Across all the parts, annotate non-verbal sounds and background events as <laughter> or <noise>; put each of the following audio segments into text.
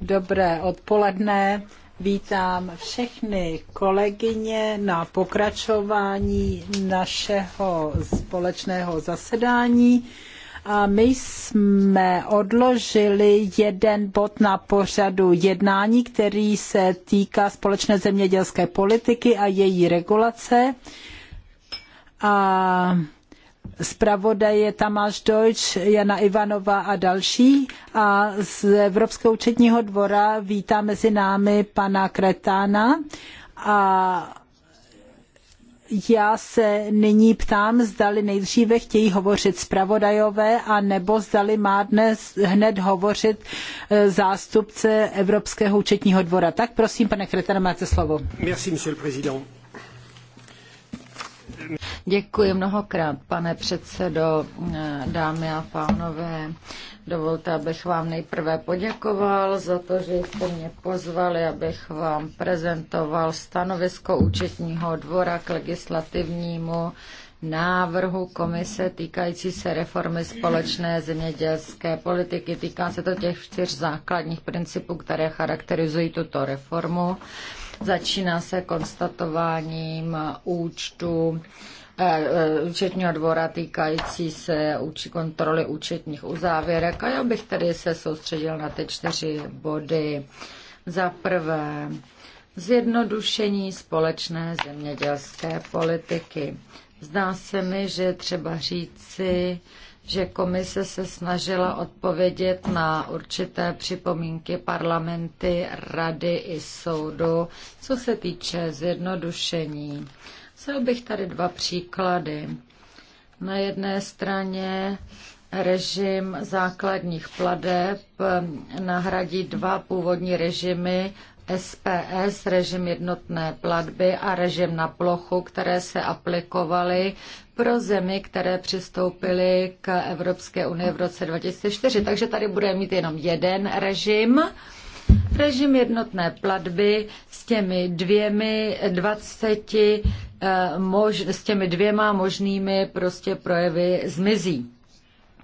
Dobré odpoledne. Vítám všechny kolegyně na pokračování našeho společného zasedání. A my jsme odložili jeden bod na pořadu jednání, který se týká společné zemědělské politiky a její regulace. A zpravodaje Tamáš Deutsch, Jana Ivanova a další. A z Evropského účetního dvora vítá mezi námi pana Kretána. A já se nyní ptám, zdali nejdříve chtějí hovořit zpravodajové, a nebo zdali má dnes hned hovořit eh, zástupce Evropského účetního dvora. Tak prosím, pane Kretane, máte slovo. Merci, Děkuji mnohokrát, pane předsedo, dámy a pánové. Dovolte, abych vám nejprve poděkoval za to, že jste mě pozvali, abych vám prezentoval stanovisko účetního dvora k legislativnímu návrhu komise týkající se reformy společné zemědělské politiky. Týká se to těch čtyř základních principů, které charakterizují tuto reformu. Začíná se konstatováním účtu Eh, účetního dvora týkající se kontroly účetních uzávěrek. A já bych tady se soustředil na ty čtyři body. Za prvé, zjednodušení společné zemědělské politiky. Zdá se mi, že třeba říci, že komise se snažila odpovědět na určité připomínky parlamenty, rady i soudu, co se týče zjednodušení. Vzal bych tady dva příklady. Na jedné straně režim základních pladeb eh, nahradí dva původní režimy SPS, režim jednotné platby a režim na plochu, které se aplikovaly pro zemi, které přistoupily k Evropské unii v roce 2004. Takže tady bude mít jenom jeden režim Režim jednotné platby s těmi dvěmi 20 eh, mož, s těmi dvěma možnými prostě projevy zmizí.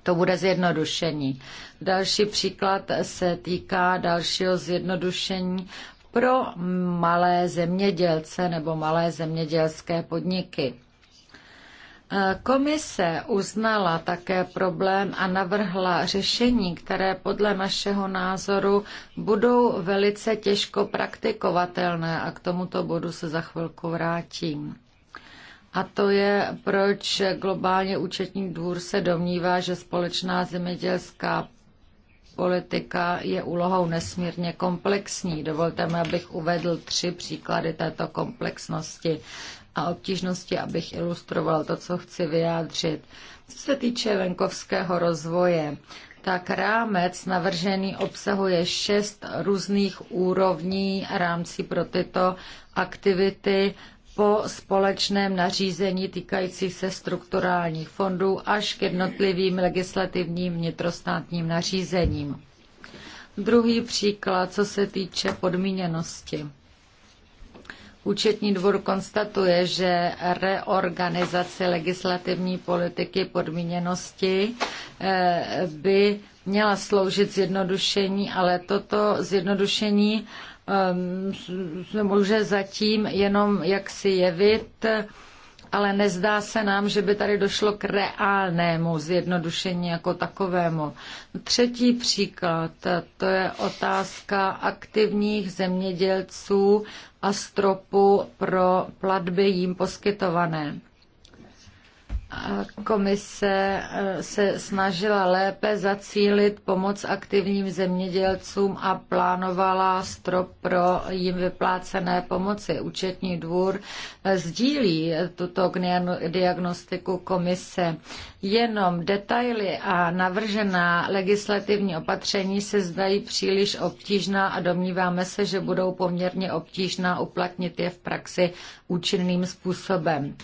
To bude zjednodušení. Další příklad se týká dalšího zjednodušení pro malé zemědělce nebo malé zemědělské podniky. Komise uznala také problém a navrhla řešení, které podle našeho názoru budou velice těžko praktikovatelné a k tomuto bodu se za chvilku vrátím. A to je, proč globálně účetní dvůr se domnívá, že společná zemědělská politika je úlohou nesmírně komplexní. Dovolte mi, abych uvedl tři příklady této komplexnosti a obtížnosti, abych ilustroval to, co chci vyjádřit. Co se týče venkovského rozvoje, tak rámec navržený obsahuje šest různých úrovní rámcí pro tyto aktivity po společném nařízení týkajících se strukturálních fondů až k jednotlivým legislativním vnitrostátním nařízením. Druhý příklad, co se týče podmíněnosti. Účetní dvůr konstatuje, že reorganizace legislativní politiky podmíněnosti eh, by měla sloužit zjednodušení, ale toto zjednodušení se ehm, může zatím jenom jaksi jevit, ale nezdá se nám, že by tady došlo k reálnému zjednodušení jako takovému. Třetí příklad, to je otázka aktivních zemědělců a stropu pro platby jim poskytované. Komise eh, se snažila lépe zacílit pomoc aktivním zemědělcům a plánovala strop pro jim vyplácené pomoci. Účetní dvůr eh, sdílí tuto diagnostiku komise. Jenom detaily a navržená legislativní opatření se zdají příliš obtížná a domníváme se, že budou poměrně obtížná uplatnit je v praxi účinným způsobem.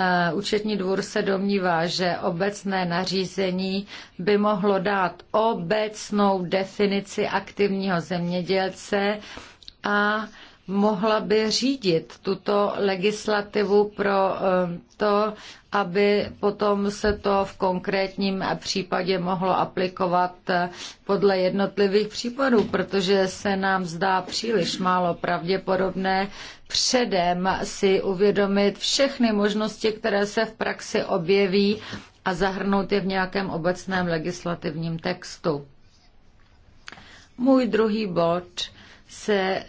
Eh, účetní dvůr se domnívá, že obecné nařízení by mohlo dát obecnou definici aktivního zemědělce a mohla by řídit tuto legislativu pro eh, to, aby potom se to v konkrétním případě mohlo aplikovat eh, podle jednotlivých případů, protože se nám zdá příliš málo pravděpodobné předem si uvědomit všechny možnosti, které se v praxi objeví a zahrnout je v nějakém obecném legislativním textu. Můj druhý bod se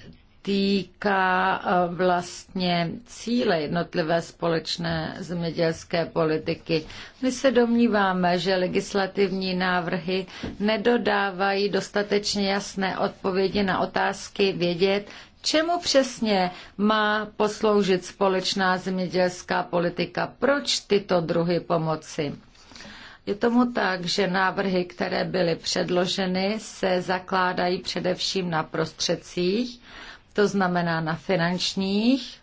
týká eh, vlastně cíle jednotlivé společné zemědělské politiky. My se domníváme, že legislativní návrhy nedodávají dostatečně jasné odpovědi na otázky vědět, Čemu přesně má posloužit společná zemědělská politika? Proč tyto druhy pomoci? Je tomu tak, že návrhy, které byly předloženy, se zakládají především na prostředcích, to znamená na finančních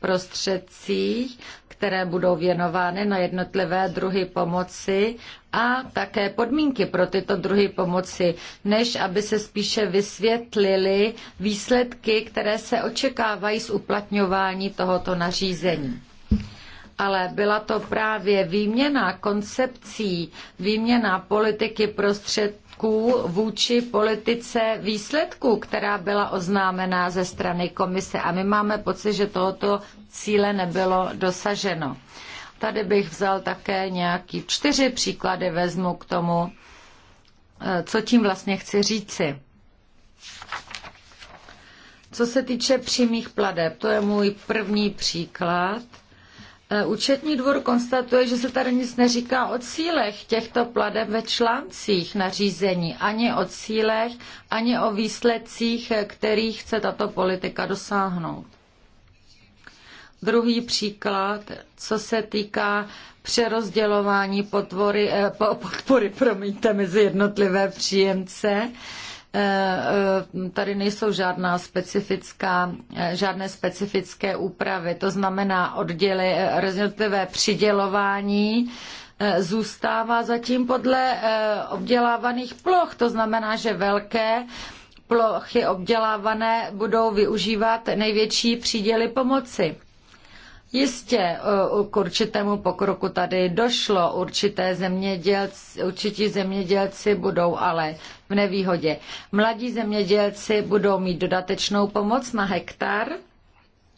prostředcích, které budou věnovány na jednotlivé druhy pomoci a také podmínky pro tyto druhy pomoci, než aby se spíše vysvětlily výsledky, které se očekávají z uplatňování tohoto nařízení ale byla to právě výměna koncepcí, výměna politiky prostřed, kroků vůči politice výsledků, která byla oznámena ze strany komise a my máme pocit, že tohoto cíle nebylo dosaženo. Tady bych vzal také nějaký čtyři příklady, vezmu k tomu, eh, co tím vlastně chci říci. Co se týče přímých pladeb, to je můj první příklad – Eh, účetní dvůr konstatuje, že se tady nic neříká o cílech těchto pladeb ve článcích nařízení, ani o cílech, ani o výsledcích, eh, kterých chce tato politika dosáhnout. Druhý příklad, co se týká přerozdělování potvory, eh, podpory promiňte, mezi jednotlivé příjemce. Eh, Eh, eh, tady nejsou žádná specifická, eh, žádné specifické úpravy. To znamená, odděly, rezultivé přidělování zůstává zatím podle obdělávaných ploch. To znamená, že velké plochy obdělávané budou využívat největší příděly pomoci. Jistě k určitému pokroku tady došlo, určité zemědělci, určití zemědělci budou ale v nevýhodě. Mladí zemědělci budou mít dodatečnou pomoc na hektar,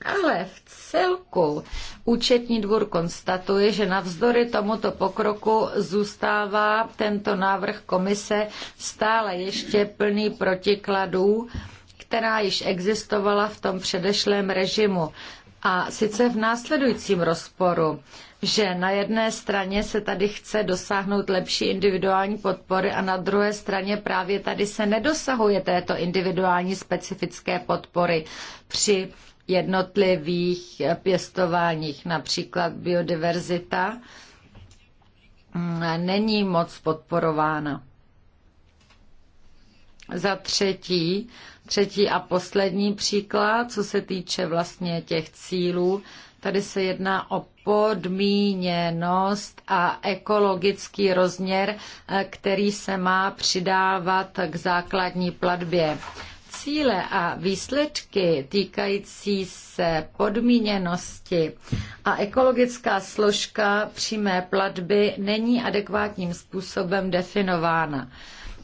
ale v celku účetní dvůr konstatuje, že navzdory tomuto pokroku zůstává tento návrh komise stále ještě plný protikladů, která již existovala v tom předešlém režimu. A sice v následujícím rozporu, že na jedné straně se tady chce dosáhnout lepší individuální podpory a na druhé straně právě tady se nedosahuje této individuální specifické podpory při jednotlivých pěstováních, například biodiverzita, mm, není moc podporována. Za třetí, Třetí a poslední příklad, co se týče vlastně těch cílů, tady se jedná o podmíněnost a ekologický rozměr, eh, který se má přidávat k základní platbě. Cíle a výsledky týkající se podmíněnosti a ekologická složka přímé platby není adekvátním způsobem definována.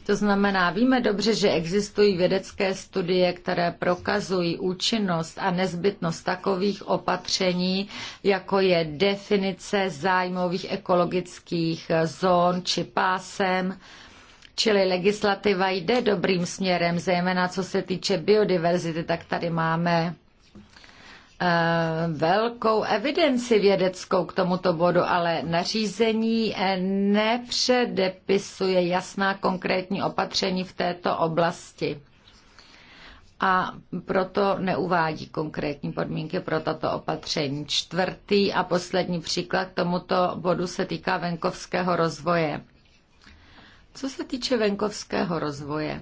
To znamená, víme dobře, že existují vědecké studie, které prokazují účinnost a nezbytnost takových opatření, jako je definice zájmových ekologických zón či pásem, Čili legislativa jde dobrým směrem, zejména co se týče biodiverzity, tak tady máme Eh, velkou evidenci vědeckou k tomuto bodu, ale nařízení eh, nepředepisuje jasná konkrétní opatření v této oblasti a proto neuvádí konkrétní podmínky pro tato opatření. Čtvrtý a poslední příklad k tomuto bodu se týká venkovského rozvoje. Co se týče venkovského rozvoje,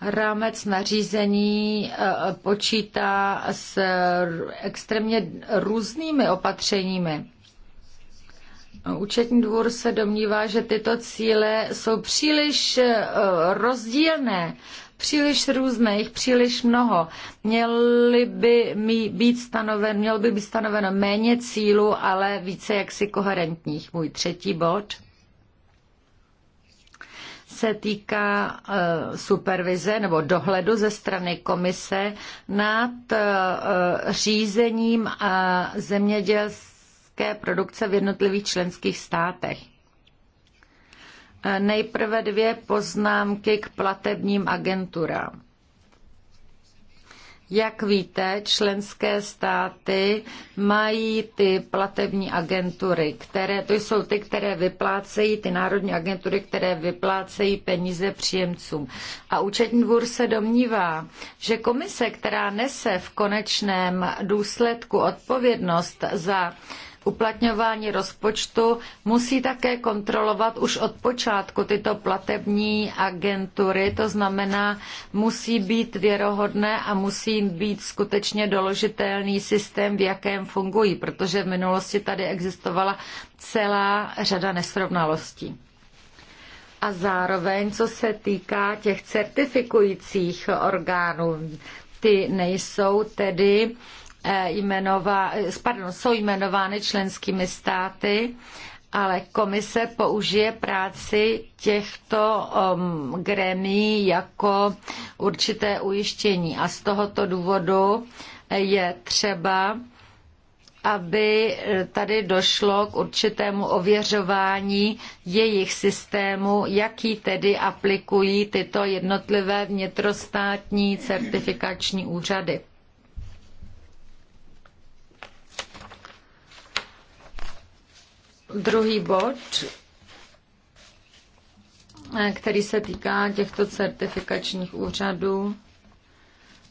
Rámec nařízení eh, počítá s extrémně různými opatřeními. Účetní dvůr se domnívá, že tyto cíle jsou příliš eh, rozdílné, příliš různé, jich příliš mnoho. Měly by být stanoven, mělo by být stanoveno méně cílů, ale více jaksi koherentních. Můj třetí bod – se týká eh, supervize nebo dohledu ze strany komise nad eh, řízením eh, zemědělské produkce v jednotlivých členských státech. Nejprve dvě poznámky k platebním agenturám. Jak víte, členské státy mají ty platební agentury, které, to jsou ty, které vyplácejí, ty národní agentury, které vyplácejí peníze příjemcům. A účetní dvůr se domnívá, že komise, která nese v konečném důsledku odpovědnost za uplatňování rozpočtu musí také kontrolovat už od počátku tyto platební agentury, to znamená, musí být věrohodné a musí být skutečně doložitelný systém, v jakém fungují, protože v minulosti tady existovala celá řada nesrovnalostí. A zároveň, co se týká těch certifikujících orgánů, ty nejsou tedy uh, jmenová, pardon, jsou jmenovány členskými státy, ale komise použije práci těchto um, gremí jako určité ujištění. A z tohoto důvodu je třeba, aby tady došlo k určitému ověřování jejich systému, jaký tedy aplikují tyto jednotlivé vnitrostátní certifikační úřady. Druhý bod, který se týká těchto certifikačních úřadů,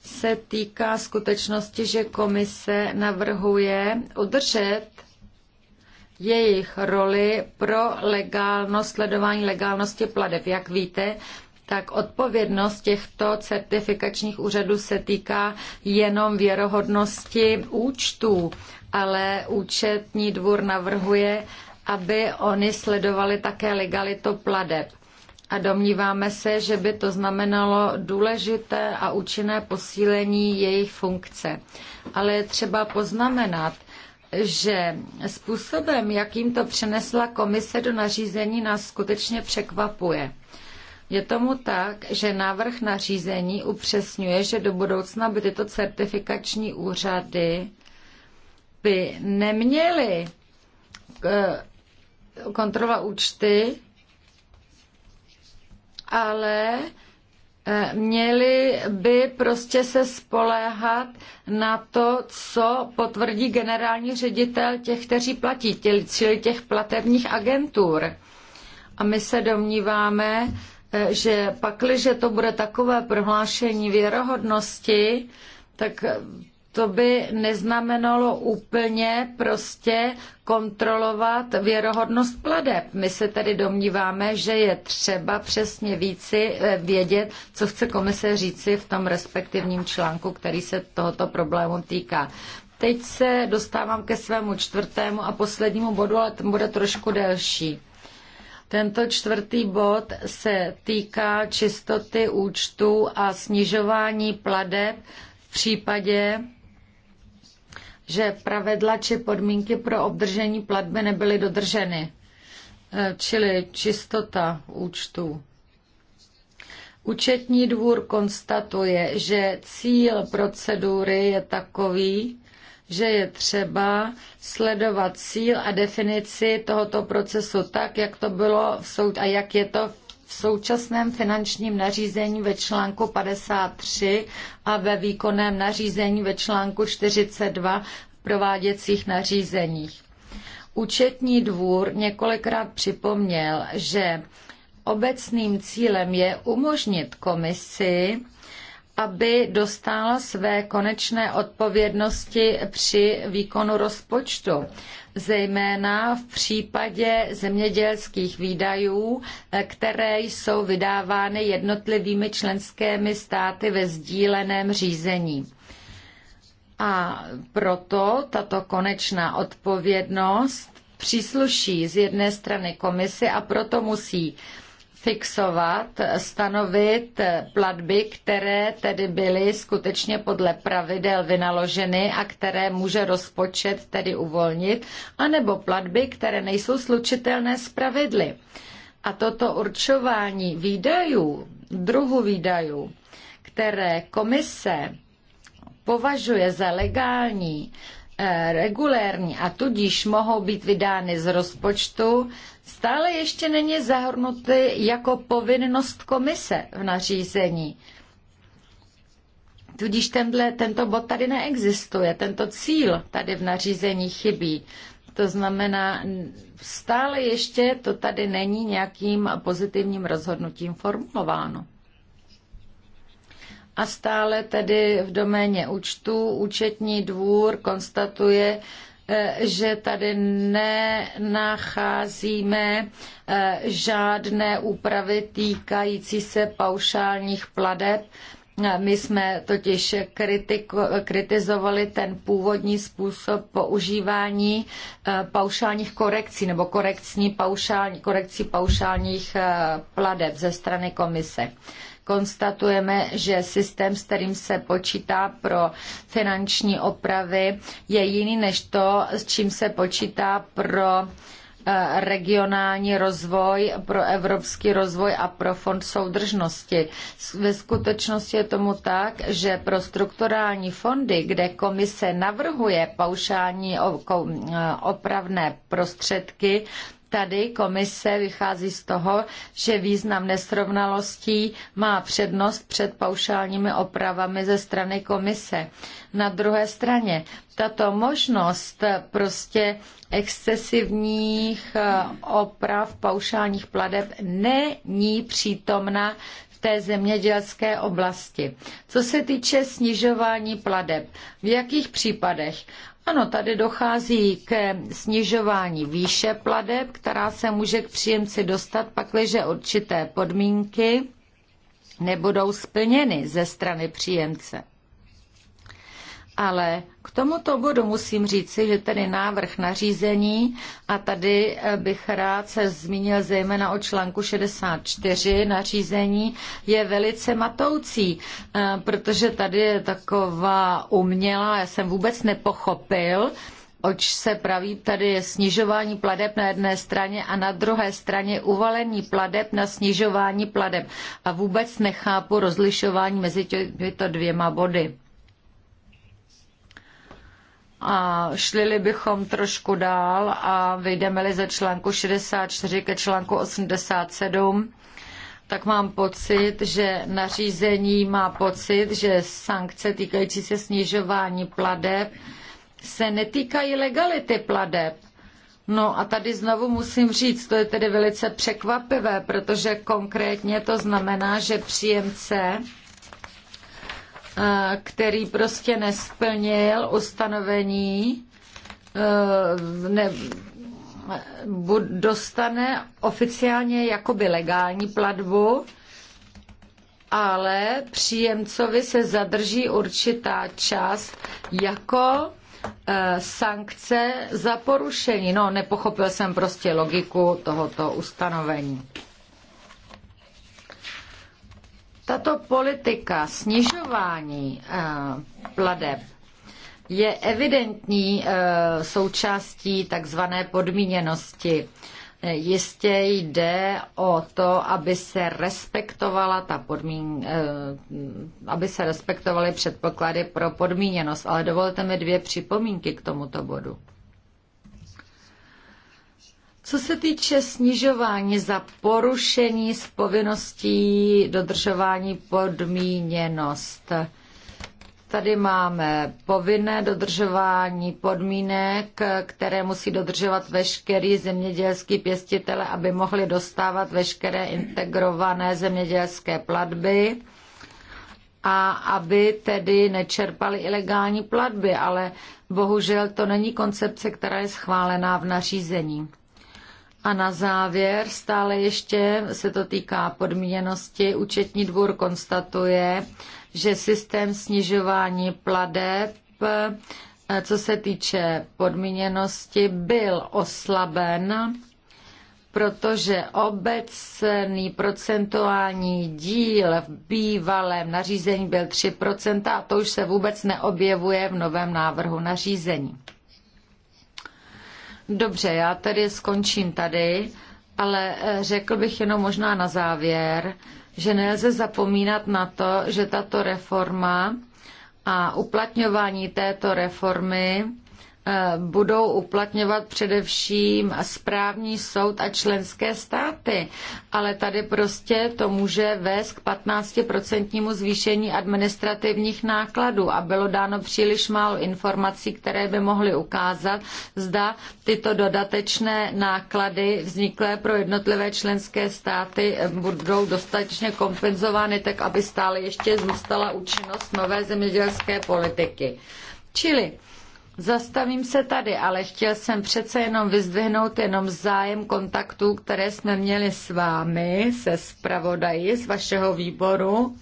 se týká skutečnosti, že komise navrhuje udržet jejich roli pro legálnost, sledování legálnosti pladeb. Jak víte, tak odpovědnost těchto certifikačních úřadů se týká jenom věrohodnosti účtů, ale účetní dvůr navrhuje, aby oni sledovali také legalitu pladeb. A domníváme se, že by to znamenalo důležité a účinné posílení jejich funkce. Ale je třeba poznamenat, že způsobem, jakým to přenesla komise do nařízení, nás skutečně překvapuje. Je tomu tak, že návrh nařízení upřesňuje, že do budoucna by tyto certifikační úřady by neměly eh, kontrola účty, ale eh, měli by prostě se spoléhat na to, co potvrdí generální ředitel těch, kteří platí, čili těch platebních agentur. A my se domníváme, eh, že pakliže to bude takové prohlášení věrohodnosti, tak to by neznamenalo úplně prostě kontrolovat věrohodnost pladeb. My se tedy domníváme, že je třeba přesně víci eh, vědět, co chce komise říci v tom respektivním článku, který se tohoto problému týká. Teď se dostávám ke svému čtvrtému a poslednímu bodu, ale ten bude trošku delší. Tento čtvrtý bod se týká čistoty účtů a snižování pladeb v případě že pravidla či podmínky pro obdržení platby nebyly dodrženy, eh, čili čistota účtů. Účetní dvůr konstatuje, že cíl procedury je takový, že je třeba sledovat cíl a definici tohoto procesu tak, jak to bylo v soud a jak je to v současném finančním nařízení ve článku 53 a ve výkonném nařízení ve článku 42 v prováděcích nařízeních. Účetní dvůr několikrát připomněl, že obecným cílem je umožnit komisi aby dostal své konečné odpovědnosti při výkonu rozpočtu, zejména v případě zemědělských výdajů, které jsou vydávány jednotlivými členskými státy ve sdíleném řízení. A proto tato konečná odpovědnost přísluší z jedné strany komisi a proto musí fixovat, stanovit platby, které tedy byly skutečně podle pravidel vynaloženy a které může rozpočet tedy uvolnit, anebo platby, které nejsou slučitelné s pravidly. A toto určování výdajů, druhu výdajů, které komise považuje za legální, Eh, regulérní a tudíž mohou být vydány z rozpočtu, stále ještě není zahrnuty jako povinnost komise v nařízení. Tudíž tenhle, tento bod tady neexistuje, tento cíl tady v nařízení chybí. To znamená, stále ještě to tady není nějakým pozitivním rozhodnutím formulováno. A stále tedy v doméně účtu účetní dvůr konstatuje, eh, že tady nenacházíme eh, žádné úpravy týkající se paušálních pladeb. My jsme totiž kritiko, kritizovali ten původní způsob používání eh, paušálních korekcí nebo korekcí, paušální, korekcí paušálních pladeb ze strany komise konstatujeme, že systém, s kterým se počítá pro finanční opravy, je jiný než to, s čím se počítá pro eh, regionální rozvoj, pro evropský rozvoj a pro fond soudržnosti. Ve skutečnosti je tomu tak, že pro strukturální fondy, kde komise navrhuje paušální eh, opravné prostředky, Tady komise vychází z toho, že význam nesrovnalostí má přednost před paušálními opravami ze strany komise. Na druhé straně, tato možnost prostě excesivních eh, oprav paušálních pladeb není přítomna té zemědělské oblasti. Co se týče snižování pladeb, v jakých případech? Ano, tady dochází k snižování výše pladeb, která se může k příjemci dostat, pakliže určité podmínky nebudou splněny ze strany příjemce. Ale k tomuto bodu musím říci, že tedy návrh nařízení, a tady eh, bych rád se zmínil zejména o článku 64 nařízení, je velice matoucí, eh, protože tady je taková umělá, já jsem vůbec nepochopil, oč se praví, tady je snižování pladeb na jedné straně a na druhé straně uvalení pladeb na snižování pladeb. A vůbec nechápu rozlišování mezi těmito dvěma body a šli bychom trošku dál a vyjdeme-li ze článku 64 ke článku 87, tak mám pocit, že nařízení má pocit, že sankce týkající se snižování pladeb se netýkají legality pladeb. No a tady znovu musím říct, to je tedy velice překvapivé, protože konkrétně to znamená, že příjemce který prostě nesplnil ustanovení, e, ne, dostane oficiálně jakoby legální platbu, ale příjemcovi se zadrží určitá část jako e, sankce za porušení. No, nepochopil jsem prostě logiku tohoto ustanovení. Tato politika snižování eh, pladeb je evidentní eh, součástí takzvané podmíněnosti. Eh, jistě jde o to, aby se respektovala ta podmín, aby se respektovaly předpoklady pro podmíněnost, ale dovolte mi dvě připomínky k tomuto bodu. Co se týče snižování za porušení s povinností dodržování podmíněnost, tady máme povinné dodržování podmínek, které musí dodržovat veškerý zemědělský pěstitele, aby mohli dostávat veškeré integrované zemědělské platby a aby tedy nečerpali ilegální platby, ale bohužel to není koncepce, která je schválená v nařízení. A na závěr stále ještě se to týká podmíněnosti. Účetní dvůr konstatuje, že systém snižování pladeb eh, co se týče podmíněnosti, byl oslaben, protože obecný procentuální díl v bývalém nařízení byl 3% a to už se vůbec neobjevuje v novém návrhu nařízení. Dobře, já tedy skončím tady, ale eh, řekl bych jenom možná na závěr, že nelze zapomínat na to, že tato reforma a uplatňování této reformy Eh, budou uplatňovat především správní soud a členské státy. Ale tady prostě to může vést k 15% zvýšení administrativních nákladů a bylo dáno příliš málo informací, které by mohly ukázat, zda tyto dodatečné náklady vzniklé pro jednotlivé členské státy eh, budou dostatečně kompenzovány, tak aby stále ještě zůstala účinnost nové zemědělské politiky. Čili Zastavím se tady, ale chtěl jsem přece jenom vyzdvihnout jenom zájem kontaktů, které jsme měli s vámi, se zpravodaji z vašeho výboru.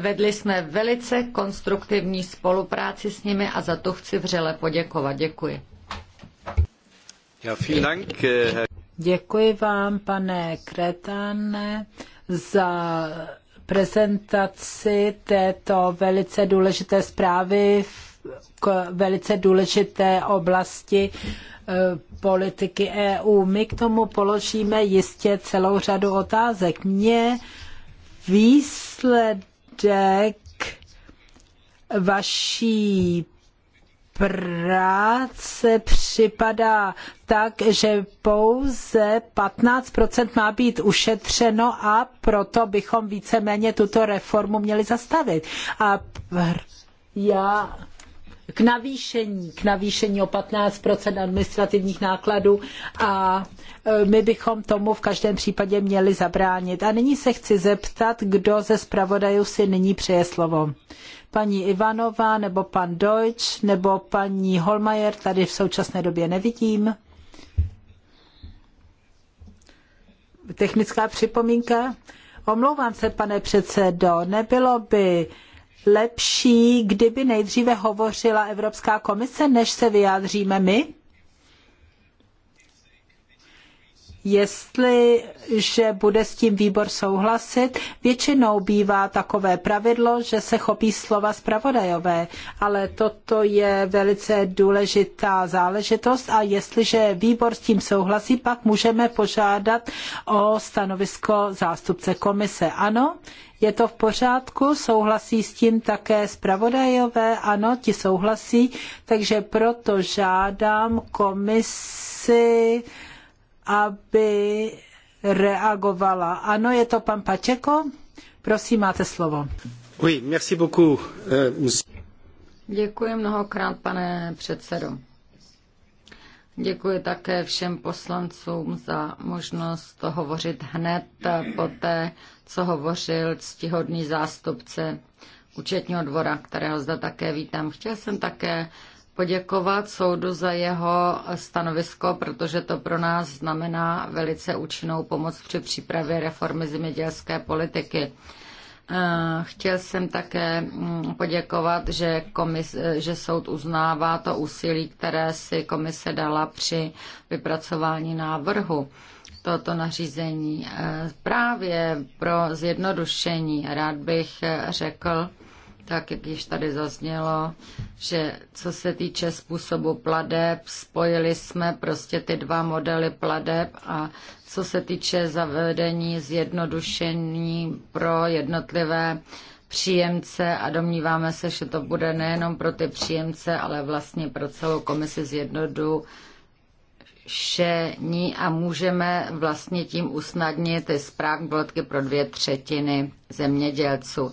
Vedli jsme velice konstruktivní spolupráci s nimi a za to chci vřele poděkovat. Děkuji. Eh, Děkuji vám, pane Kretane, za prezentaci této velice důležité zprávy v k velice důležité oblasti eh, politiky EU. My k tomu položíme jistě celou řadu otázek. Mě výsledek vaší práce připadá tak, že pouze 15% má být ušetřeno a proto bychom víceméně tuto reformu měli zastavit. A já k navýšení, k navýšení o 15 administrativních nákladů a e, my bychom tomu v každém případě měli zabránit. A nyní se chci zeptat, kdo ze zpravodajů si nyní přeje slovo. Paní Ivanová nebo pan Deutsch nebo paní Holmajer tady v současné době nevidím. Technická připomínka? Omlouvám se, pane předsedo, nebylo by lepší, kdyby nejdříve hovořila Evropská komise, než se vyjádříme my? jestliže bude s tím výbor souhlasit. Většinou bývá takové pravidlo, že se chopí slova zpravodajové, ale toto je velice důležitá záležitost a jestliže výbor s tím souhlasí, pak můžeme požádat o stanovisko zástupce komise. Ano, je to v pořádku, souhlasí s tím také zpravodajové, ano, ti souhlasí, takže proto žádám komisi, aby reagovala. Ano, je to pan Pačeko? Prosím, máte slovo. Oui, merci beaucoup. Euh, Děkuji mnohokrát, pane předsedo. Děkuji také všem poslancům za možnost hovořit hned po té, co hovořil ctihodný zástupce účetního dvora, kterého zde také vítám. Chtěl jsem také poděkovat soudu za jeho stanovisko, protože to pro nás znamená velice účinnou pomoc při přípravě reformy zemědělské politiky. Eh, chtěl jsem také mm, poděkovat, že, komis, že soud uznává to úsilí, které si komise dala při vypracování návrhu tohoto nařízení. Eh, právě pro zjednodušení rád bych eh, řekl, tak jak již tady zaznělo, že co se týče způsobu pladeb, spojili jsme prostě ty dva modely pladeb a co se týče zavedení zjednodušení pro jednotlivé příjemce a domníváme se, že to bude nejenom pro ty příjemce, ale vlastně pro celou komisi zjednodu a můžeme vlastně tím usnadnit ty správní poletky pro dvě třetiny zemědělců.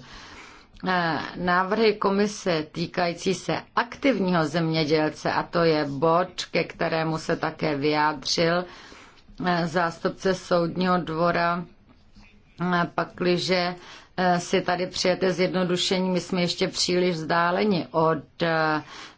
Eh, návrhy komise týkající se aktivního zemědělce, a to je bod, ke kterému se také vyjádřil eh, zástupce soudního dvora, eh, pakliže si tady přijete zjednodušení, my jsme ještě příliš vzdáleni od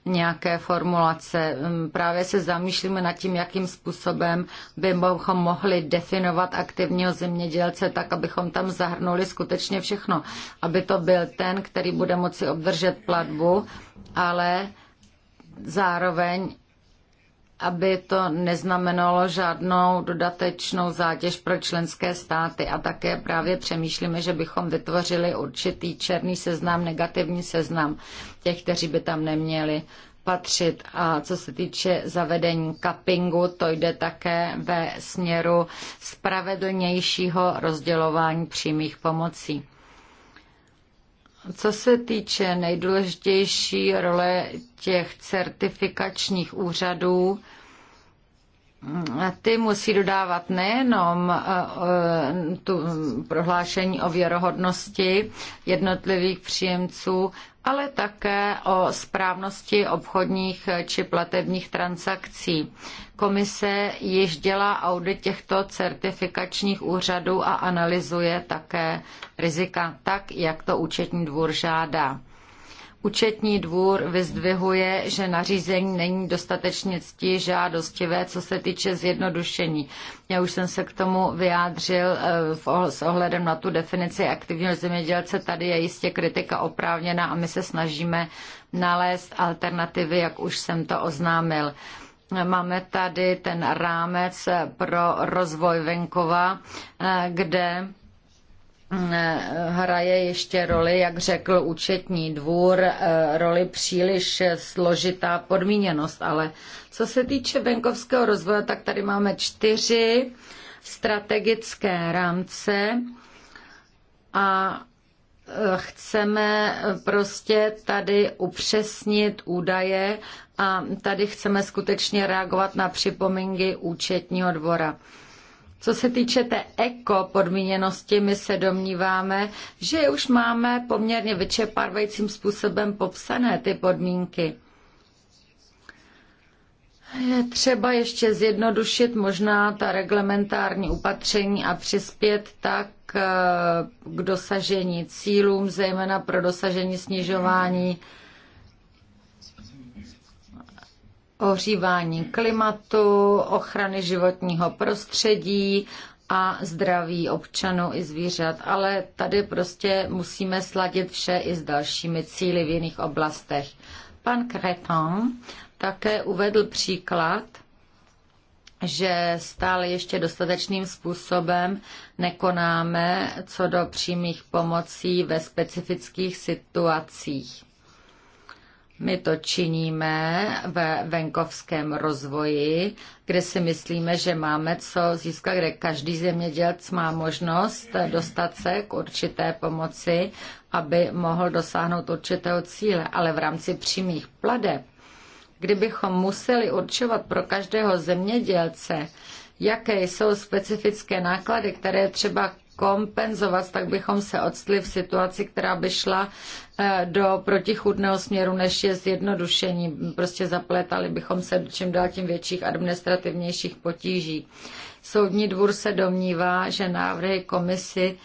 nějaké formulace. Hm, právě se zamýšlíme nad tím, jakým způsobem bychom mohli definovat aktivního zemědělce tak, abychom tam zahrnuli skutečně všechno. Aby to byl ten, který bude moci obdržet platbu, ale zároveň aby to neznamenalo žádnou dodatečnou zátěž pro členské státy. A také právě přemýšlíme, že bychom vytvořili určitý černý seznam, negativní seznam těch, kteří by tam neměli patřit. A co se týče zavedení kapingu, to jde také ve směru spravedlnějšího rozdělování přímých pomocí. Co se týče nejdůležitější role těch certifikačních úřadů, ty musí dodávat nejenom eh, eh, tu prohlášení o věrohodnosti jednotlivých příjemců, ale také o správnosti obchodních či platebních transakcí. Komise již dělá audit těchto certifikačních úřadů a analyzuje také rizika tak, jak to účetní dvůr žádá. Účetní dvůr vyzdvihuje, že nařízení není dostatečně cti žádostivé, co se týče zjednodušení. Já už jsem se k tomu vyjádřil eh, s ohledem na tu definici aktivního zemědělce. Tady je jistě kritika oprávněná a my se snažíme nalézt alternativy, jak už jsem to oznámil. Máme tady ten rámec pro rozvoj venkova, eh, kde hraje ještě roli, jak řekl účetní dvůr, eh, roli příliš složitá podmíněnost, ale co se týče venkovského rozvoje, tak tady máme čtyři strategické rámce a eh, chceme prostě tady upřesnit údaje a tady chceme skutečně reagovat na připomínky účetního dvora. Co se týče té eko podmíněnosti, my se domníváme, že už máme poměrně vyčerpávajícím způsobem popsané ty podmínky. Je třeba ještě zjednodušit možná ta reglementární upatření a přispět tak eh, k dosažení cílům, zejména pro dosažení snižování ohřívání klimatu, ochrany životního prostředí a zdraví občanů i zvířat. Ale tady prostě musíme sladit vše i s dalšími cíly v jiných oblastech. Pan Cretan také uvedl příklad, že stále ještě dostatečným způsobem nekonáme co do přímých pomocí ve specifických situacích. My to činíme ve venkovském rozvoji, kde si myslíme, že máme co získat, kde každý zemědělec má možnost dostat se k určité pomoci, aby mohl dosáhnout určitého cíle. Ale v rámci přímých pladeb, kdybychom museli určovat pro každého zemědělce, jaké jsou specifické náklady, které třeba kompenzovat, tak bychom se odstli v situaci, která by šla eh, do protichudného směru, než je zjednodušení. Prostě zapletali bychom se do čím dál tím větších administrativnějších potíží. Soudní dvůr se domnívá, že návrhy komisy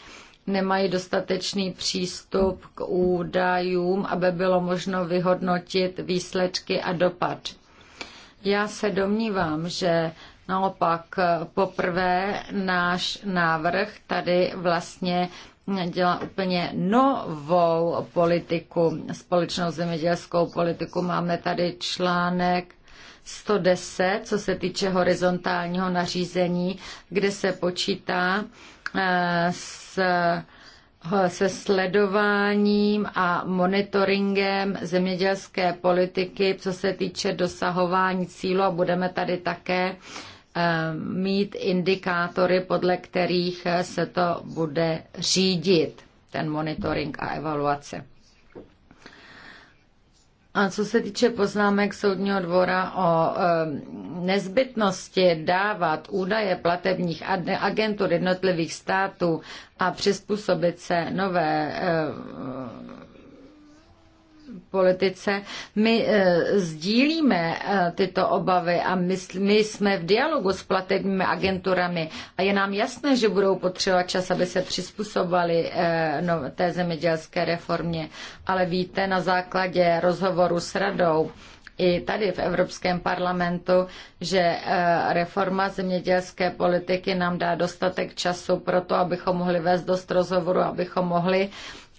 nemají dostatečný přístup k údajům, aby bylo možno vyhodnotit výsledky a dopad. Já se domnívám, že Naopak, poprvé náš návrh tady vlastně dělá úplně novou politiku, společnou zemědělskou politiku. Máme tady článek 110, co se týče horizontálního nařízení, kde se počítá eh, s se sledováním a monitoringem zemědělské politiky, co se týče dosahování cílu a budeme tady také uh, Eh, mít indikátory, podle kterých se to bude řídit, ten monitoring a evaluace. A co se týče poznámek Soudního dvora o eh, nezbytnosti dávat údaje platebních agentur jednotlivých států a přizpůsobit se nové eh, politice. My e, sdílíme e, tyto obavy a my, my jsme v dialogu s platebními agenturami a je nám jasné, že budou potřebovat čas, aby se přizpůsobili e, eh, no, té zemědělské reformě. Ale víte, na základě rozhovoru s radou, i tady v Evropském parlamentu, že reforma zemědělské politiky nám dá dostatek času pro to, abychom mohli vést dost rozhovoru, abychom mohli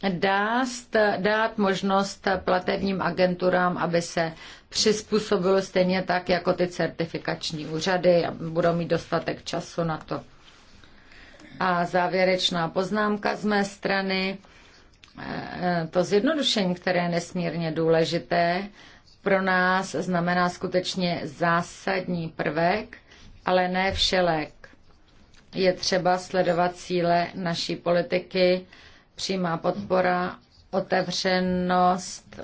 dát, dát možnost platebním agenturám, aby se přizpůsobilo stejně tak, jako ty certifikační úřady a budou mít dostatek času na to. A závěrečná poznámka z mé strany, eh, to zjednodušení, které je nesmírně důležité, pro nás znamená skutečně zásadní prvek, ale ne všelek. Je třeba sledovat cíle naší politiky, přímá podpora, otevřenost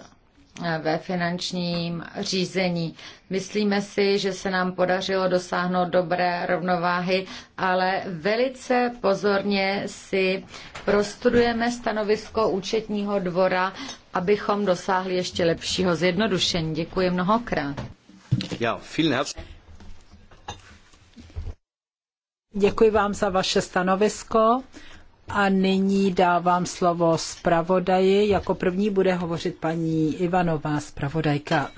eh, ve finančním řízení. Myslíme si, že se nám podařilo dosáhnout dobré rovnováhy, ale velice pozorně si prostudujeme stanovisko účetního dvora, abychom dosáhli ještě lepšího zjednodušení. Děkuji mnohokrát. Ja, Děkuji vám za vaše stanovisko. A nyní dávám slovo zpravodaji. Jako první bude hovořit paní Ivanová, zpravodajka.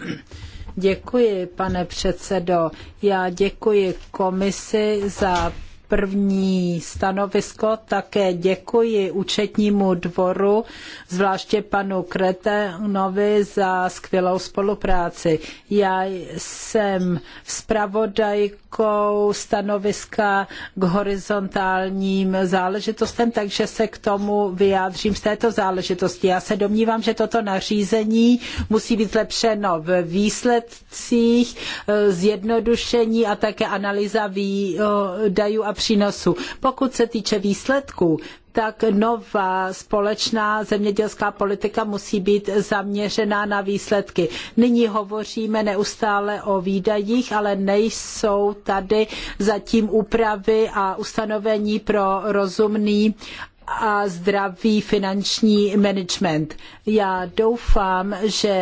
Děkuji, pane předsedo. Já děkuji komisi za první stanovisko. Také děkuji účetnímu dvoru, zvláště panu Kretenovi za skvělou spolupráci. Já jsem zpravodajkou stanoviska k horizontálním záležitostem, takže se k tomu vyjádřím z této záležitosti. Já se domnívám, že toto nařízení musí být zlepšeno v výsledcích, e, zjednodušení a také analýza výdajů a přínosu. Pokud se týče výsledků, tak nová společná zemědělská politika musí být zaměřená na výsledky. Nyní hovoříme neustále o výdajích, ale nejsou tady zatím úpravy a ustanovení pro rozumný a zdravý finanční management. Já doufám, že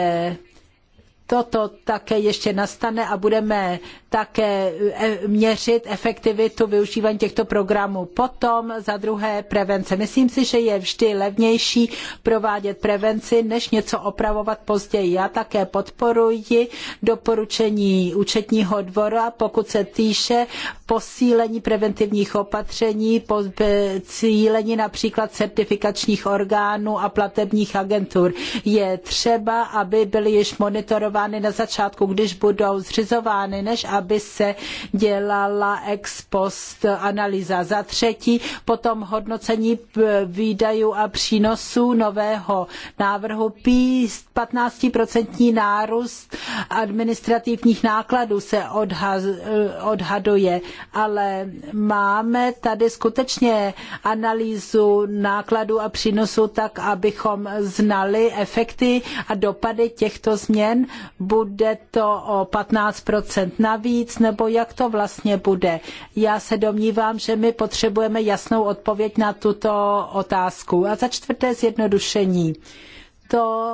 toto také ještě nastane a budeme také e, měřit efektivitu využívání těchto programů. Potom za druhé prevence. Myslím si, že je vždy levnější provádět prevenci, než něco opravovat později. Já také podporuji doporučení účetního dvora, pokud se týče posílení preventivních opatření, e, cílení například certifikačních orgánů a platebních agentur. Je třeba, aby byly již monitorovány zřizovány na začátku, když budou zřizovány, než aby se dělala ex post analýza. Za třetí potom hodnocení výdajů a přínosů nového návrhu 15% nárůst administrativních nákladů se odhaduje, ale máme tady skutečně analýzu nákladů a přínosů tak, abychom znali efekty a dopady těchto změn. Bude to o 15% navíc, nebo jak to vlastně bude? Já se domnívám, že my potřebujeme jasnou odpověď na tuto otázku. A za čtvrté zjednodušení. To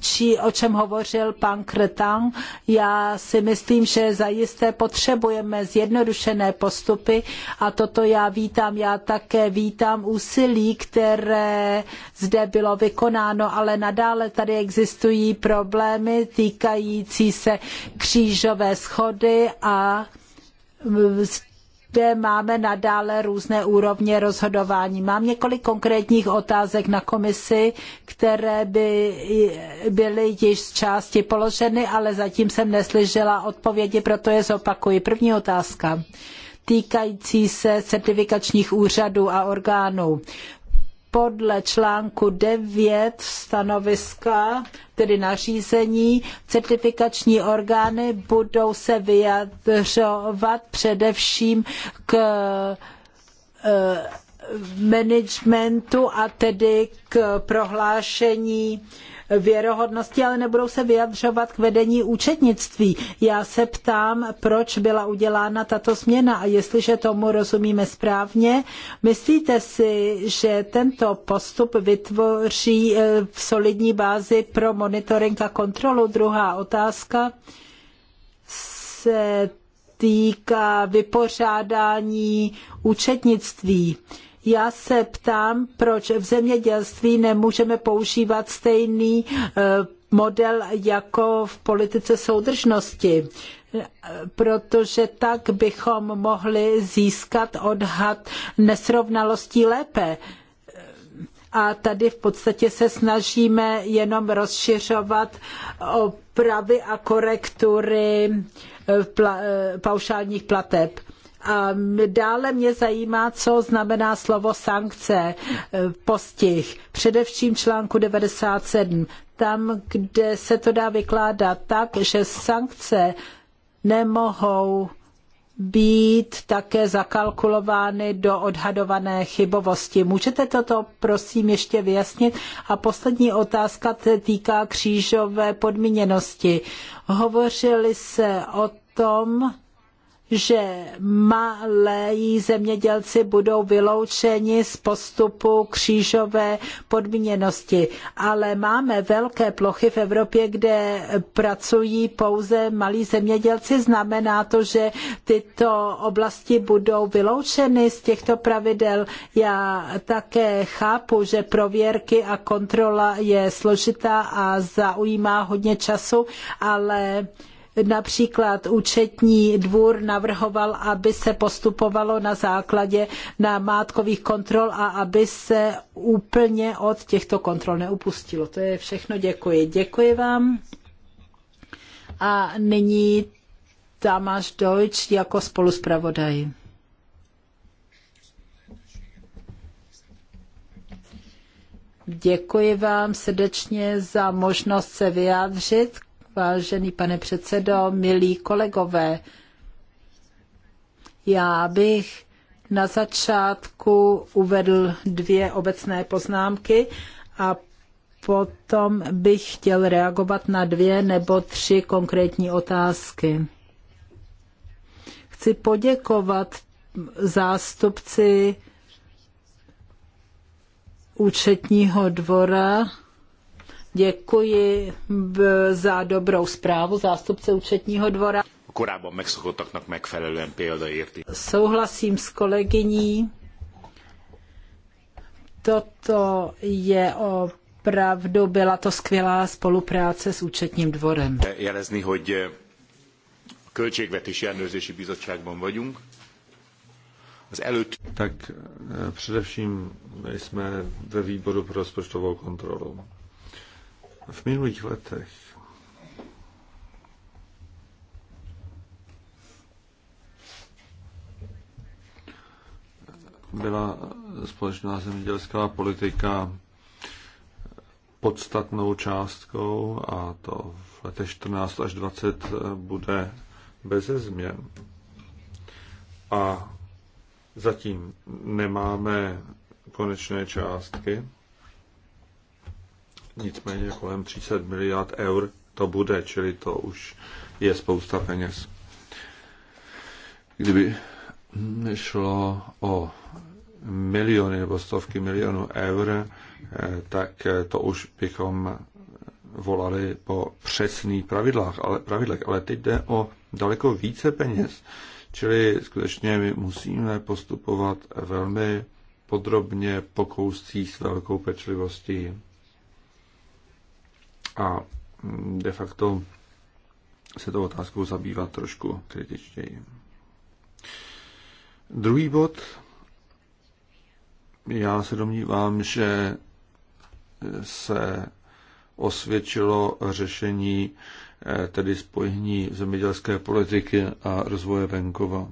či, o čem hovořil pan Kretan. Já si myslím, že zajisté potřebujeme zjednodušené postupy a toto já vítám. Já také vítám úsilí, které zde bylo vykonáno, ale nadále tady existují problémy týkající se křížové schody a kde máme nadále různé úrovně rozhodování. Mám několik konkrétních otázek na komisi, které by byly již z části položeny, ale zatím jsem neslyšela odpovědi, proto je zopakuji. První otázka týkající se certifikačních úřadů a orgánů podle článku 9 stanoviska tedy nařízení, certifikační orgány budou se vyjadřovat především k eh, managementu a tedy k prohlášení věrohodnosti, ale nebudou se vyjadřovat k vedení účetnictví. Já se ptám, proč byla udělána tato změna a jestliže tomu rozumíme správně, myslíte si, že tento postup vytvoří eh, solidní bázi pro monitoring a kontrolu? Druhá otázka se týká vypořádání účetnictví. Já se ptám, proč v zemědělství nemůžeme používat stejný eh, model jako v politice soudržnosti protože tak bychom mohli získat odhad nesrovnalostí lépe. A tady v podstatě se snažíme jenom rozšiřovat opravy a korektury eh, eh, paušálních plateb. A dále mě zajímá, co znamená slovo sankce, e, postih, především článku 97, tam, kde se to dá vykládat tak, že sankce nemohou být také zakalkulovány do odhadované chybovosti. Můžete toto prosím ještě vyjasnit? A poslední otázka se týká křížové podmíněnosti. Hovořili se o tom, že malí zemědělci budou vyloučeni z postupu křížové podmíněnosti. Ale máme velké plochy v Evropě, kde pracují pouze malí zemědělci. Znamená to, že tyto oblasti budou vyloučeny z těchto pravidel. Já také chápu, že prověrky a kontrola je složitá a zaujímá hodně času, ale Například účetní dvůr navrhoval, aby se postupovalo na základě namátkových kontrol a aby se úplně od těchto kontrol neupustilo. To je všechno. Děkuji. Děkuji vám. A nyní Tamáš Deutsch jako spoluspravodaj. Děkuji vám srdečně za možnost se vyjádřit Vážený pane předsedo, milí kolegové, já bych na začátku uvedl dvě obecné poznámky a potom bych chtěl reagovat na dvě nebo tři konkrétní otázky. Chci poděkovat zástupci účetního dvora Děkuji za dobrou zprávu zástupce účetního dvora. Korábban megszokottaknak megfelelően példaérték. Souhlasím s kolegyní. Toto je o pravdu. byla to skvělá spolupráce s účetním dvorem. Jelezni, hogy eh, a Költségvetési Ellenőrzési Bizottságban vagyunk. Az előtt... Tak eh, především jsme ve výboru pro rozpočtovou kontrolu v minulých letech byla společná zemědělská politika podstatnou částkou a to v letech 14 až 20 bude beze změn. A zatím nemáme konečné částky nicméně kolem 30 miliard eur to bude, čili to už je spousta peněz. Kdyby šlo o miliony nebo stovky milionů eur, tak to už bychom volali po přesných pravidlách, ale, pravidlech, ale teď jde o daleko více peněz. Čili skutečně my musíme postupovat velmi podrobně po s velkou pečlivostí a de facto se tou otázkou zabývat trošku kritičtěji. Druhý bod. Já se domnívám, že se osvědčilo řešení eh, tedy spojení zemědělské politiky a rozvoje venkova.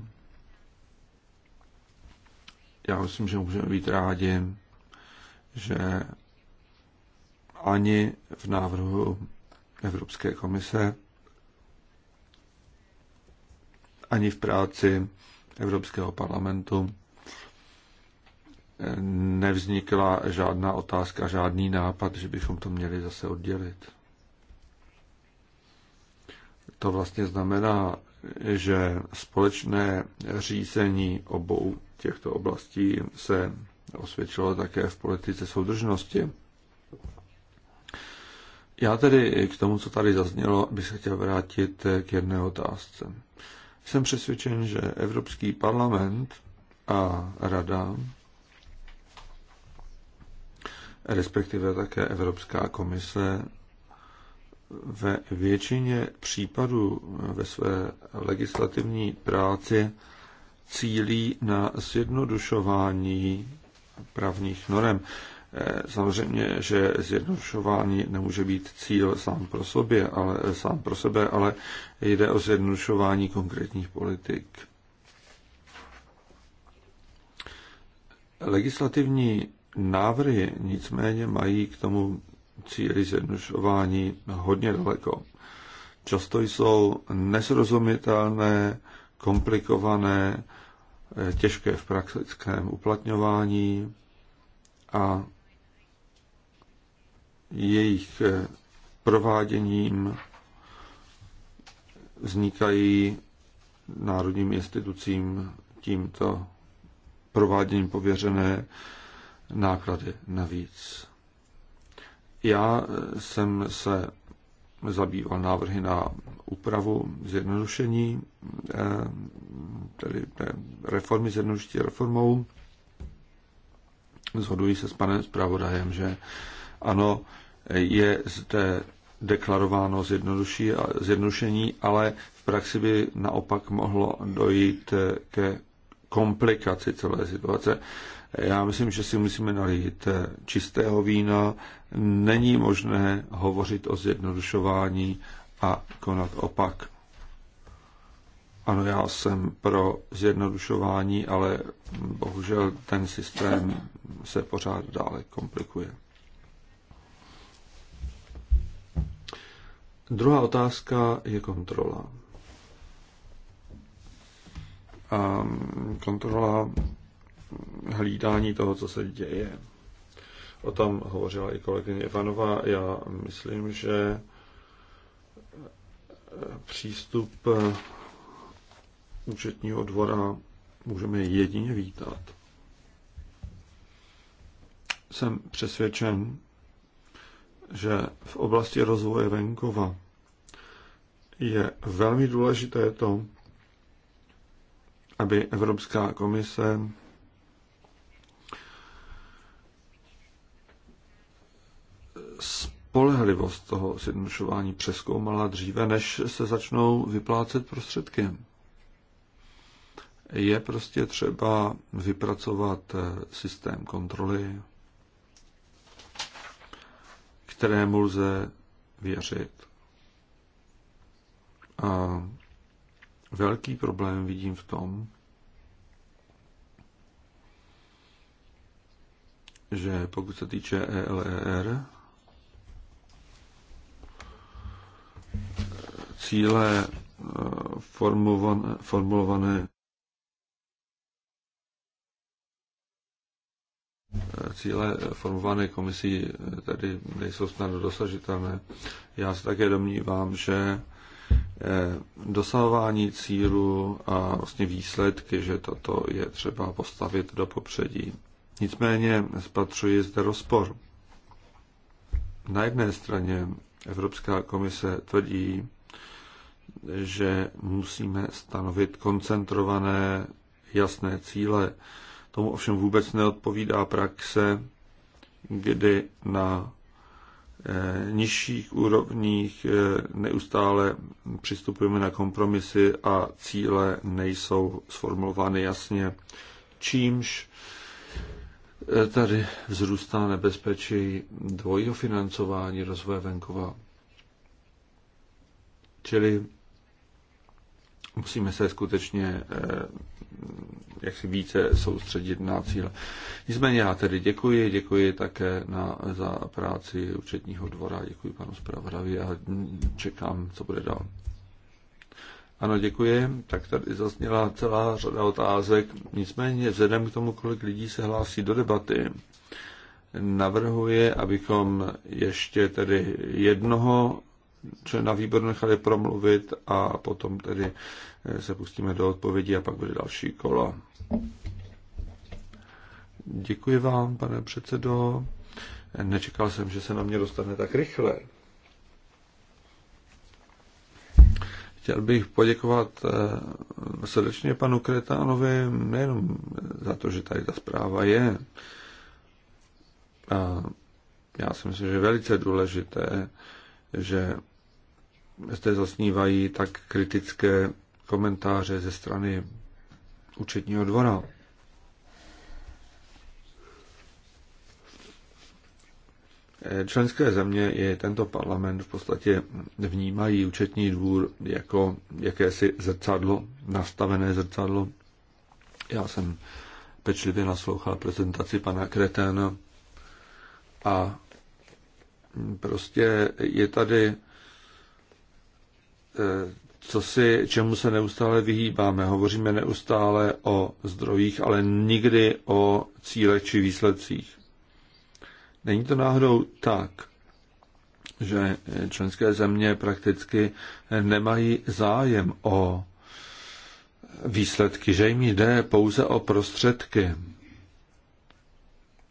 Já myslím, že můžeme být rádi, že ani v návrhu Evropské komise, ani v práci Evropského parlamentu nevznikla žádná otázka, žádný nápad, že bychom to měli zase oddělit. To vlastně znamená, že společné řízení obou těchto oblastí se osvědčilo také v politice soudržnosti. Já tedy k tomu, co tady zaznělo, bych se chtěl vrátit k jedné otázce. Jsem přesvědčen, že Evropský parlament a Rada, respektive také Evropská komise, ve většině případů ve své legislativní práci cílí na zjednodušování právních norem. Eh, samozřejmě, že zjednodušování nemůže být cíl sám pro, sobě, ale, eh, sám pro sebe, ale jde o zjednodušování konkrétních politik. Legislativní návrhy nicméně mají k tomu cíli zjednodušování hodně daleko. Často jsou nesrozumitelné, komplikované, eh, těžké v praktickém uplatňování a jejich eh, prováděním vznikají národním institucím tímto prováděním pověřené náklady navíc. Já eh, jsem se zabýval návrhy na úpravu zjednodušení, eh, tedy reformy zjednodušení reformou. Zhoduji se s panem zpravodajem, že ano, je zde deklarováno zjednodušení, ale v praxi by naopak mohlo dojít eh, ke komplikaci celé situace. Já myslím, že si musíme nalít eh, čistého vína. Není možné hovořit o zjednodušování a konat opak. Ano, já jsem pro zjednodušování, ale bohužel ten systém se pořád dále komplikuje. Druhá otázka je kontrola. A kontrola hlídání toho, co se děje. O tom hovořila i kolegyně Ivanová. Já myslím, že přístup účetního dvora můžeme jedině vítat. Jsem přesvědčen, že v oblasti rozvoje venkova je velmi důležité to, aby Evropská komise spolehlivost toho zjednodušování přeskoumala dříve, než se začnou vyplácet prostředky. Je prostě třeba vypracovat systém kontroly, kterému lze věřit. A velký problém vidím v tom, že pokud se týče ELER, cíle eh, formulované cíle formované komisí tady nejsou snadno dosažitelné. Já se také domnívám, že eh, dosahování cílu a vlastně výsledky, že toto je třeba postavit do popředí. Nicméně spatřuji zde rozpor. Na jedné straně Evropská komise tvrdí, že musíme stanovit koncentrované jasné cíle, Tomu ovšem vůbec neodpovídá praxe, kdy na eh, nižších úrovních eh, neustále přistupujeme na kompromisy a cíle nejsou sformulovány jasně, čímž eh, tady vzrůstá nebezpečí dvojího financování rozvoje venkova. Čili musíme se skutečně jak si více soustředit na cíle. Nicméně já tedy děkuji, děkuji také na, za práci účetního dvora, děkuji panu zpravodavi a čekám, co bude dál. Ano, děkuji. Tak tady zazněla celá řada otázek. Nicméně vzhledem k tomu, kolik lidí se hlásí do debaty, navrhuje, abychom ještě tedy jednoho člena výboru nechali promluvit a potom tedy se pustíme do odpovědi a pak bude další kolo. Děkuji vám, pane předsedo. Nečekal jsem, že se na mě dostane tak rychle. Chtěl bych poděkovat eh, srdečně panu Kretánovi nejenom za to, že tady ta zpráva je. A já si myslím, že je velice důležité, že zde zasnívají tak kritické komentáře ze strany účetního dvora. Členské země i tento parlament v podstatě vnímají účetní dvůr jako jakési zrcadlo, nastavené zrcadlo. Já jsem pečlivě naslouchal prezentaci pana Kreténa a prostě je tady eh, co si, čemu se neustále vyhýbáme. Hovoříme neustále o zdrojích, ale nikdy o cílech či výsledcích. Není to náhodou tak, že členské země prakticky nemají zájem o výsledky, že jim jde pouze o prostředky.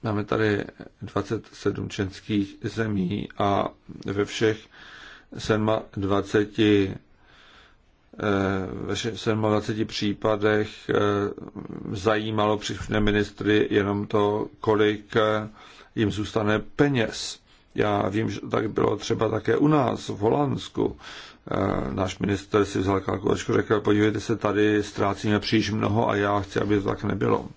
Máme tady 27 členských zemí a ve všech 27 Eh, ve 27 případech eh, zajímalo příslušné ministry jenom to, kolik eh, jim zůstane peněz. Já vím, že tak bylo třeba také u nás v Holandsku. Náš minister si vzal kalkulačku, řekl, podívejte se, tady ztrácíme příliš mnoho a já chci, aby to tak nebylo.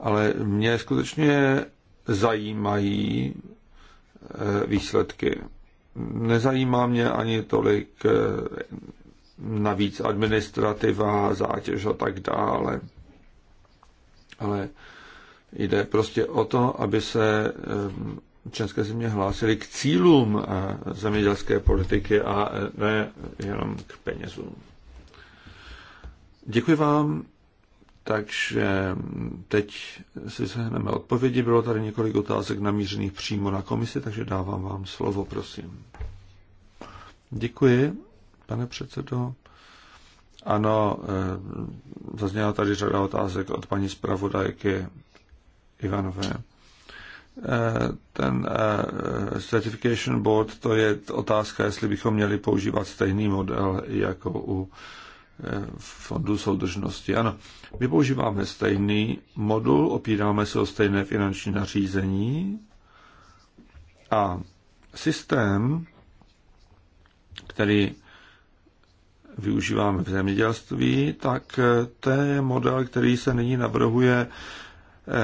Ale mě skutečně zajímají výsledky. Nezajímá mě ani tolik eh, navíc administrativa, zátěž a tak dále. Ale jde prostě o to, aby se eh, české země hlásily k cílům eh, zemědělské politiky a ne jenom k penězům. Děkuji vám takže teď si sehneme odpovědi. Bylo tady několik otázek namířených přímo na komisi, takže dávám vám slovo, prosím. Děkuji, pane předsedo. Ano, eh, zazněla tady řada otázek od paní zpravodajky Ivanové. Eh, ten eh, Certification Board, to je otázka, jestli bychom měli používat stejný model jako u fondu soudržnosti. Ano, my používáme stejný modul, opíráme se o stejné finanční nařízení a systém, který využíváme v zemědělství, tak to je model, který se nyní navrhuje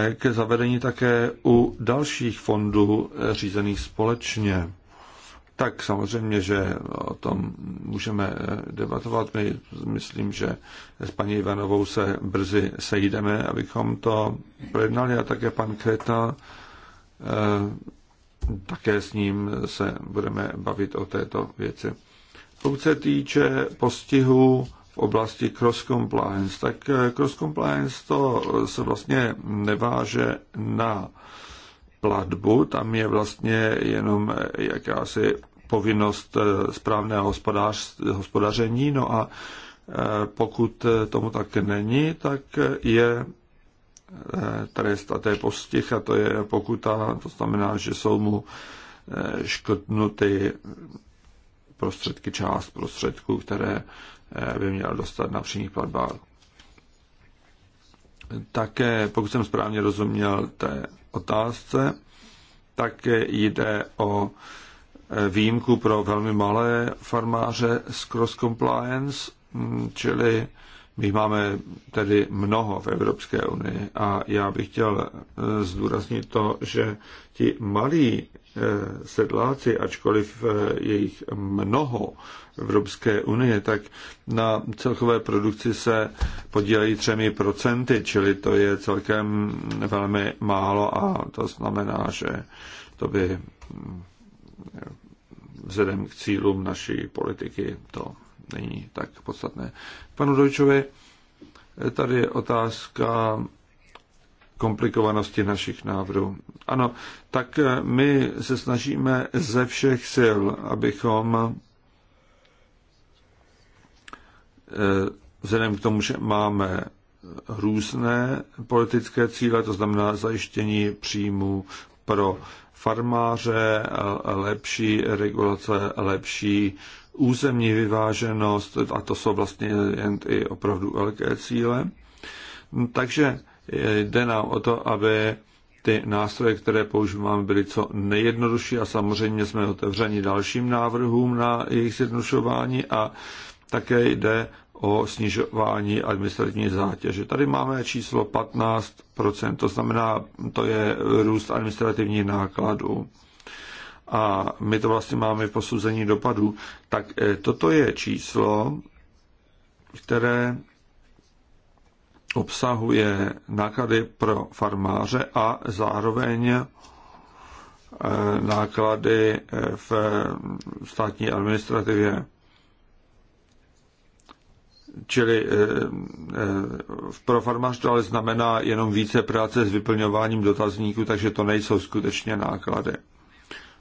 eh, ke zavedení také u dalších fondů eh, řízených společně. Tak samozřejmě, že o tom můžeme eh, debatovat. My myslím, že s paní Ivanovou se brzy sejdeme, abychom to projednali a také pan Kreta eh, také s ním se budeme bavit o této věci. Pokud se týče postihu v oblasti cross compliance, tak eh, cross compliance to se vlastně neváže na platbu, tam je vlastně jenom jakási povinnost eh, správného hospodaření. No a eh, pokud eh, tomu tak není, tak je trest a to je postih a to je pokuta, to znamená, že jsou mu škrtnuty prostředky, část prostředků, které by měl dostat na přímých platbách. Také, pokud jsem správně rozuměl té otázce, tak jde o výjimku pro velmi malé farmáře z cross compliance, čili my máme tedy mnoho v Evropské unii a já bych chtěl eh, zdůraznit to, že ti malí eh, sedláci, ačkoliv eh, jejich mnoho v Evropské unie, tak na celkové produkci se podílejí třemi procenty, čili to je celkem velmi málo a to znamená, že to by vzhledem k cílům naší politiky to není tak podstatné. Panu Dojčovi, tady je otázka komplikovanosti našich návrhů. Ano, tak my se snažíme ze všech sil, abychom eh, vzhledem k tomu, že máme různé politické cíle, to znamená zajištění příjmů pro farmáře, lepší regulace, lepší územní vyváženost, a to jsou vlastně jen i opravdu velké cíle. Takže jde nám o to, aby ty nástroje, které používáme, byly co nejjednodušší a samozřejmě jsme otevřeni dalším návrhům na jejich zjednodušování a také jde o snižování administrativní zátěže. Tady máme číslo 15%, to znamená, to je růst administrativní nákladů. A my to vlastně máme v posouzení dopadů. Tak e, toto je číslo, které obsahuje náklady pro farmáře a zároveň e, náklady e, v státní administrativě. Čili eh, eh, pro farmář to ale znamená jenom více práce s vyplňováním dotazníků, takže to nejsou skutečně náklady.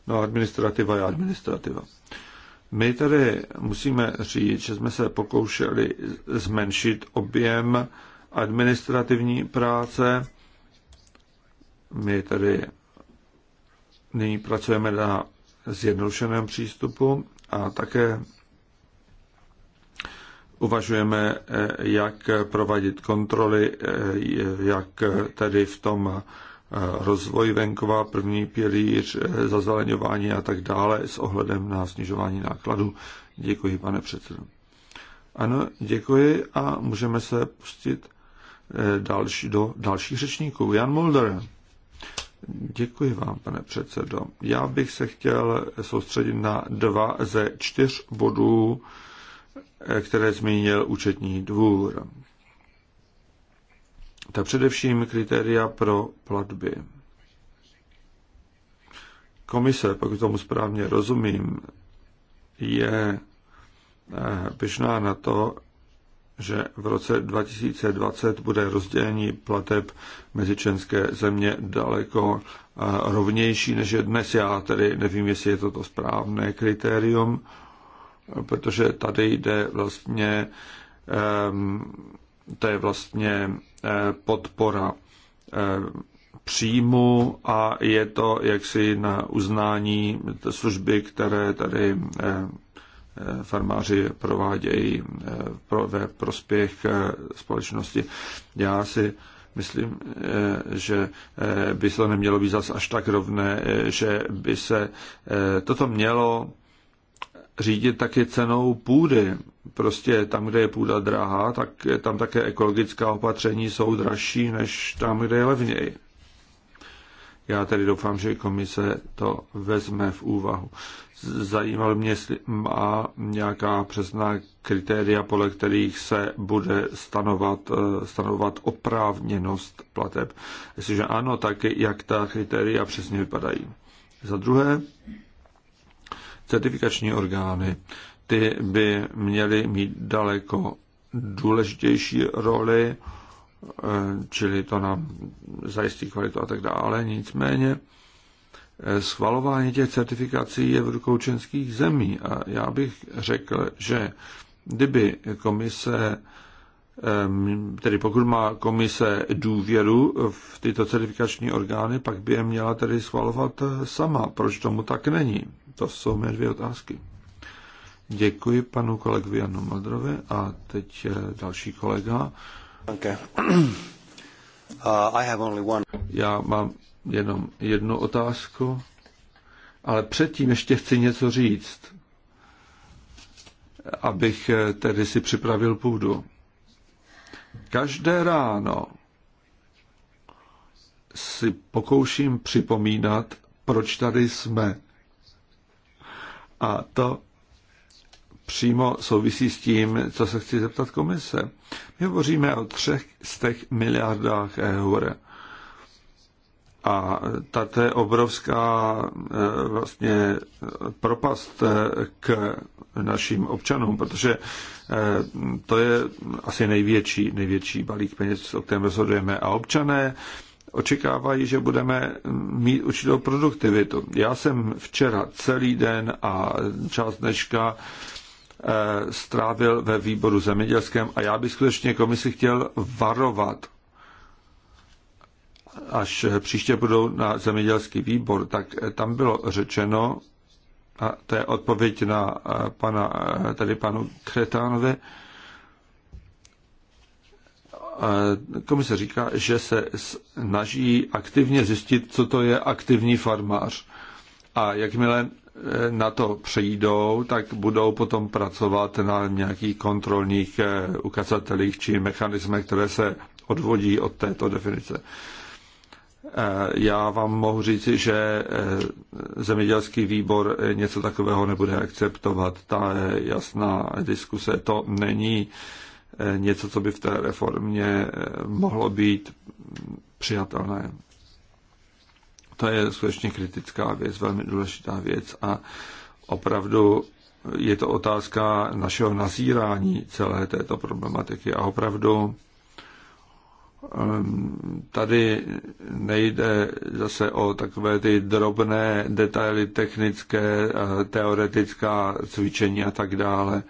No administrativa je administrativa. My tedy musíme říct, že jsme se pokoušeli zmenšit objem administrativní práce. My tedy nyní pracujeme na zjednodušeném přístupu a také uvažujeme, eh, jak provádět kontroly, eh, jak eh, tedy v tom rozvoj venkova, první pilíř, zazeleňování a tak dále s ohledem na snižování nákladů. Děkuji, pane předsedo. Ano, děkuji a můžeme se pustit další, do dalších řečníků. Jan Mulder. Děkuji vám, pane předsedo. Já bych se chtěl soustředit na dva ze čtyř bodů, které zmínil účetní dvůr. Ta především kritéria pro platby. Komise, pokud tomu správně rozumím, je eh, pyšná na to, že v roce 2020 bude rozdělení plateb mezi členské země daleko eh, rovnější než je dnes. Já tedy nevím, jestli je toto správné kritérium protože tady jde vlastně, ehm, to je vlastně eh, podpora eh, příjmu a je to jaksi na uznání služby, které tady eh, farmáři provádějí ve prospěch společnosti. Já si myslím, že by se to nemělo být zase až tak rovné, že by se toto mělo řídit taky cenou půdy. Prostě tam, kde je půda drahá, tak je tam také ekologická opatření jsou dražší než tam, kde je levněji. Já tedy doufám, že komise to vezme v úvahu. Zajímalo mě, jestli má nějaká přesná kritéria, podle kterých se bude stanovat, eh, stanovat oprávněnost plateb. Jestliže ano, tak jak ta kritéria přesně vypadají. Za druhé, certifikační orgány, ty by měly mít daleko důležitější roli, eh, čili to nám zajistí kvalitu a tak dále. Nicméně eh, schvalování těch certifikací je v rukou členských zemí a já bych řekl, že kdyby komise eh, tedy pokud má komise důvěru v tyto certifikační orgány, pak by je měla tedy schvalovat sama. Proč tomu tak není? To jsou mé dvě otázky. Děkuji panu kolegovi Janu Madrovi a teď eh, další kolega. Okay. <clears throat> Uh, I have only one. Já mám jenom jednu otázku, ale předtím ještě chci něco říct, abych eh, tedy si připravil půdu. Každé ráno si pokouším připomínat, proč tady jsme a to přímo souvisí s tím, co se chci zeptat komise. My hovoříme o třech z těch miliardách eur. A tato je obrovská eh, vlastně propast eh, k našim občanům, protože eh, to je asi největší, největší balík peněz, o kterém rozhodujeme. A občané očekávají, že budeme mít určitou produktivitu. Já jsem včera celý den a část dneška eh, strávil ve výboru zemědělském a já bych skutečně komisi chtěl varovat, až příště budou na zemědělský výbor, tak tam bylo řečeno, a to je odpověď na eh, pana, eh, tady panu Kretánovi, komise říká, že se snaží aktivně zjistit, co to je aktivní farmář. A jakmile e, na to přejdou, tak budou potom pracovat na nějakých kontrolních e, ukazatelích či mechanismech, které se odvodí od této definice. E, já vám mohu říci, že zemědělský výbor něco takového nebude akceptovat. Ta je jasná diskuse to není něco, co by v té reformě eh, mohlo být přijatelné. To je skutečně kritická věc, velmi důležitá věc a opravdu je to otázka našeho nazírání celé této problematiky a opravdu ehm, Tady nejde zase o takové ty drobné detaily technické, eh, teoretická cvičení a tak dále.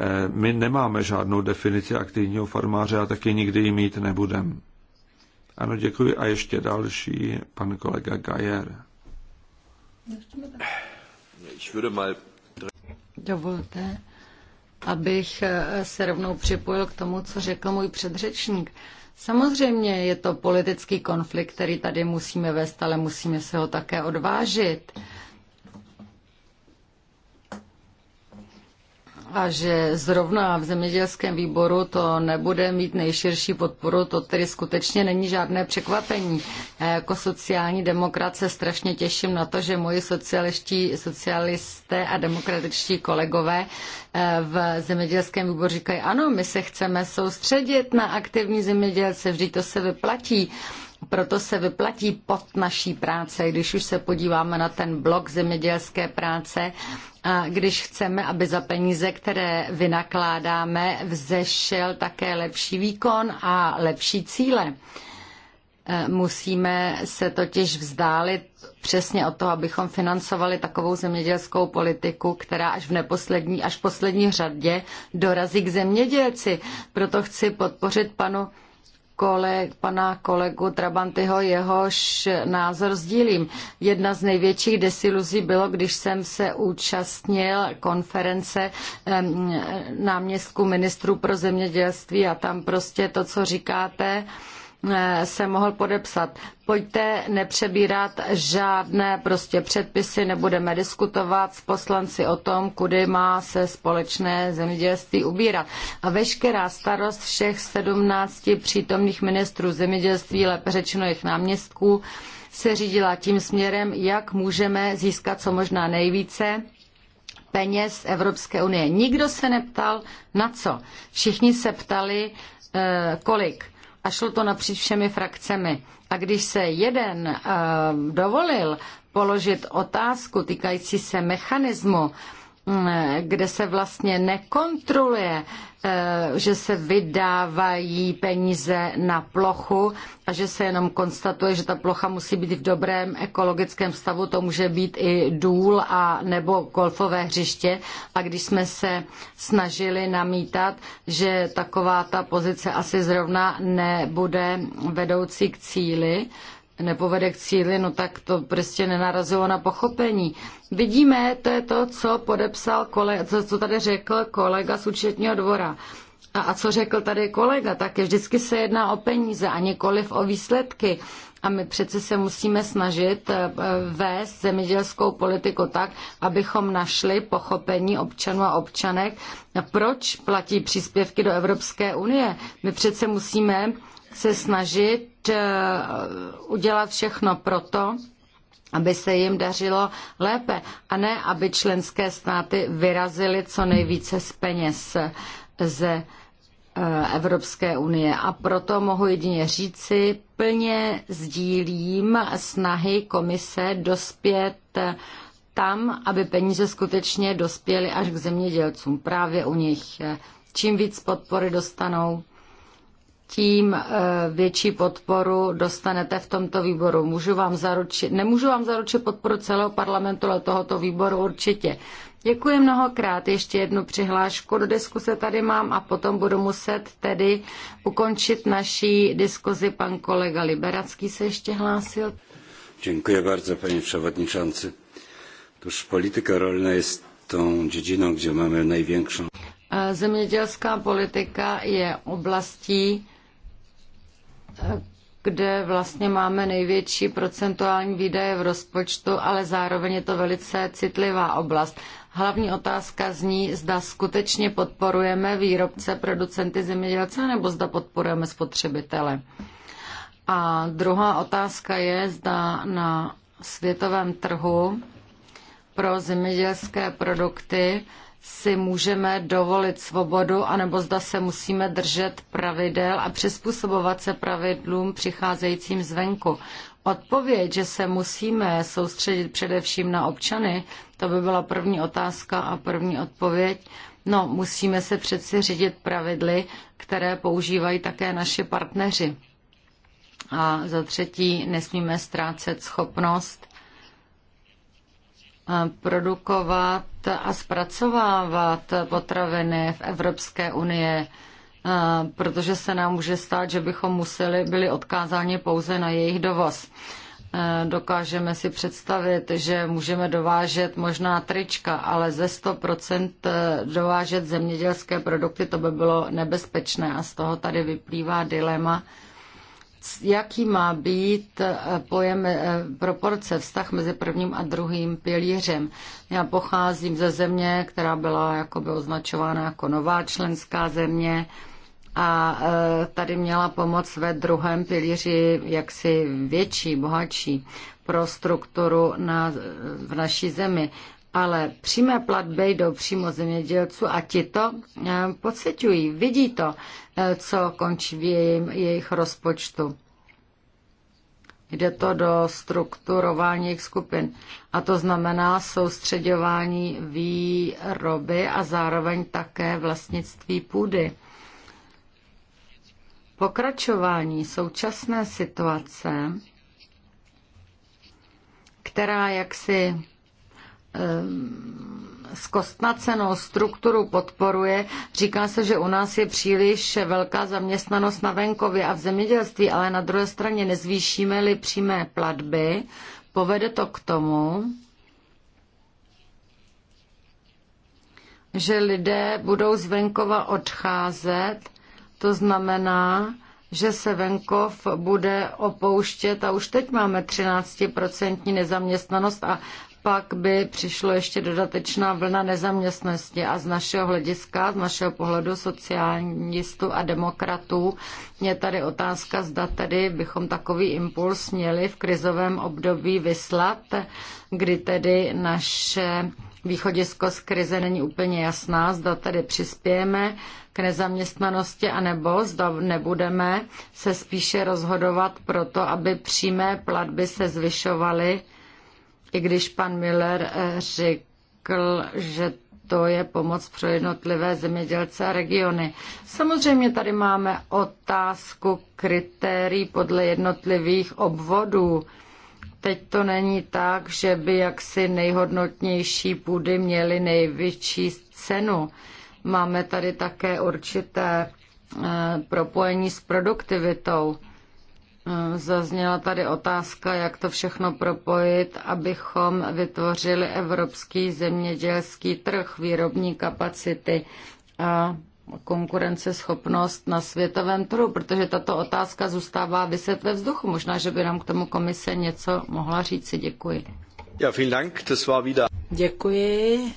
Eh, my nemáme žádnou definici aktivního farmáře a taky nikdy ji mít nebudem. Ano, děkuji. A ještě další, pan kolega Gajer. Dovolte, abych eh, se rovnou připojil k tomu, co řekl můj předřečník. Samozřejmě je to politický konflikt, který tady musíme vést, ale musíme se ho také odvážit. a že zrovna v zemědělském výboru to nebude mít nejširší podporu, to tedy skutečně není žádné překvapení. Já jako sociální demokrat se strašně těším na to, že moji socialiští, socialisté a demokratičtí kolegové eh, v zemědělském výboru říkají, ano, my se chceme soustředit na aktivní zemědělce, vždyť to se vyplatí. Proto se vyplatí pod naší práce, když už se podíváme na ten blok zemědělské práce když chceme, aby za peníze, které vynakládáme, vzešel také lepší výkon a lepší cíle. E, musíme se totiž vzdálit přesně o to, abychom financovali takovou zemědělskou politiku, která až v neposlední, až v poslední řadě dorazí k zemědělci. Proto chci podpořit panu koleg, pana kolegu Trabantyho, jehož názor sdílím. Jedna z největších desiluzí bylo, když jsem se účastnil konference náměstku ministrů pro zemědělství a tam prostě to, co říkáte, Eh, se mohl podepsat. Pojďte nepřebírat žádné prostě předpisy, nebudeme diskutovat s poslanci o tom, kudy má se společné zemědělství ubírat. A veškerá starost všech 17 přítomných ministrů zemědělství, lépe řečeno jejich náměstků, se řídila tím směrem, jak můžeme získat co možná nejvíce peněz Evropské unie. Nikdo se neptal na co. Všichni se ptali, eh, kolik a šlo to napříč všemi frakcemi. A když se jeden uh, dovolil položit otázku týkající se mechanismu, Mm, kde se vlastně nekontroluje, eh, že se vydávají peníze na plochu a že se jenom konstatuje, že ta plocha musí být v dobrém ekologickém stavu, to může být i důl a nebo golfové hřiště. A když jsme se snažili namítat, že taková ta pozice asi zrovna nebude vedoucí k cíli, nepovede k cíli, no tak to prostě nenarazilo na pochopení. Vidíme, to je to, co podepsal kolega, co, co tady řekl kolega z účetního dvora. A, a co řekl tady kolega, tak je vždycky se jedná o peníze a nikoliv o výsledky. A my přece se musíme snažit eh, vést zemědělskou politiku tak, abychom našli pochopení občanů a občanek, proč platí příspěvky do Evropské unie. My přece musíme se snažit eh, udělat všechno proto, aby se jim dařilo lépe a ne, aby členské státy vyrazily co nejvíce z peněz ze eh, Evropské unie. A proto mohu jedině říci, plně sdílím snahy komise dospět eh, tam, aby peníze skutečně dospěly až k zemědělcům, právě u nich. Čím víc podpory dostanou, tím eh, větší podporu dostanete v tomto výboru. Můžu vám zaručit, nemůžu vám zaručit podporu celého parlamentu, ale tohoto výboru určitě. Děkuji mnohokrát. Ještě jednu přihlášku do diskuse tady mám a potom budu muset tedy ukončit naší diskuzi. Pan kolega Liberacký se ještě hlásil. Děkuji bardzo, paní převodničanci. Tuż politika rolna je tą dziedziną, gdzie mamy największą. E, zemědělská politika je oblastí, kde vlastně máme největší procentuální výdaje v rozpočtu, ale zároveň je to velice citlivá oblast. Hlavní otázka zní, zda skutečně podporujeme výrobce, producenty, zemědělce, nebo zda podporujeme spotřebitele. A druhá otázka je, zda na světovém trhu pro zemědělské produkty si můžeme dovolit svobodu, anebo zda se musíme držet pravidel a přizpůsobovat se pravidlům přicházejícím zvenku. Odpověď, že se musíme soustředit především na občany, to by byla první otázka a první odpověď. No, musíme se přeci řídit pravidly, které používají také naši partneři. A za třetí, nesmíme ztrácet schopnost produkovat a zpracovávat potraviny v Evropské unii, protože se nám může stát, že bychom museli byli odkázáni pouze na jejich dovoz. Dokážeme si představit, že můžeme dovážet možná trička, ale ze 100% dovážet zemědělské produkty, to by bylo nebezpečné a z toho tady vyplývá dilema, jaký má být eh, pojem eh, proporce, vztah mezi prvním a druhým pilířem. Já pocházím ze země, která byla jakoby označována jako nová členská země a eh, tady měla pomoc ve druhém pilíři jaksi větší, bohatší pro strukturu na, v naší zemi ale přímé platby jdou přímo zemědělců a ti to eh, pocitují, vidí to, eh, co končí v jejím, jejich rozpočtu. Jde to do strukturování jejich skupin. A to znamená soustředování výroby a zároveň také vlastnictví půdy. Pokračování současné situace, která jaksi Ehm, zkostnacenou strukturu podporuje. Říká se, že u nás je příliš velká zaměstnanost na venkově a v zemědělství, ale na druhé straně nezvýšíme-li přímé platby, povede to k tomu, že lidé budou z venkova odcházet, to znamená, že se venkov bude opouštět a už teď máme 13% nezaměstnanost a pak by přišlo ještě dodatečná vlna nezaměstnosti a z našeho hlediska, z našeho pohledu sociálnistů a demokratů je tady otázka, zda tedy bychom takový impuls měli v krizovém období vyslat, kdy tedy naše východisko z krize není úplně jasná, zda tedy přispějeme k nezaměstnanosti, anebo zda nebudeme se spíše rozhodovat proto, aby přímé platby se zvyšovaly i když pan Miller eh, řekl, že to je pomoc pro jednotlivé zemědělce a regiony. Samozřejmě tady máme otázku kritérií podle jednotlivých obvodů. Teď to není tak, že by jaksi nejhodnotnější půdy měly největší cenu. Máme tady také určité eh, propojení s produktivitou. Zazněla tady otázka, jak to všechno propojit, abychom vytvořili evropský zemědělský trh, výrobní kapacity a konkurenceschopnost na světovém trhu, protože tato otázka zůstává vyset ve vzduchu. Možná, že by nám k tomu komise něco mohla říci. Děkuji. Ja, vielen Dank, das war wieder... Děkuji.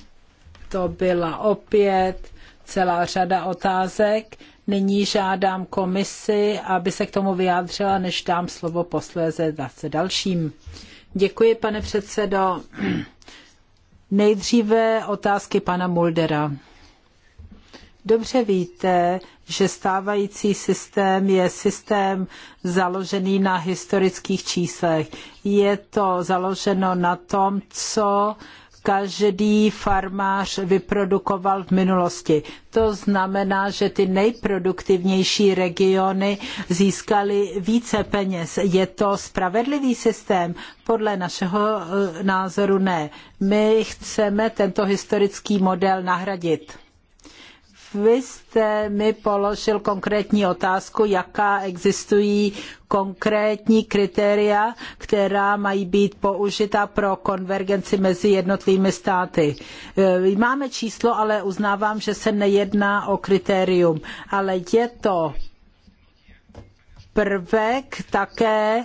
To byla opět celá řada otázek. Nyní žádám komisi, aby se k tomu vyjádřila, než dám slovo posléze zase dalším. Děkuji, pane předsedo. Nejdříve otázky pana Muldera. Dobře víte, že stávající systém je systém založený na historických číslech. Je to založeno na tom, co každý farmář vyprodukoval v minulosti. To znamená, že ty nejproduktivnější regiony získaly více peněz. Je to spravedlivý systém? Podle našeho eh, názoru ne. My chceme tento historický model nahradit vy jste mi položil konkrétní otázku, jaká existují konkrétní kritéria, která mají být použita pro konvergenci mezi jednotlivými státy. E, máme číslo, ale uznávám, že se nejedná o kritérium, ale je to prvek také e,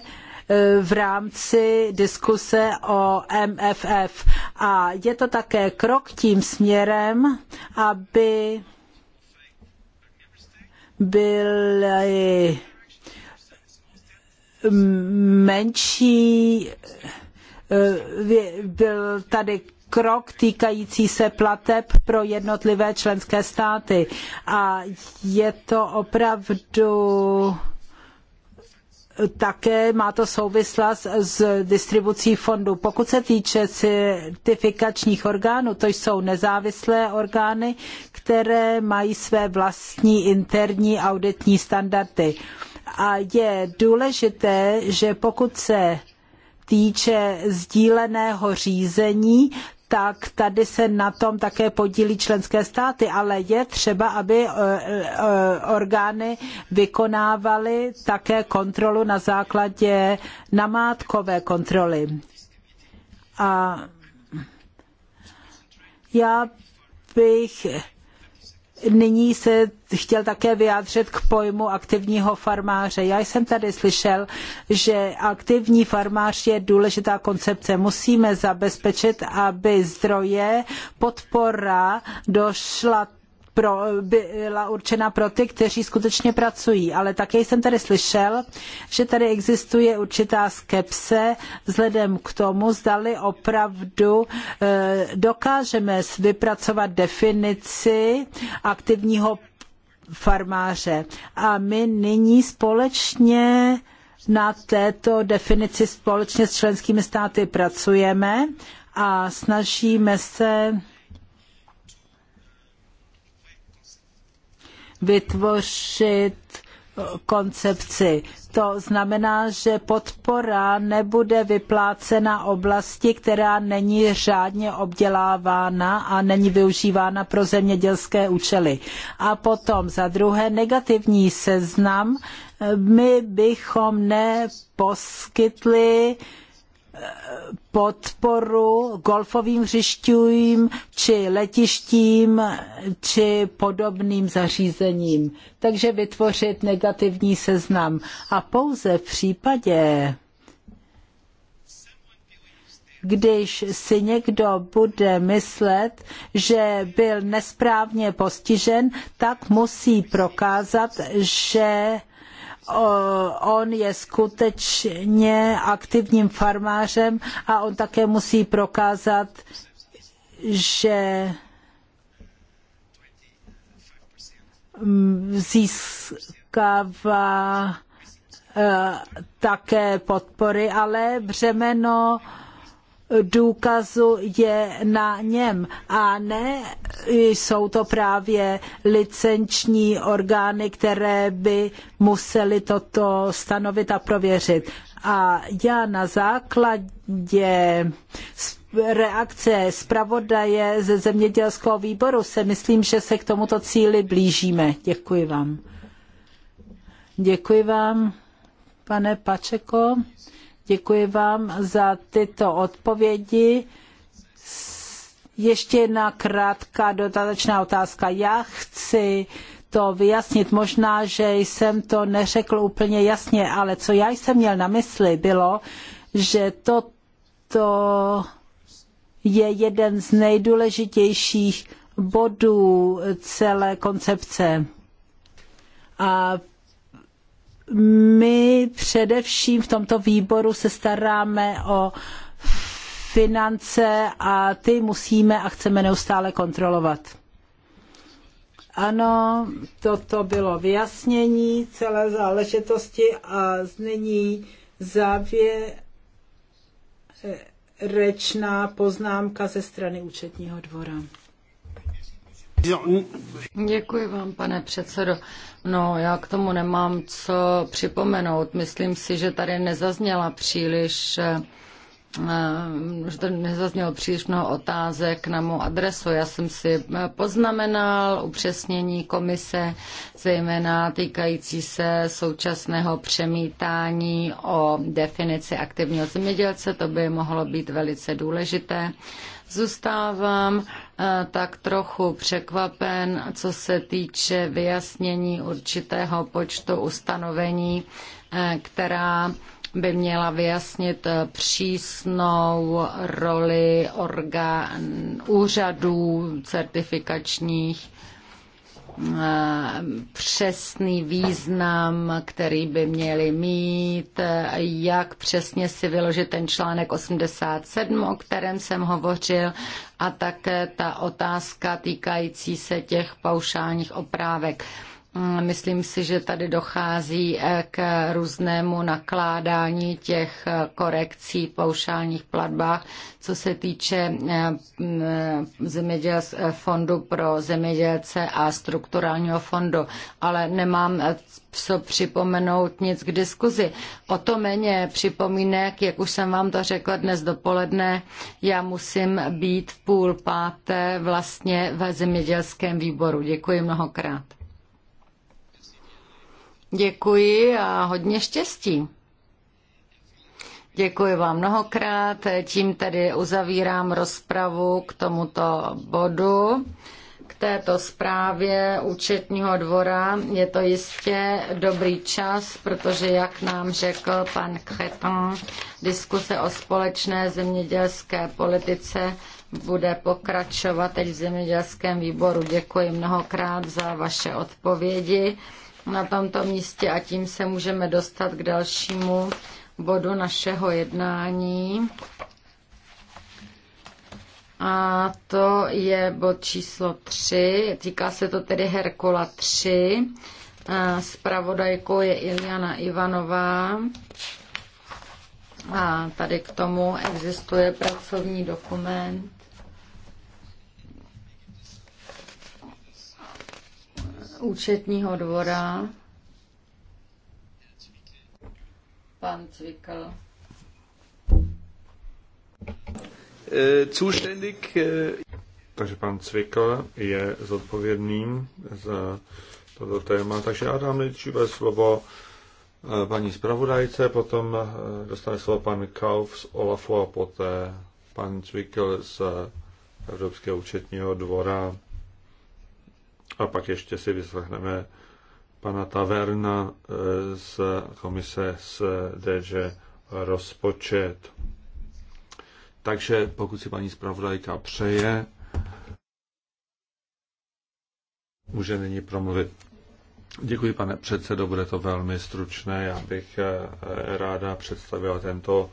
v rámci diskuse o MFF. A je to také krok tím směrem, aby byly mm, menší, eh, byl tady krok týkající se plateb pro jednotlivé členské státy. A je to opravdu také má to souvislost s distribucí fondů. Pokud se týče certifikačních orgánů, to jsou nezávislé orgány, které mají své vlastní interní auditní standardy. A je důležité, že pokud se týče sdíleného řízení, tak tady se na tom také podílí členské státy, ale je třeba, aby e, e, orgány vykonávaly také kontrolu na základě namátkové kontroly. A já bych nyní se chtěl také vyjádřit k pojmu aktivního farmáře. Já jsem tady slyšel, že aktivní farmář je důležitá koncepce. Musíme zabezpečit, aby zdroje podpora došla pro, byla určena pro ty, kteří skutečně pracují. Ale také jsem tady slyšel, že tady existuje určitá skepse vzhledem k tomu, zdali opravdu eh, dokážeme vypracovat definici aktivního farmáře. A my nyní společně na této definici společně s členskými státy pracujeme a snažíme se vytvořit koncepci. To znamená, že podpora nebude vyplácena oblasti, která není řádně obdělávána a není využívána pro zemědělské účely. A potom za druhé negativní seznam my bychom neposkytli podporu golfovým hřišťům či letištím či podobným zařízením. Takže vytvořit negativní seznam. A pouze v případě, když si někdo bude myslet, že byl nesprávně postižen, tak musí prokázat, že on je skutečně aktivním farmářem a on také musí prokázat, že získává e, také podpory, ale břemeno důkazu je na něm. A ne jsou to právě licenční orgány, které by museli toto stanovit a prověřit. A já na základě reakce zpravodaje ze zemědělského výboru se myslím, že se k tomuto cíli blížíme. Děkuji vám. Děkuji vám, pane Pačeko. Děkuji vám za tyto odpovědi. Ještě jedna krátká dodatečná otázka. Já chci to vyjasnit. Možná, že jsem to neřekl úplně jasně, ale co já jsem měl na mysli, bylo, že toto je jeden z nejdůležitějších bodů celé koncepce. A my především v tomto výboru se staráme o finance a ty musíme a chceme neustále kontrolovat. Ano, toto bylo vyjasnění celé záležitosti a nyní závěrečná poznámka ze strany účetního dvora. Děkuji vám, pane předsedo. No, já k tomu nemám co připomenout. Myslím si, že tady nezazněla příliš eh, že to nezaznělo příliš mnoho otázek na mou adresu. Já jsem si eh, poznamenal upřesnění komise, zejména týkající se současného přemítání o definici aktivního zemědělce. To by mohlo být velice důležité. Zůstávám Eh, tak trochu překvapen, co se týče vyjasnění určitého počtu ustanovení, eh, která by měla vyjasnit eh, přísnou roli orgán, úřadů certifikačních přesný význam, který by měli mít, jak přesně si vyložit ten článek 87, o kterém jsem hovořil, a také ta otázka týkající se těch paušálních oprávek. Myslím si, že tady dochází eh, k různému nakládání těch eh, korekcí v paušálních platbách, co se týče eh, fondu pro zemědělce a strukturálního fondu. Ale nemám co připomenout nic k diskuzi. O to méně připomínek, jak už jsem vám to řekla dnes dopoledne, já musím být v půl páté vlastně ve zemědělském výboru. Děkuji mnohokrát. Děkuji a hodně štěstí. Děkuji vám mnohokrát. Tím tedy uzavírám rozpravu k tomuto bodu. K této zprávě účetního dvora je to jistě dobrý čas, protože, jak nám řekl pan Kretan, diskuse o společné zemědělské politice bude pokračovat teď v zemědělském výboru. Děkuji mnohokrát za vaše odpovědi na tomto místě a tím se můžeme dostat k dalšímu bodu našeho jednání. A to je bod číslo 3. Týká se to tedy Herkula 3. Spravodajkou je Iliana Ivanová. A tady k tomu existuje pracovní dokument. účetního dvora. Pan Cvikl. Eh, zuständig. Eh, Takže pan Cvikl je zodpovědným za toto téma. Takže já dám nejdříve slovo eh, paní zpravodajce, potom dostane slovo pan Kauf z Olafu a poté pan Cvikl z Evropského účetního dvora. A pak ještě si vyslechneme pana Taverna eh, z komise s DG rozpočet. Takže pokud si paní zpravodajka přeje, může nyní promluvit. Děkuji, pane předsedo, bude to velmi stručné. Já bych eh, ráda představila tento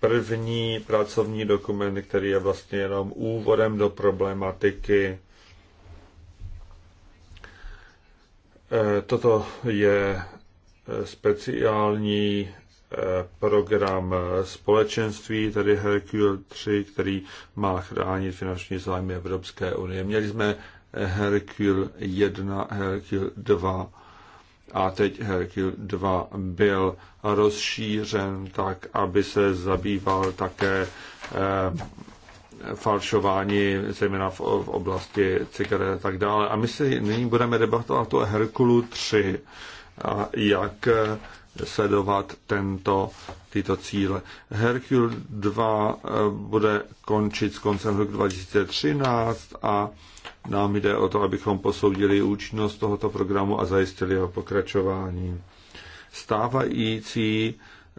první pracovní dokument, který je vlastně jenom úvodem do problematiky Eh, toto je eh, speciální eh, program společenství, tedy Hercule 3, který má chránit finanční zájmy Evropské unie. Měli jsme Hercule 1, Hercule 2 a teď Hercule 2 byl rozšířen tak, aby se zabýval také falšování, zejména v, v oblasti cigaret a tak dále. A my si nyní budeme debatovat o Herkulu 3 a jak sledovat tento, tyto cíle. Herkul 2 eh, bude končit s koncem roku 2013 a nám jde o to, abychom posoudili účinnost tohoto programu a zajistili jeho pokračování. Stávající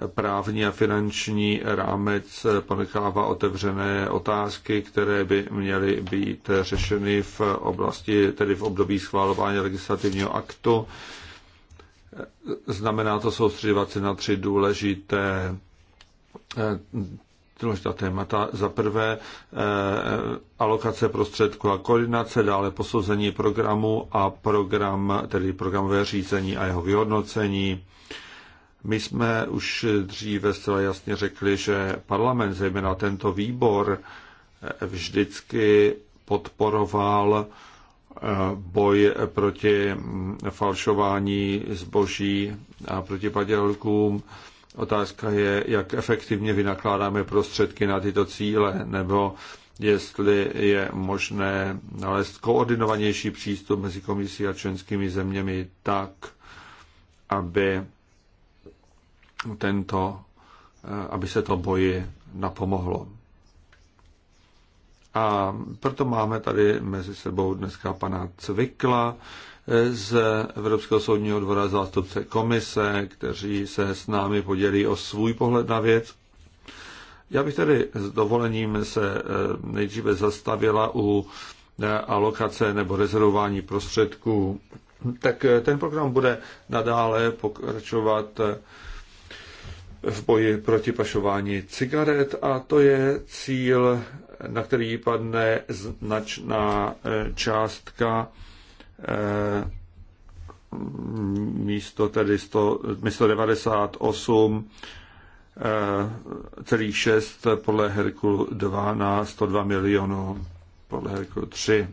právní a finanční rámec ponechává otevřené otázky, které by měly být řešeny v oblasti, tedy v období schvalování legislativního aktu. Znamená to soustředovat se na tři důležité důležitá témata. Za prvé eh, alokace prostředků a koordinace, dále posouzení programu a program, tedy programové řízení a jeho vyhodnocení, my jsme už dříve zcela jasně řekli, že parlament, zejména tento výbor, vždycky podporoval eh, boj proti falšování zboží a proti padělkům. Otázka je, jak efektivně vynakládáme prostředky na tyto cíle, nebo jestli je možné nalézt koordinovanější přístup mezi komisí a členskými zeměmi tak, aby tento, eh, aby se to boji napomohlo. A proto máme tady mezi sebou dneska pana Cvikla eh, z Evropského soudního dvora zástupce komise, kteří se s námi podělí o svůj pohled na věc. Já bych tedy s dovolením se eh, nejdříve zastavila u alokace nebo rezervování prostředků. Tak ten program bude nadále pokračovat v boji proti pašování cigaret a to je cíl, na který padne značná e, částka e, místo tedy 100, místo 98 e, podle Herku 2 na 102 milionů podle Herku 3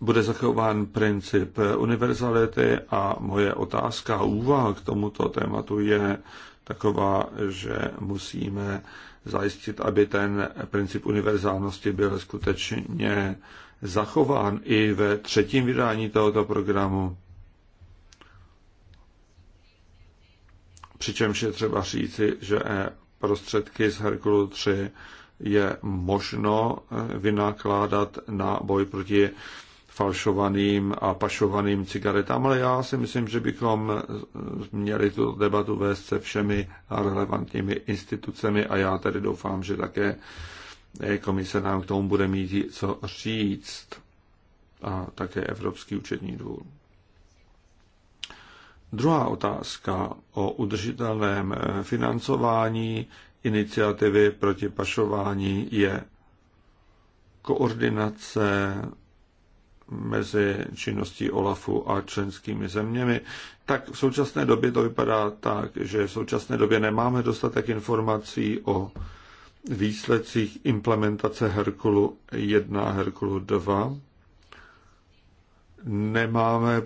bude zachován princip univerzality a moje otázka a úvaha k tomuto tématu je taková, že musíme zajistit, aby ten princip univerzálnosti byl skutečně zachován i ve třetím vydání tohoto programu. Přičemž je třeba říci, že prostředky z Herkulu 3 je možno vynakládat na boj proti falšovaným a pašovaným cigaretám, ale já si myslím, že bychom měli tu debatu vést se všemi relevantními institucemi a já tedy doufám, že také komise nám k tomu bude mít co říct a také Evropský účetní dvůr. Druhá otázka o udržitelném financování iniciativy proti pašování je koordinace mezi činností OLAFu a členskými zeměmi, tak v současné době to vypadá tak, že v současné době nemáme dostatek informací o výsledcích implementace Herkulu 1 a Herkulu 2. Nemáme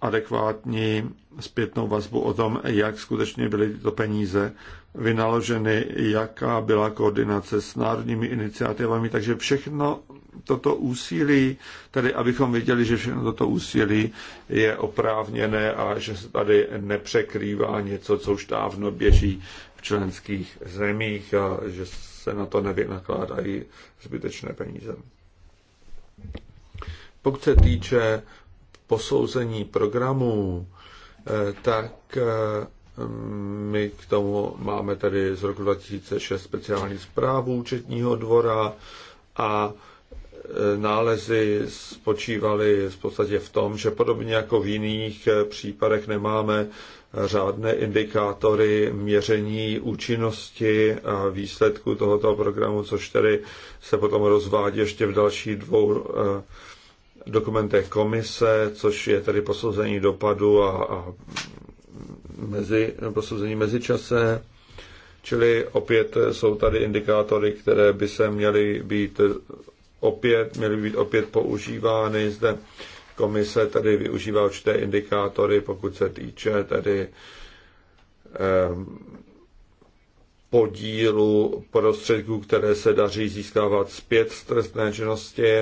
adekvátní zpětnou vazbu o tom, jak skutečně byly tyto peníze vynaloženy, jaká byla koordinace s národními iniciativami, takže všechno toto úsilí, tedy abychom viděli, že všechno toto úsilí je oprávněné a že se tady nepřekrývá něco, co už dávno běží v členských zemích a že se na to nevynakládají zbytečné peníze. Pokud se týče posouzení programů, eh, tak eh, my k tomu máme tady z roku 2006 speciální zprávu účetního dvora a nálezy spočívaly v podstatě v tom, že podobně jako v jiných případech nemáme řádné indikátory měření účinnosti a výsledku tohoto programu, což tedy se potom rozvádí ještě v dalších dvou eh, dokumentech komise, což je tedy posouzení dopadu a, a mezi, posouzení mezičase. Čili opět jsou tady indikátory, které by se měly být opět, měly být opět používány. Zde komise tady využívá určité indikátory, pokud se týče tedy ehm, podílu prostředků, které se daří získávat zpět z trestné činnosti,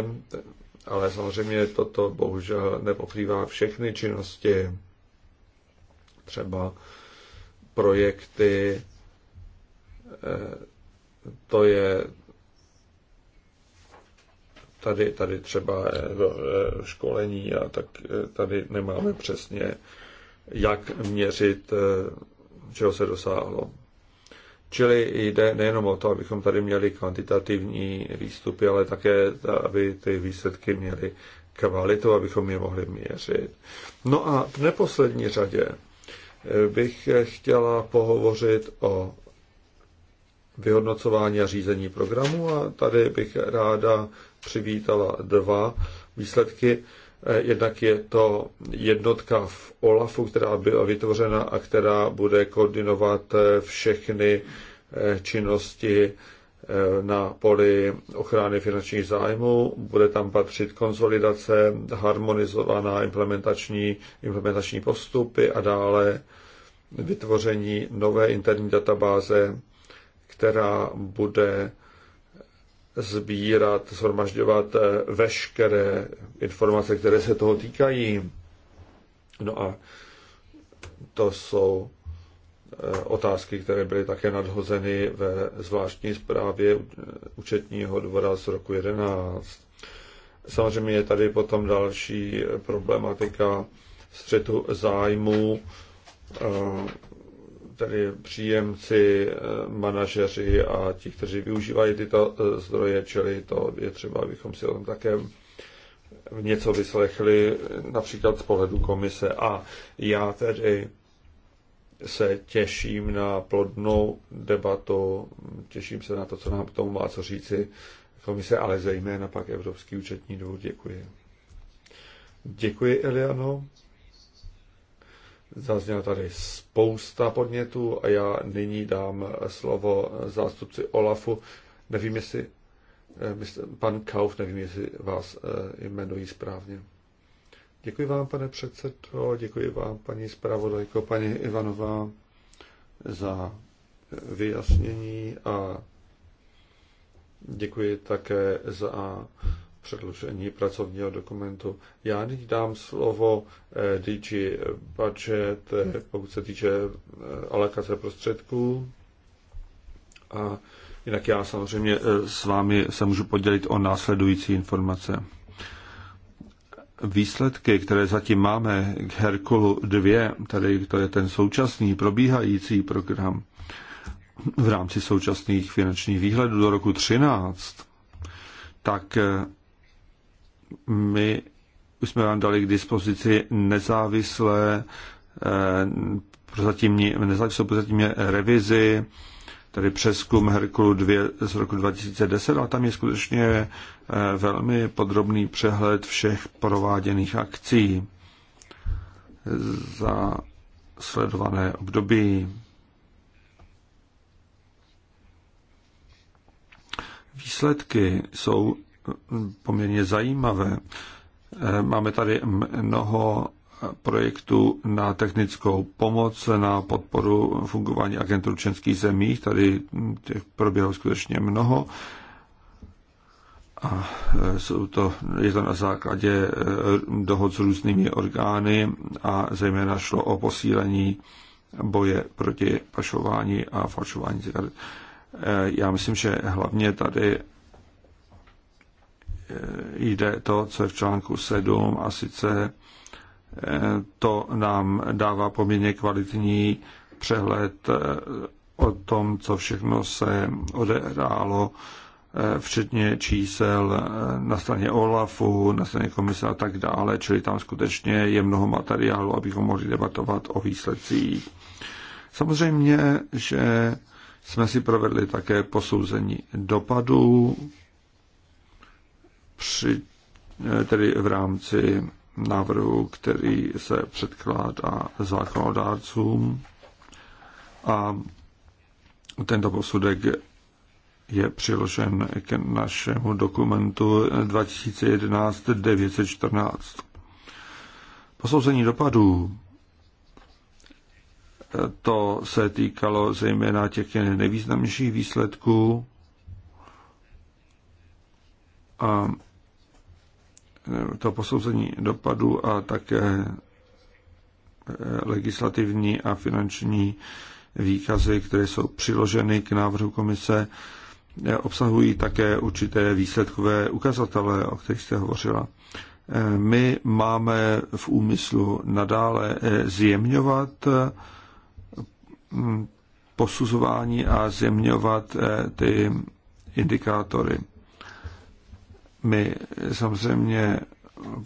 ale samozřejmě toto bohužel nepokrývá všechny činnosti, třeba projekty, eh, to je Tady, tady třeba eh, eh, školení a tak eh, tady nemáme přesně, jak měřit, čeho se dosáhlo. Čili jde nejenom o to, abychom tady měli kvantitativní výstupy, ale také, aby ty výsledky měly kvalitu, abychom je mohli měřit. No a v neposlední řadě bych chtěla pohovořit o vyhodnocování a řízení programu a tady bych ráda přivítala dva výsledky. Eh, jednak je to jednotka v OLAFu, která byla vytvořena a která bude koordinovat eh, všechny eh, činnosti na poli ochrany finančních zájmů. Bude tam patřit konsolidace, harmonizovaná implementační, implementační postupy a dále vytvoření nové interní databáze, která bude sbírat, shromažďovat eh, veškeré informace, které se toho týkají. No a to jsou eh, otázky, které byly také nadhozeny ve zvláštní zprávě eh, účetního dvora z roku 11. Samozřejmě je tady potom další problematika střetu zájmů tedy příjemci, eh, manažeři a ti, kteří využívají tyto eh, zdroje, čili to je třeba, abychom si o tom také něco vyslechli, například z pohledu komise. A já tedy se těším na plodnou debatu, těším se na to, co nám k tomu má co říci komise, ale zejména pak Evropský účetní dvůr. Děkuji. Děkuji, Eliano. Zazněla tady spousta podnětů a já nyní dám slovo zástupci Olafu. Nevím, jestli eh, pan Kauf, nevím, jestli vás eh, jmenují správně. Děkuji vám, pane předsedo, děkuji vám, paní zpravodajko, paní Ivanová, za vyjasnění a děkuji také za předložení pracovního dokumentu. Já nyní dám slovo eh, DG Budget, eh, hmm. pokud se týče eh, alokace prostředků. A jinak já samozřejmě s vámi se můžu podělit o následující informace. Výsledky, které zatím máme k Herkulu 2, tedy to je ten současný probíhající program v rámci současných finančních výhledů do roku 13, tak my už jsme vám dali k dispozici nezávislé eh, prozatímní, nezávislou prozatímní revizi, tedy přeskum Herkulu 2 z roku 2010, a tam je skutečně eh, velmi podrobný přehled všech prováděných akcí za sledované období. Výsledky jsou poměrně zajímavé. Máme tady mnoho projektů na technickou pomoc, na podporu fungování agentů členských zemí. Tady těch proběhlo skutečně mnoho. A jsou to, je to na základě dohod s různými orgány a zejména šlo o posílení boje proti pašování a falšování cigaret. Já myslím, že hlavně tady jde to, co je v článku 7 a sice eh, to nám dává poměrně kvalitní přehled eh, o tom, co všechno se odehrálo, eh, včetně čísel na straně OLAFu, na straně komise a tak dále, čili tam skutečně je mnoho materiálu, abychom mohli debatovat o výsledcích. Samozřejmě, že jsme si provedli také posouzení dopadů při, eh, tedy v rámci návrhu, který se předkládá zákonodárcům. A tento posudek je přiložen k našemu dokumentu 2011 914. Posouzení dopadů eh, to se týkalo zejména těch nejvýznamnějších výsledků a to posouzení dopadu a také eh, legislativní a finanční výkazy, které jsou přiloženy k návrhu komise, eh, obsahují také určité výsledkové ukazatele, o kterých jste hovořila. Eh, my máme v úmyslu nadále zjemňovat mm, posuzování a zjemňovat ty indikátory. My samozřejmě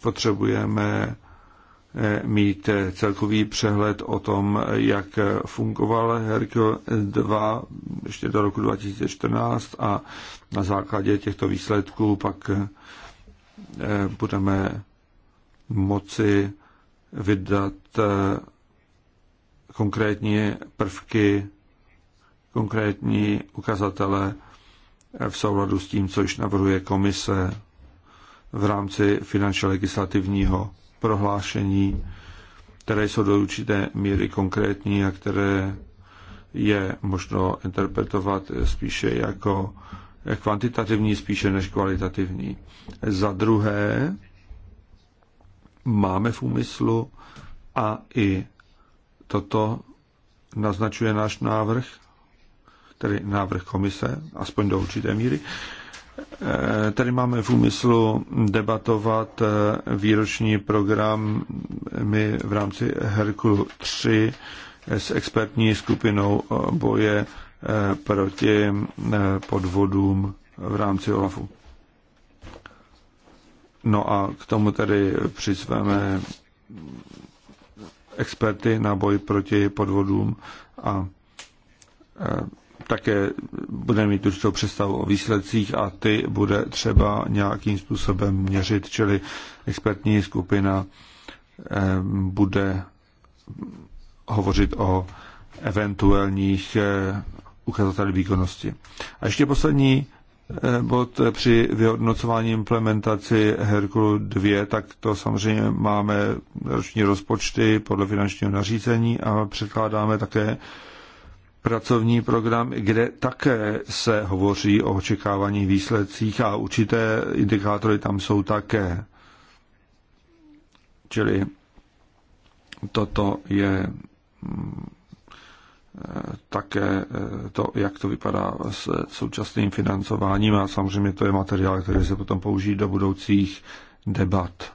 potřebujeme eh, mít celkový přehled o tom, jak fungoval Hercule 2 ještě do roku 2014 a na základě těchto výsledků pak eh, budeme moci vydat eh, konkrétní prvky, konkrétní ukazatele v souladu s tím, co již navrhuje komise v rámci finančně legislativního prohlášení, které jsou do určité míry konkrétní a které je možno interpretovat spíše jako kvantitativní, spíše než kvalitativní. Za druhé, máme v úmyslu a i toto naznačuje náš návrh, tedy návrh komise, aspoň do určité míry, Eh, tady máme v úmyslu debatovat eh, výroční program my v rámci Herkulu 3 eh, s expertní skupinou boje proti podvodům v rámci OLAFu. No a k tomu tedy přizveme experty na boj proti podvodům a také budeme mít určitou představu o výsledcích a ty bude třeba nějakým způsobem měřit, čili expertní skupina eh, bude hovořit o eventuálních eh, ukazatelů výkonnosti. A ještě poslední eh, bod při vyhodnocování implementaci Herkulu 2, tak to samozřejmě máme roční rozpočty podle finančního nařízení a předkládáme také pracovní program, kde také se hovoří o očekávaných výsledcích a určité indikátory tam jsou také. Čili toto je mm, také eh, to, jak to vypadá s současným financováním a samozřejmě to je materiál, který se potom použije do budoucích debat.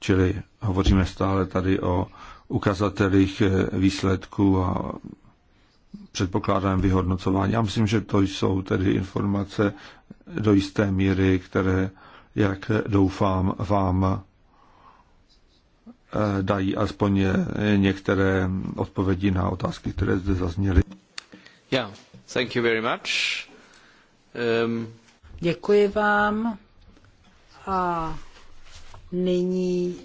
Čili hovoříme stále tady o ukazatelích eh, výsledků a předpokládaném vyhodnocování. Já myslím, že to jsou tedy informace do jisté míry, které, jak doufám, vám eh, dají aspoň eh, některé odpovědi na otázky, které zde zazněly. Yeah, thank you very much. Um... Děkuji vám. A nyní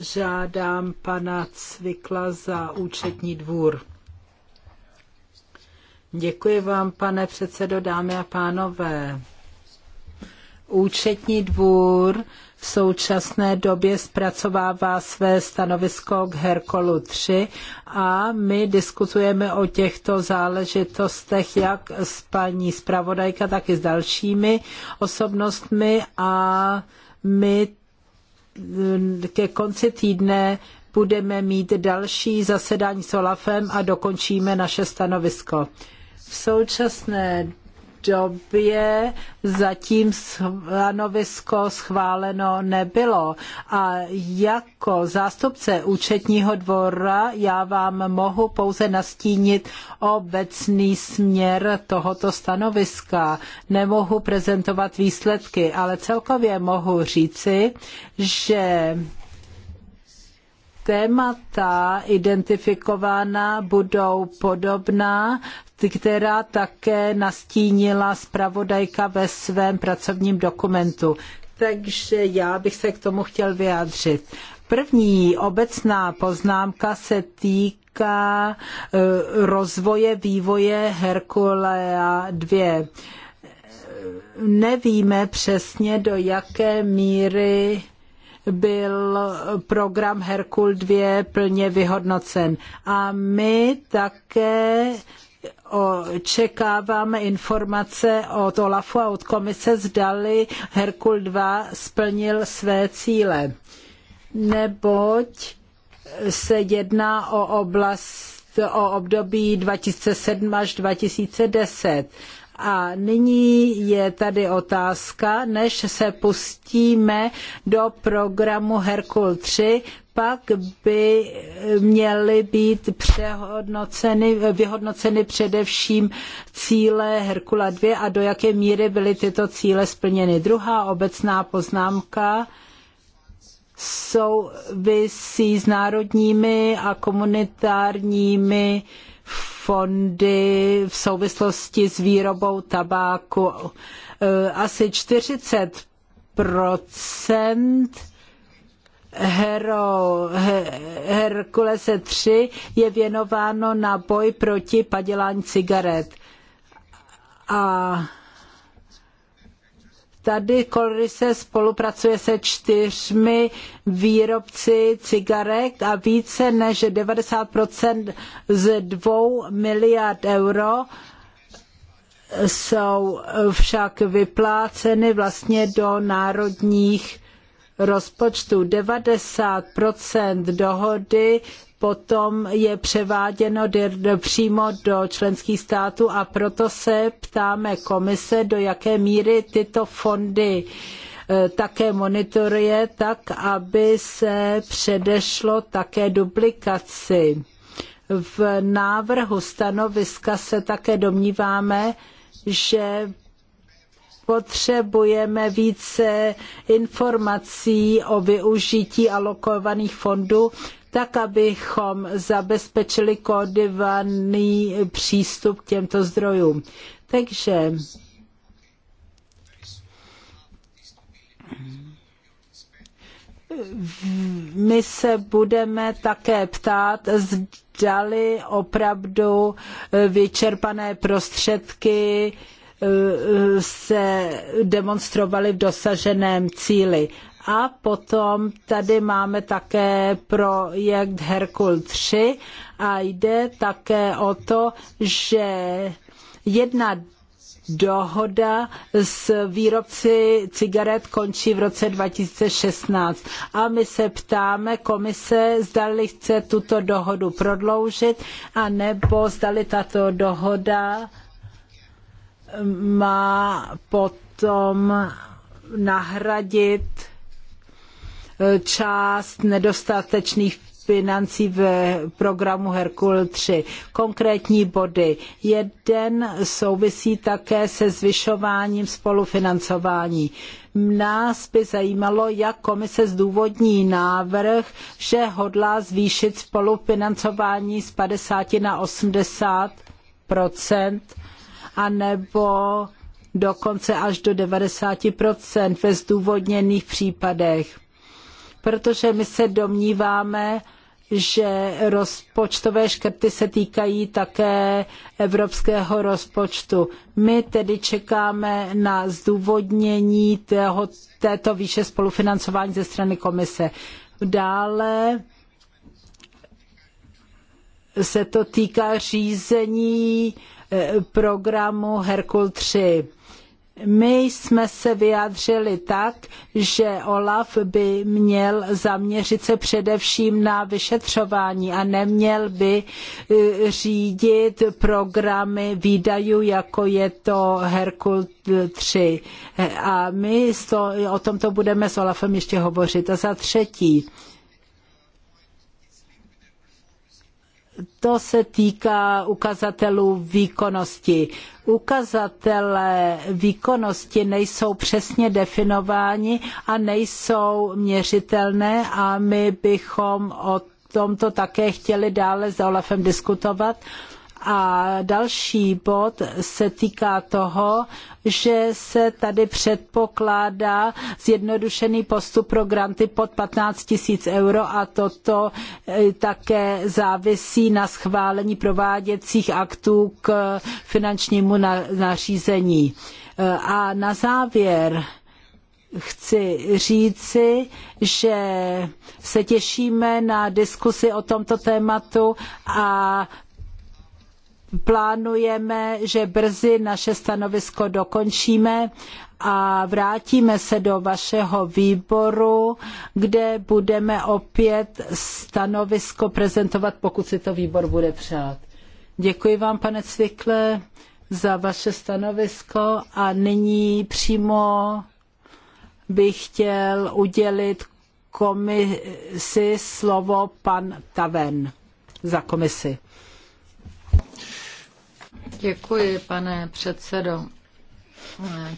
žádám pana Cvikla za účetní dvůr. Děkuji vám, pane předsedo, dámy a pánové. Účetní dvůr v současné době zpracovává své stanovisko k Herkolu 3 a my diskutujeme o těchto záležitostech jak s paní zpravodajka, tak i s dalšími osobnostmi a my ke konci týdne budeme mít další zasedání s Olafem a dokončíme naše stanovisko. V současné době zatím stanovisko schváleno nebylo. A jako zástupce účetního dvora já vám mohu pouze nastínit obecný směr tohoto stanoviska. Nemohu prezentovat výsledky, ale celkově mohu říci, že témata identifikována budou podobná, která také nastínila zpravodajka ve svém pracovním dokumentu. Takže já bych se k tomu chtěl vyjádřit. První obecná poznámka se týká eh, rozvoje vývoje Herkulea 2. Nevíme přesně, do jaké míry byl program Herkul 2 plně vyhodnocen. A my také očekáváme informace od OLAFu a od komise, zdali Herkul 2 splnil své cíle. Neboť se jedná o oblast o období 2007 až 2010 a nyní je tady otázka, než se pustíme do programu Herkul 3, pak by měly být přehodnoceny, vyhodnoceny především cíle Herkula 2 a do jaké míry byly tyto cíle splněny. Druhá obecná poznámka souvisí s národními a komunitárními fondy v souvislosti s výrobou tabáku. Eh, asi 40 Hero, Herkulese 3 je věnováno na boj proti padělání cigaret. A Tady se spolupracuje se čtyřmi výrobci cigaret a více než 90% z dvou miliard euro jsou však vypláceny vlastně do národních rozpočtů. 90% dohody potom je převáděno přímo do členských států a proto se ptáme komise, do jaké míry tyto fondy e, také monitoruje, tak aby se předešlo také duplikaci. V návrhu stanoviska se také domníváme, že potřebujeme více informací o využití alokovaných fondů, tak abychom zabezpečili koordinovaný přístup k těmto zdrojům. Takže my se budeme také ptát, zdali opravdu vyčerpané prostředky eh, se demonstrovaly v dosaženém cíli. A potom tady máme také projekt Herkul 3 a jde také o to, že jedna dohoda s výrobci cigaret končí v roce 2016. A my se ptáme komise, zdali chce tuto dohodu prodloužit, anebo zdali tato dohoda mm, má potom nahradit část nedostatečných financí v programu Herkul 3. Konkrétní body. Jeden souvisí také se zvyšováním spolufinancování. Nás by zajímalo, jak komise zdůvodní návrh, že hodlá zvýšit spolufinancování z 50 na 80 anebo dokonce až do 90 ve zdůvodněných případech protože my se domníváme, že rozpočtové škrty se týkají také evropského rozpočtu. My tedy čekáme na zdůvodnění tého, této výše spolufinancování ze strany komise. Dále se to týká řízení eh, programu Herkul 3 my jsme se vyjádřili tak, že Olaf by měl zaměřit se především na vyšetřování a neměl by e, řídit programy výdajů, jako je to Herkul 3. E, a my o tomto budeme s Olafem ještě hovořit. A za třetí, to se týká ukazatelů výkonnosti. Ukazatele výkonnosti nejsou přesně definováni a nejsou měřitelné a my bychom o tomto také chtěli dále s Olafem diskutovat a další bod se týká toho, že se tady předpokládá zjednodušený postup pro granty pod 15 tisíc euro a toto e, také závisí na schválení prováděcích aktů k finančnímu nařízení. E, a na závěr chci říci, že se těšíme na diskusi o tomto tématu a plánujeme, že brzy naše stanovisko dokončíme a vrátíme se do vašeho výboru, kde budeme opět stanovisko prezentovat, pokud si to výbor bude přát. Děkuji vám, pane Cvikle, za vaše stanovisko a nyní přímo bych chtěl udělit komisi slovo pan Taven za komisi. Děkuji, pane předsedo.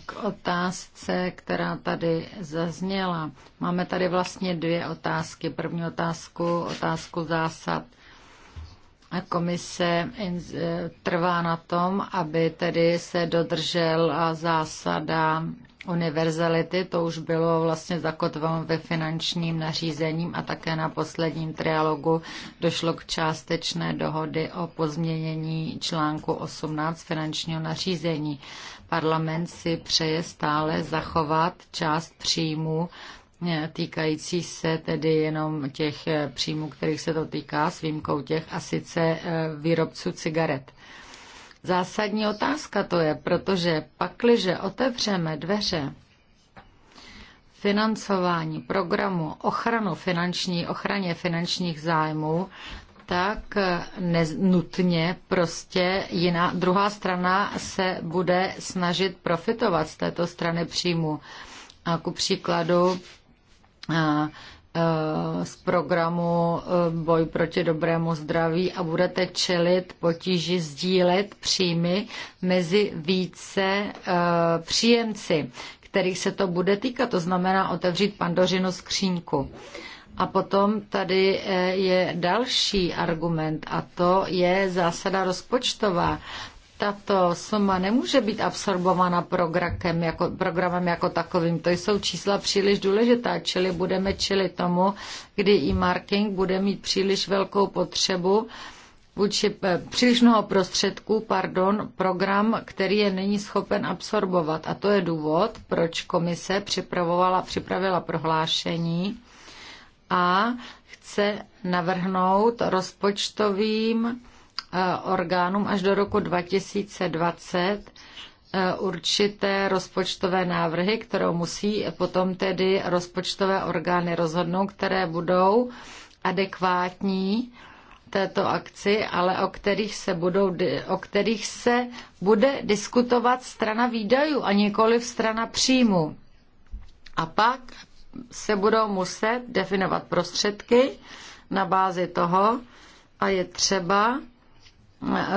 K otázce, která tady zazněla. Máme tady vlastně dvě otázky. První otázku, otázku zásad. Komise eh, trvá na tom, aby tedy se dodržela eh, zásada univerzality, to už bylo vlastně zakotveno ve finančním nařízením a také na posledním trialogu došlo k částečné dohody o pozměnění článku 18 finančního nařízení. Parlament si přeje stále zachovat část příjmů eh, týkající se tedy jenom těch eh, příjmů, kterých se to týká, s výjimkou těch a sice eh, výrobců cigaret. Zásadní otázka to je, protože pakliže otevřeme dveře financování programu ochranu finanční, ochraně finančních zájmů, tak nutně prostě jiná, druhá strana se bude snažit profitovat z této strany příjmu. A ku příkladu Eh, z programu eh, Boj proti dobrému zdraví a budete čelit potíži sdílet příjmy mezi více eh, příjemci, kterých se to bude týkat. To znamená otevřít pandořinu skřínku. A potom tady je další argument a to je zásada rozpočtová tato suma nemůže být absorbována programem jako, programem jako takovým. To jsou čísla příliš důležitá, čili budeme čili tomu, kdy e-marking bude mít příliš velkou potřebu vůči eh, příliš mnoho prostředků, pardon, program, který je není schopen absorbovat. A to je důvod, proč komise připravovala, připravila prohlášení a chce navrhnout rozpočtovým Eh, orgánům až do roku 2020 eh, určité rozpočtové návrhy, které musí potom tedy rozpočtové orgány rozhodnout, které budou adekvátní této akci, ale o kterých se, budou, o kterých se bude diskutovat strana výdajů a v strana příjmu. A pak se budou muset definovat prostředky na bázi toho a je třeba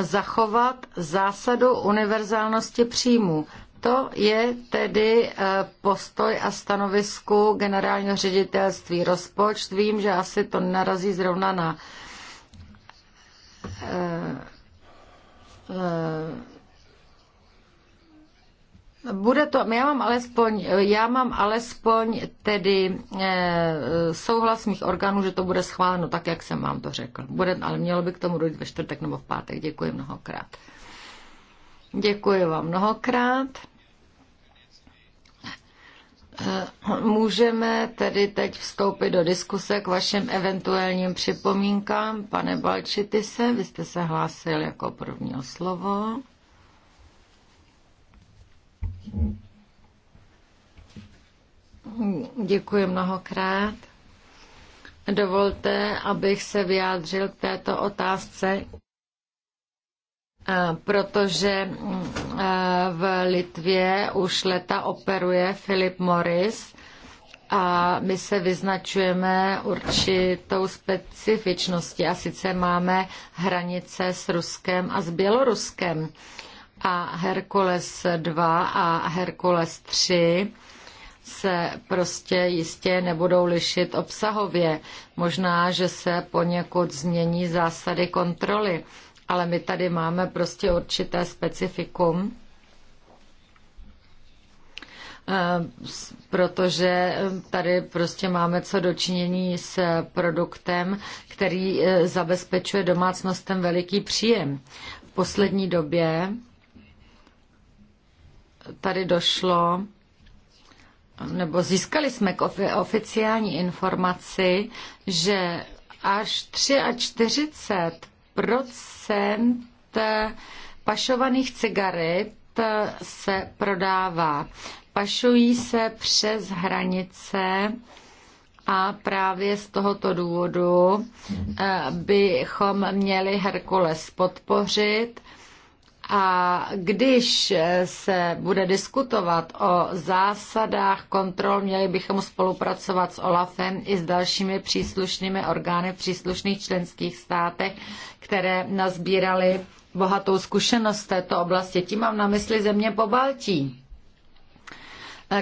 zachovat zásadu univerzálnosti příjmu. To je tedy eh, postoj a stanovisku generálního ředitelství rozpočt. Vím, že asi to narazí zrovna na eh, eh, bude to, já mám alespoň, já mám alespoň tedy e, souhlas mých orgánů, že to bude schváleno tak, jak jsem vám to řekl. Bude, ale mělo by k tomu dojít ve čtvrtek nebo v pátek. Děkuji mnohokrát. Děkuji vám mnohokrát. Eh, můžeme tedy teď vstoupit do diskuse k vašim eventuálním připomínkám. Pane Balčitise, vy jste se hlásil jako první o slovo. Děkuji mnohokrát. Dovolte, abych se vyjádřil k této otázce, eh, protože eh, v Litvě už leta operuje Philip Morris a my se vyznačujeme určitou specifičností a sice máme hranice s Ruskem a s Běloruskem a Herkules 2 a Herkules 3 se prostě jistě nebudou lišit obsahově. Možná, že se poněkud změní zásady kontroly, ale my tady máme prostě určité specifikum, eh, protože tady prostě máme co dočinění s produktem, který eh, zabezpečuje domácnostem veliký příjem. V poslední době tady došlo, nebo získali jsme k oficiální informaci, že až 43% pašovaných cigaret se prodává. Pašují se přes hranice a právě z tohoto důvodu eh, bychom měli Herkules podpořit a když se bude diskutovat o zásadách kontrol, měli bychom spolupracovat s OLAFem i s dalšími příslušnými orgány v příslušných členských státech, které nazbíraly bohatou zkušenost v této oblasti. Tím mám na mysli země po Baltí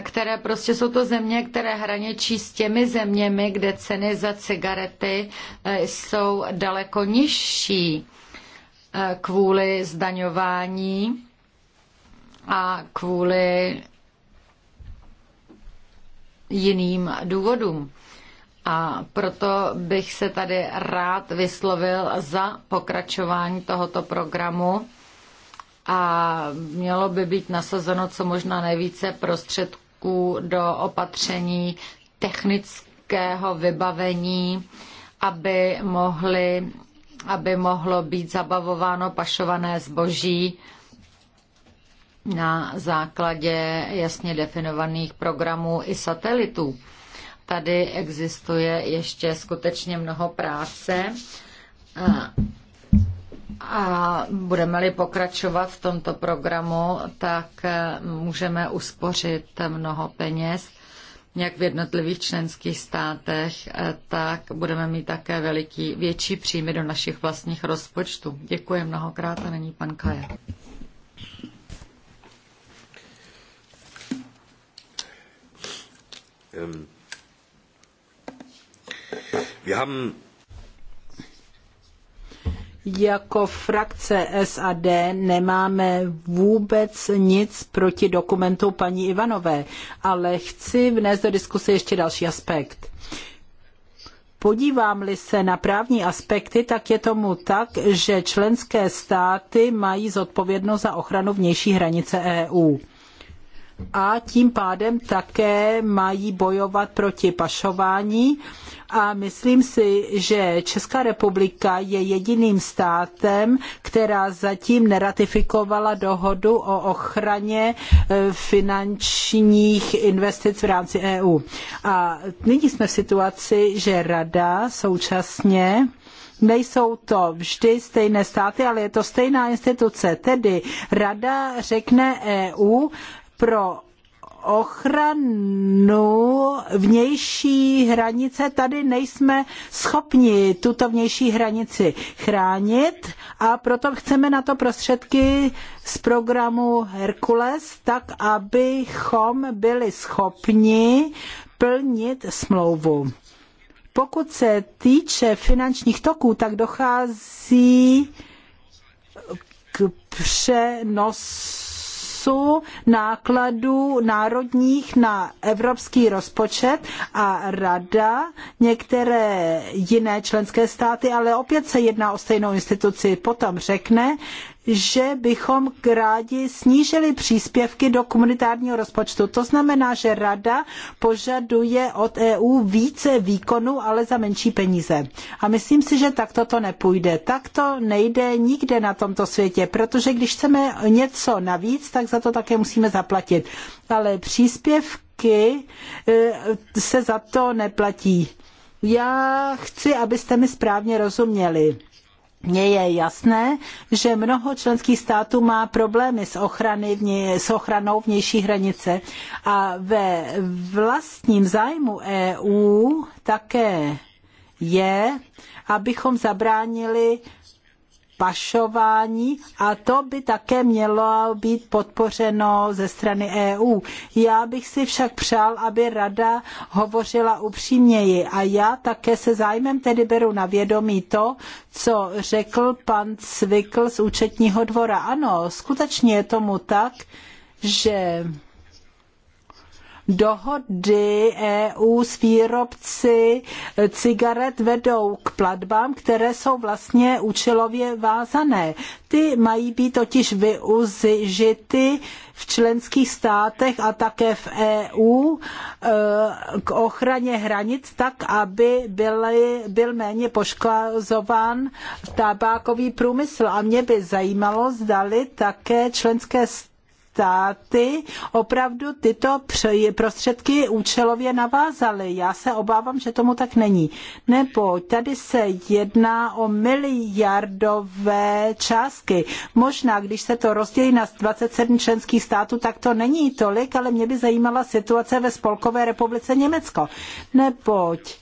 které prostě jsou to země, které hraničí s těmi zeměmi, kde ceny za cigarety eh, jsou daleko nižší kvůli zdaňování a kvůli jiným důvodům. A proto bych se tady rád vyslovil za pokračování tohoto programu a mělo by být nasazeno co možná nejvíce prostředků do opatření technického vybavení, aby mohly aby mohlo být zabavováno pašované zboží na základě jasně definovaných programů i satelitů. Tady existuje ještě skutečně mnoho práce a budeme-li pokračovat v tomto programu, tak můžeme uspořit mnoho peněz jak v jednotlivých členských státech, eh, tak budeme mít také veliký, větší příjmy do našich vlastních rozpočtů. Děkuji mnohokrát a není pan Kaja. Um, wir haben jako frakce SAD nemáme vůbec nic proti dokumentu paní Ivanové, ale chci vnést do diskuse ještě další aspekt. Podívám-li se na právní aspekty, tak je tomu tak, že členské státy mají zodpovědnost za ochranu vnější hranice EU a tím pádem také mají bojovat proti pašování a myslím si, že Česká republika je jediným státem, která zatím neratifikovala dohodu o ochraně e, finančních investic v rámci EU. A nyní jsme v situaci, že Rada současně nejsou to vždy stejné státy, ale je to stejná instituce. Tedy Rada řekne EU pro ochranu vnější hranice, tady nejsme schopni tuto vnější hranici chránit a proto chceme na to prostředky z programu Herkules, tak abychom byli schopni plnit smlouvu. Pokud se týče finančních toků, tak dochází k přenosu přenosu nákladů národních na evropský rozpočet a rada, některé jiné členské státy, ale opět se jedná o stejnou instituci, potom řekne, že bychom rádi snížili příspěvky do komunitárního rozpočtu. To znamená, že rada požaduje od EU více výkonu, ale za menší peníze. A myslím si, že takto to nepůjde. Takto nejde nikde na tomto světě, protože když chceme něco navíc, tak za to také musíme zaplatit. Ale příspěvky e, se za to neplatí. Já chci, abyste mi správně rozuměli mně je jasné, že mnoho členských států má problémy s, ochrany, s ochranou vnější hranice a ve vlastním zájmu EU také je, abychom zabránili pašování a to by také mělo být podpořeno ze strany EU. Já bych si však přál, aby rada hovořila upřímněji a já také se zájmem tedy beru na vědomí to, co řekl pan Cvikl z účetního dvora. Ano, skutečně je tomu tak, že Dohody EU s výrobci cigaret vedou k platbám, které jsou vlastně účelově vázané. Ty mají být totiž využity v členských státech a také v EU eh, k ochraně hranic tak, aby byly, byl méně poškozován tabákový průmysl. A mě by zajímalo, zdali také členské státy státy opravdu tyto prostředky účelově navázaly. Já se obávám, že tomu tak není. Nebo tady se jedná o miliardové částky. Možná, když se to rozdělí na 27 členských států, tak to není tolik, ale mě by zajímala situace ve Spolkové republice Německo. Neboť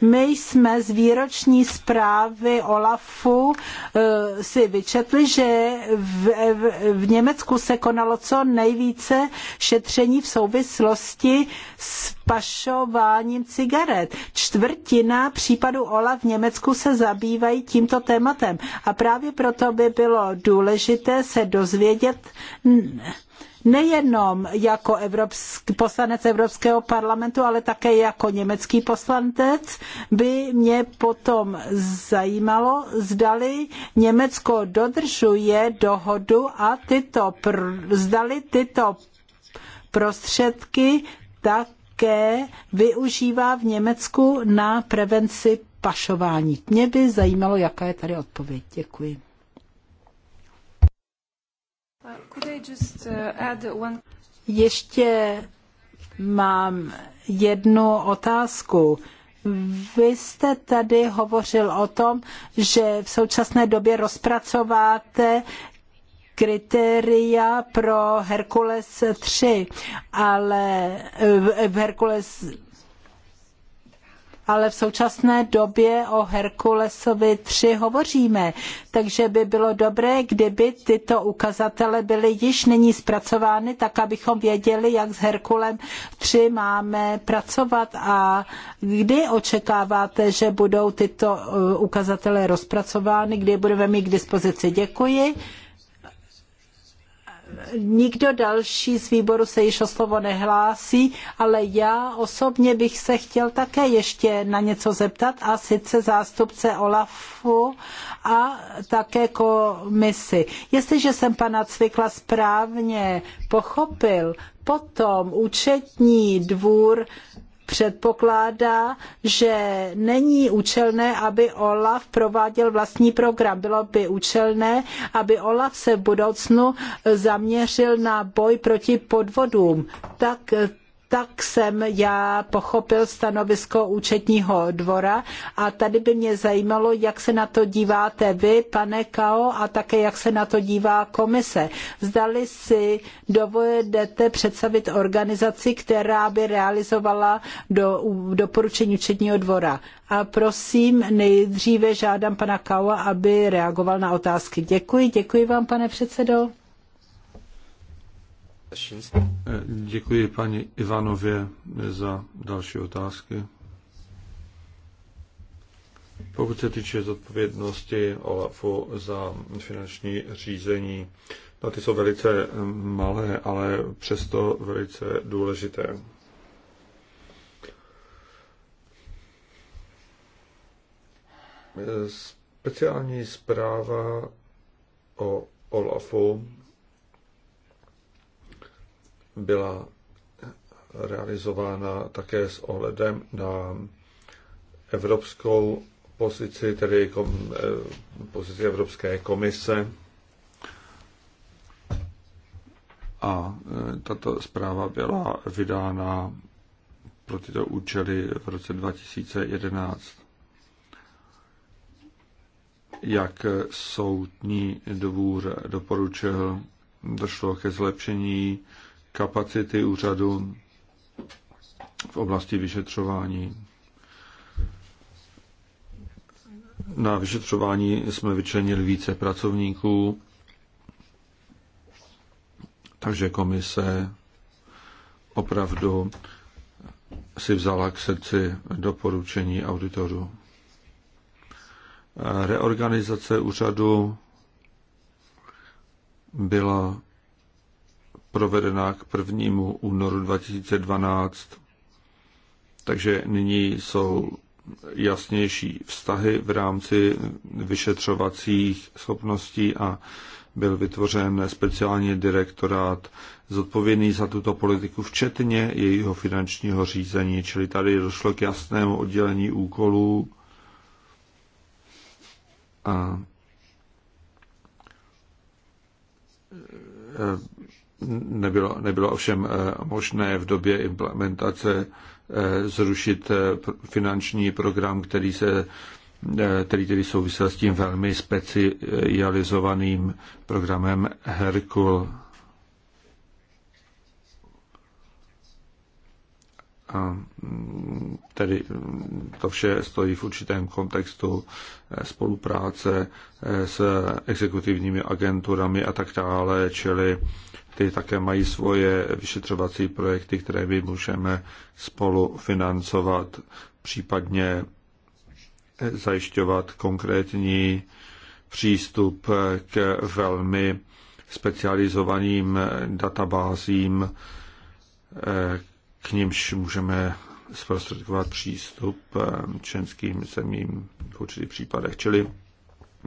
my jsme z výroční zprávy Olafu eh, si vyčetli, že v, v, v Německu se konalo co nejvíce šetření v souvislosti s pašováním cigaret. Čtvrtina případů OLAF v Německu se zabývají tímto tématem. A právě proto by bylo důležité se dozvědět nejenom jako evropský, poslanec Evropského parlamentu, ale také jako německý poslanec, by mě potom zajímalo, zdali Německo dodržuje dohodu a tyto zdali tyto prostředky také využívá v Německu na prevenci pašování. Mě by zajímalo, jaká je tady odpověď. Děkuji. Uh, Ještě mám jednu otázku. Vy jste tady hovořil o tom, že v současné době rozpracováte kritéria pro Herkules 3, ale v Herkules ale v současné době o Herkulesovi 3 hovoříme, takže by bylo dobré, kdyby tyto ukazatele byly již nyní zpracovány, tak abychom věděli, jak s Herkulem 3 máme pracovat a kdy očekáváte, že budou tyto uh, ukazatele rozpracovány, kdy je budeme mít k dispozici. Děkuji nikdo další z výboru se již o slovo nehlásí, ale já osobně bych se chtěl také ještě na něco zeptat a sice zástupce Olafu a také komisi. Jestliže jsem pana Cvikla správně pochopil, potom účetní dvůr předpokládá, že není účelné, aby OLAF prováděl vlastní program. Bylo by účelné, aby OLAF se v budoucnu zaměřil na boj proti podvodům. Tak tak jsem já pochopil stanovisko účetního dvora a tady by mě zajímalo, jak se na to díváte vy, pane Kao, a také jak se na to dívá komise. Zdali si dovedete představit organizaci, která by realizovala do, doporučení účetního dvora. A prosím, nejdříve žádám pana Kaua, aby reagoval na otázky. Děkuji, děkuji vám, pane předsedo. Děkuji paní Ivanově za další otázky. Pokud se týče zodpovědnosti OLAFu za finanční řízení, no ty jsou velice malé, ale přesto velice důležité. Speciální zpráva o OLAFu byla realizována také s ohledem na evropskou pozici, tedy kom, eh, pozici Evropské komise. A eh, tato zpráva byla vydána pro tyto účely v roce 2011. Jak soudní dvůr doporučil, došlo ke zlepšení kapacity úřadu v oblasti vyšetřování. Na vyšetřování jsme vyčlenili více pracovníků, takže komise opravdu si vzala k srdci doporučení auditoru Reorganizace úřadu byla provedena k 1. únoru 2012. Takže nyní jsou jasnější vztahy v rámci vyšetřovacích schopností a byl vytvořen speciální direktorát zodpovědný za tuto politiku, včetně jejího finančního řízení. Čili tady došlo k jasnému oddělení úkolů a Nebylo, nebylo ovšem eh, možné v době implementace eh, zrušit eh, finanční program, který se který tedy souvisel s tím velmi specializovaným programem Herkul. A mm, tedy mm, to vše stojí v určitém kontextu spolupráce s exekutivními agenturami a tak dále, čili ty také mají svoje vyšetřovací projekty, které my můžeme spolu financovat, případně zajišťovat konkrétní přístup k velmi specializovaným databázím, k nímž můžeme zprostředkovat přístup členským zemím v určitých případech. Čili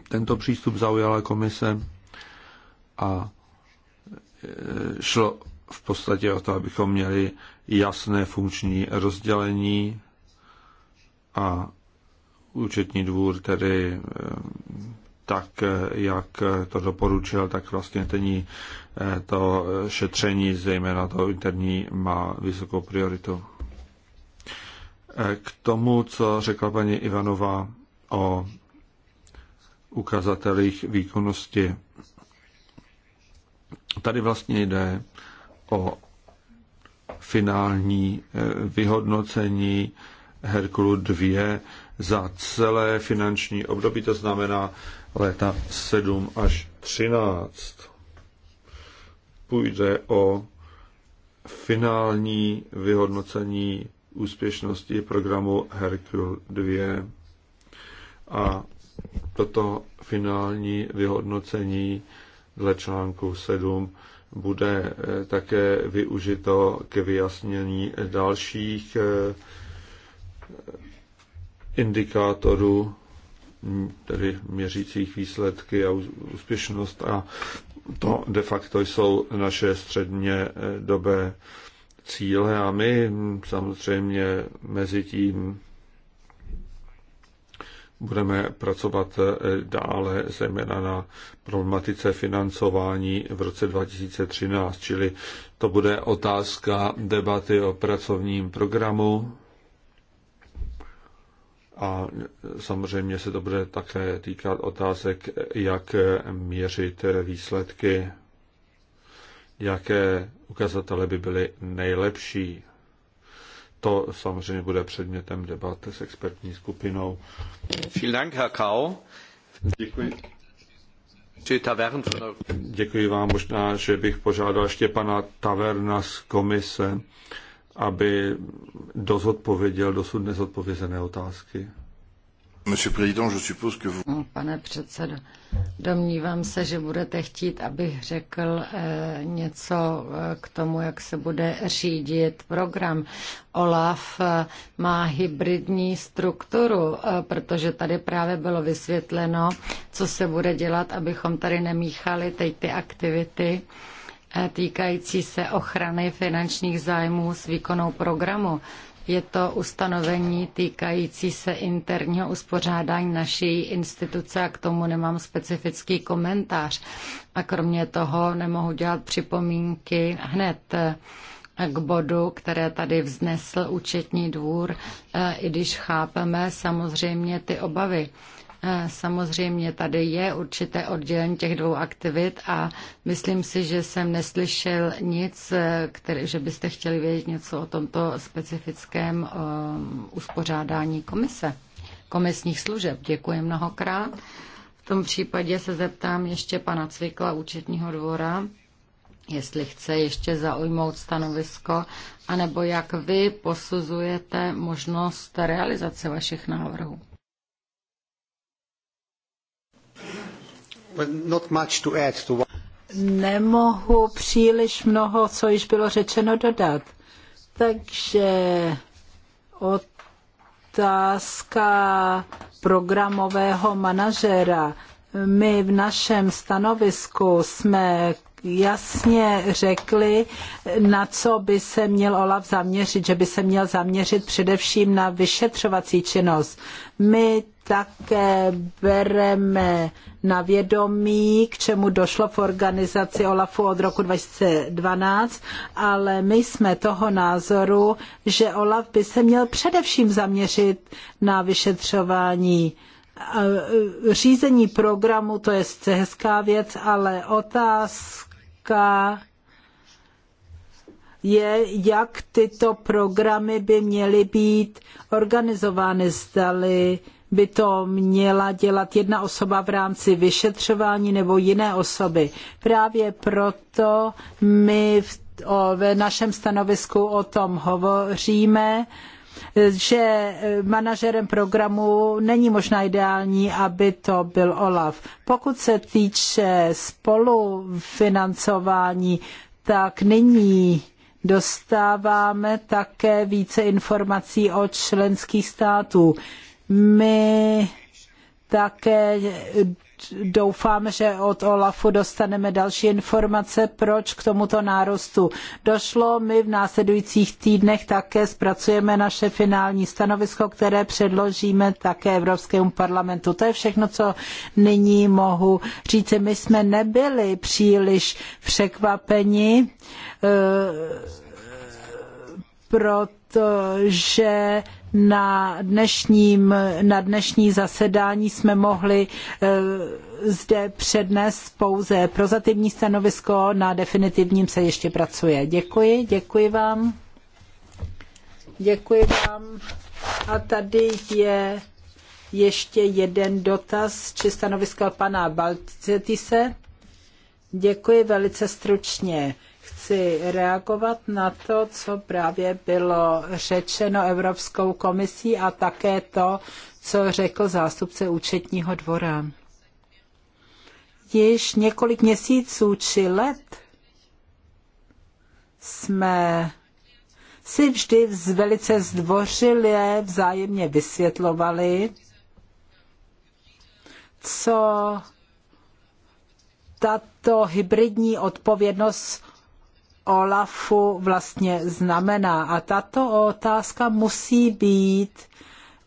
tento přístup zaujala komise a šlo v podstatě o to, abychom měli jasné funkční rozdělení a účetní dvůr tedy eh, tak, eh, jak to doporučil, tak vlastně tení eh, to šetření, zejména to interní, má vysokou prioritu. K tomu, co řekla paní Ivanová o ukazatelích výkonnosti Tady vlastně jde o finální eh, vyhodnocení Herkulu 2 za celé finanční období, to znamená léta 7 až 13. Půjde o finální vyhodnocení úspěšnosti programu Herkul 2 a toto finální vyhodnocení dle článku 7 bude eh, také využito ke vyjasnění dalších eh, indikátorů, tedy měřících výsledky a úspěšnost a to de facto jsou naše středně eh, dobé cíle a my samozřejmě mezi tím budeme pracovat eh, dále, zejména na problematice financování v roce 2013, čili to bude otázka debaty o pracovním programu a eh, samozřejmě se to bude také týkat otázek, jak měřit výsledky, jaké ukazatele by byly nejlepší. To samozřejmě bude předmětem debat s expertní skupinou. Vielen Dank, Herr Kau. Děkuji. Děkuji vám. Možná, že bych požádal ještě pana Taverna z komise, aby dozodpověděl dosud nezodpovězené otázky. No, pane předsedo, domnívám se, že budete chtít, abych řekl eh, něco eh, k tomu, jak se bude řídit program. OLAF eh, má hybridní strukturu, protože tady právě bylo vysvětleno, co se bude dělat, abychom tady nemíchali teď ty aktivity týkající se ochrany finančních zájmů s výkonou programu je to ustanovení týkající se interního uspořádání naší instituce a k tomu nemám specifický komentář. A kromě toho nemohu dělat připomínky hned k bodu, které tady vznesl účetní dvůr, e, i když chápeme samozřejmě ty obavy Samozřejmě tady je určité oddělení těch dvou aktivit a myslím si, že jsem neslyšel nic, eh, který, že byste chtěli vědět něco o tomto specifickém eh, uspořádání komise, komisních služeb. Děkuji mnohokrát. V tom případě se zeptám ještě pana Cvikla účetního dvora jestli chce ještě zaujmout stanovisko, anebo jak vy posuzujete možnost realizace vašich návrhů. Nemohu příliš mnoho, co již bylo řečeno, dodat. Takže otázka programového manažera. My v našem stanovisku jsme jasně řekli, na co by se měl OLAF zaměřit, že by se měl zaměřit především na vyšetřovací činnost. My také bereme na vědomí, k čemu došlo v organizaci OLAFu od roku 2012, ale my jsme toho názoru, že OLAF by se měl především zaměřit na vyšetřování e, řízení programu, to je hezká věc, ale otázka, otázka je, jak tyto programy by měly být organizovány. Zdali by to měla dělat jedna osoba v rámci vyšetřování nebo jiné osoby. Právě proto my v, o, našem stanovisku o tom hovoříme. Uh, že eh, manažerem programu není možná ideální, aby to byl OLAF. Pokud se týče spolufinancování, tak nyní dostáváme také více informací od členských států. My také doufám, že od OLAFu dostaneme další informace, proč k tomuto nárůstu došlo. My v následujících týdnech také zpracujeme naše finální stanovisko, které předložíme také Evropskému parlamentu. To je všechno, co nyní mohu říci. My jsme nebyli příliš překvapeni, eh, protože na, dnešním, na dnešní zasedání jsme mohli eh, zde přednes pouze prozatímní stanovisko, na definitivním se ještě pracuje. Děkuji, děkuji vám. Děkuji vám. A tady je ještě jeden dotaz či stanoviska pana Balcetise. Děkuji velice stručně chci reagovat na to, co právě bylo řečeno Evropskou komisí a také to, co řekl zástupce účetního dvora. Již několik měsíců či let jsme si vždy velice zdvořile vzájemně vysvětlovali, co tato hybridní odpovědnost OLAFu vlastně znamená. A tato otázka musí být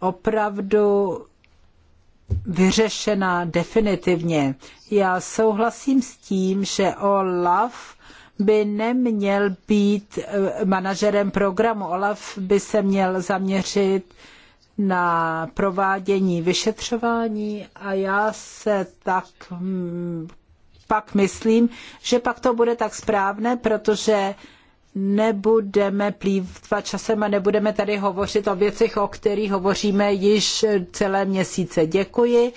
opravdu vyřešena definitivně. Já souhlasím s tím, že OLAF by neměl být eh, manažerem programu. OLAF by se měl zaměřit na provádění vyšetřování a já se tak hm, pak myslím, že pak to bude tak správné, protože nebudeme plývat časem a nebudeme tady hovořit o věcech, o kterých hovoříme již celé měsíce. Děkuji.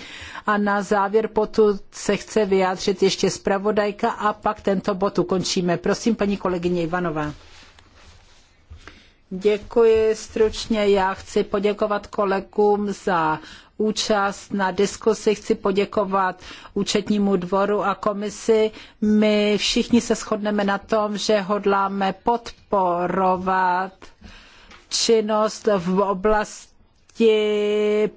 A na závěr potud se chce vyjádřit ještě zpravodajka a pak tento bod ukončíme. Prosím, paní kolegyně Ivanová. Děkuji stručně. Já chci poděkovat kolegům za účast na diskusi. Chci poděkovat účetnímu dvoru a komisi. My všichni se shodneme na tom, že hodláme podporovat činnost v oblasti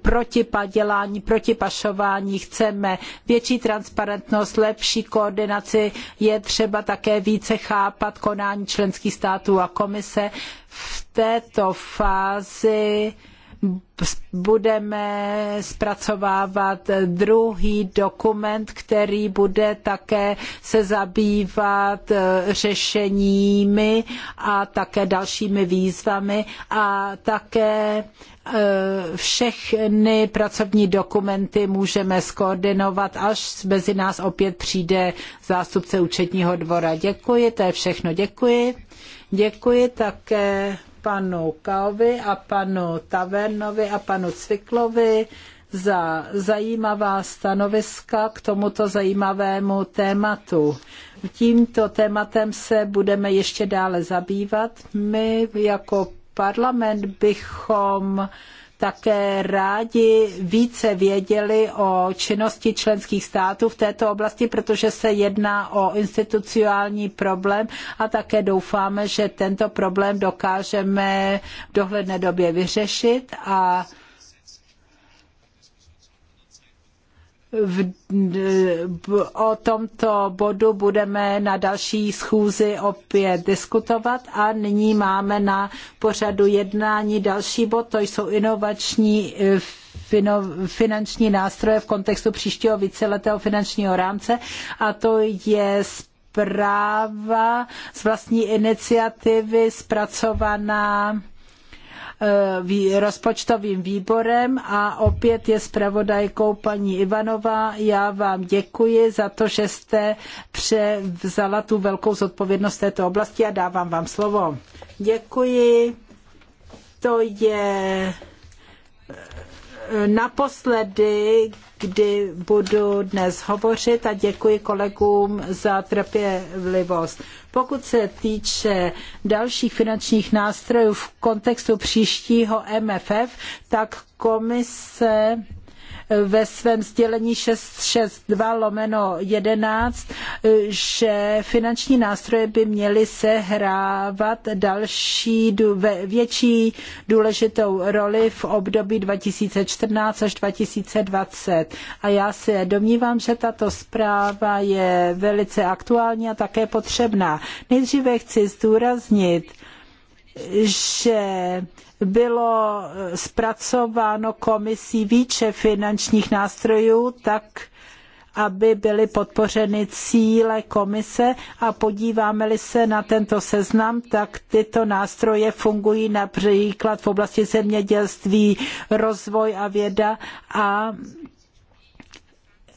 proti, padělání, proti pašování, chceme větší transparentnost, lepší koordinaci, je třeba také více chápat konání členských států a komise. V této fázi budeme zpracovávat druhý dokument, který bude také se zabývat eh, řešeními a také dalšími výzvami a také eh, všechny pracovní dokumenty můžeme skoordinovat, až mezi nás opět přijde zástupce účetního dvora. Děkuji, to je všechno. Děkuji. Děkuji také panu Kaovi a panu Tavernovi a panu Cviklovi za zajímavá stanoviska k tomuto zajímavému tématu. Tímto tématem se budeme ještě dále zabývat. My jako parlament bychom také rádi více věděli o činnosti členských států v této oblasti, protože se jedná o institucionální problém a také doufáme, že tento problém dokážeme v dohledné době vyřešit a v, o tomto bodu budeme na další schůzi opět diskutovat a nyní máme na pořadu jednání další bod, to jsou inovační eh, fino, finanční nástroje v kontextu příštího víceletého finančního rámce a to je zpráva z vlastní iniciativy zpracovaná Eh, rozpočtovým výborem a opět je zpravodajkou paní Ivanová. Já vám děkuji za to, že jste převzala tu velkou zodpovědnost této oblasti a dávám vám slovo. Děkuji. To je naposledy, kdy budu dnes hovořit a děkuji kolegům za trpělivost. Pokud se týče dalších finančních nástrojů v kontextu příštího MFF, tak komise ve svém sdělení 662 lomeno 11, že finanční nástroje by měly sehrávat další větší důležitou roli v období 2014 až 2020. A já se domnívám, že tato zpráva je velice aktuální a také potřebná. Nejdříve chci zdůraznit, že bylo zpracováno komisí více finančních nástrojů, tak aby byly podpořeny cíle komise a podíváme-li se na tento seznam, tak tyto nástroje fungují například v oblasti zemědělství, rozvoj a věda a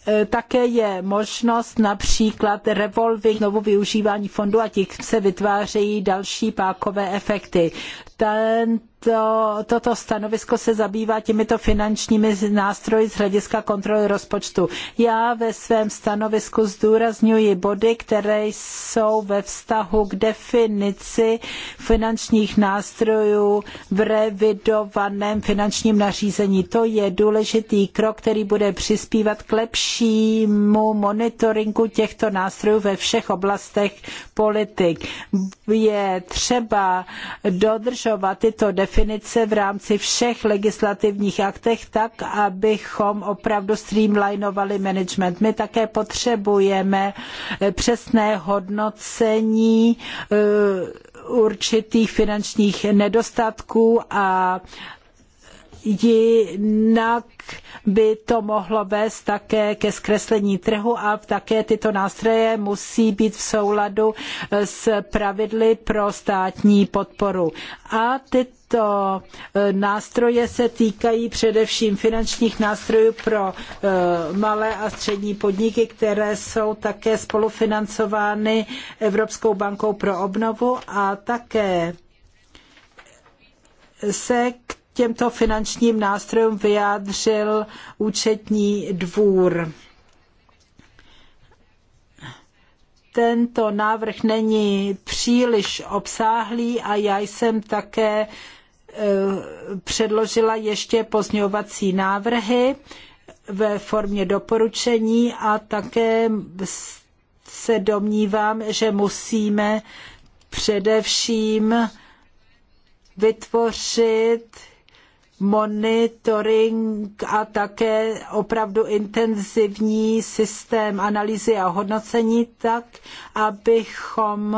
E, také je možnost například revolving, znovu využívání fondů a tím se vytvářejí další pákové efekty. Ten to, toto stanovisko se zabývá těmito finančními nástroji z hlediska kontroly rozpočtu. Já ve svém stanovisku zdůrazňuji body, které jsou ve vztahu k definici finančních nástrojů v revidovaném finančním nařízení. To je důležitý krok, který bude přispívat k lepšímu monitoringu těchto nástrojů ve všech oblastech politik. Je třeba dodržovat tyto definice definice v rámci všech legislativních aktech tak, abychom opravdu streamlinovali management. My také potřebujeme eh, přesné hodnocení eh, určitých finančních nedostatků a jinak by to mohlo vést také ke zkreslení trhu a také tyto nástroje musí být v souladu eh, s pravidly pro státní podporu. A tyto tyto e, nástroje se týkají především finančních nástrojů pro e, malé a střední podniky, které jsou také spolufinancovány Evropskou bankou pro obnovu a také se k těmto finančním nástrojům vyjádřil účetní dvůr. Tento návrh není příliš obsáhlý a já jsem také Eh, předložila ještě pozňovací návrhy ve formě doporučení a také se domnívám, že musíme především vytvořit monitoring a také opravdu intenzivní systém analýzy a hodnocení tak, abychom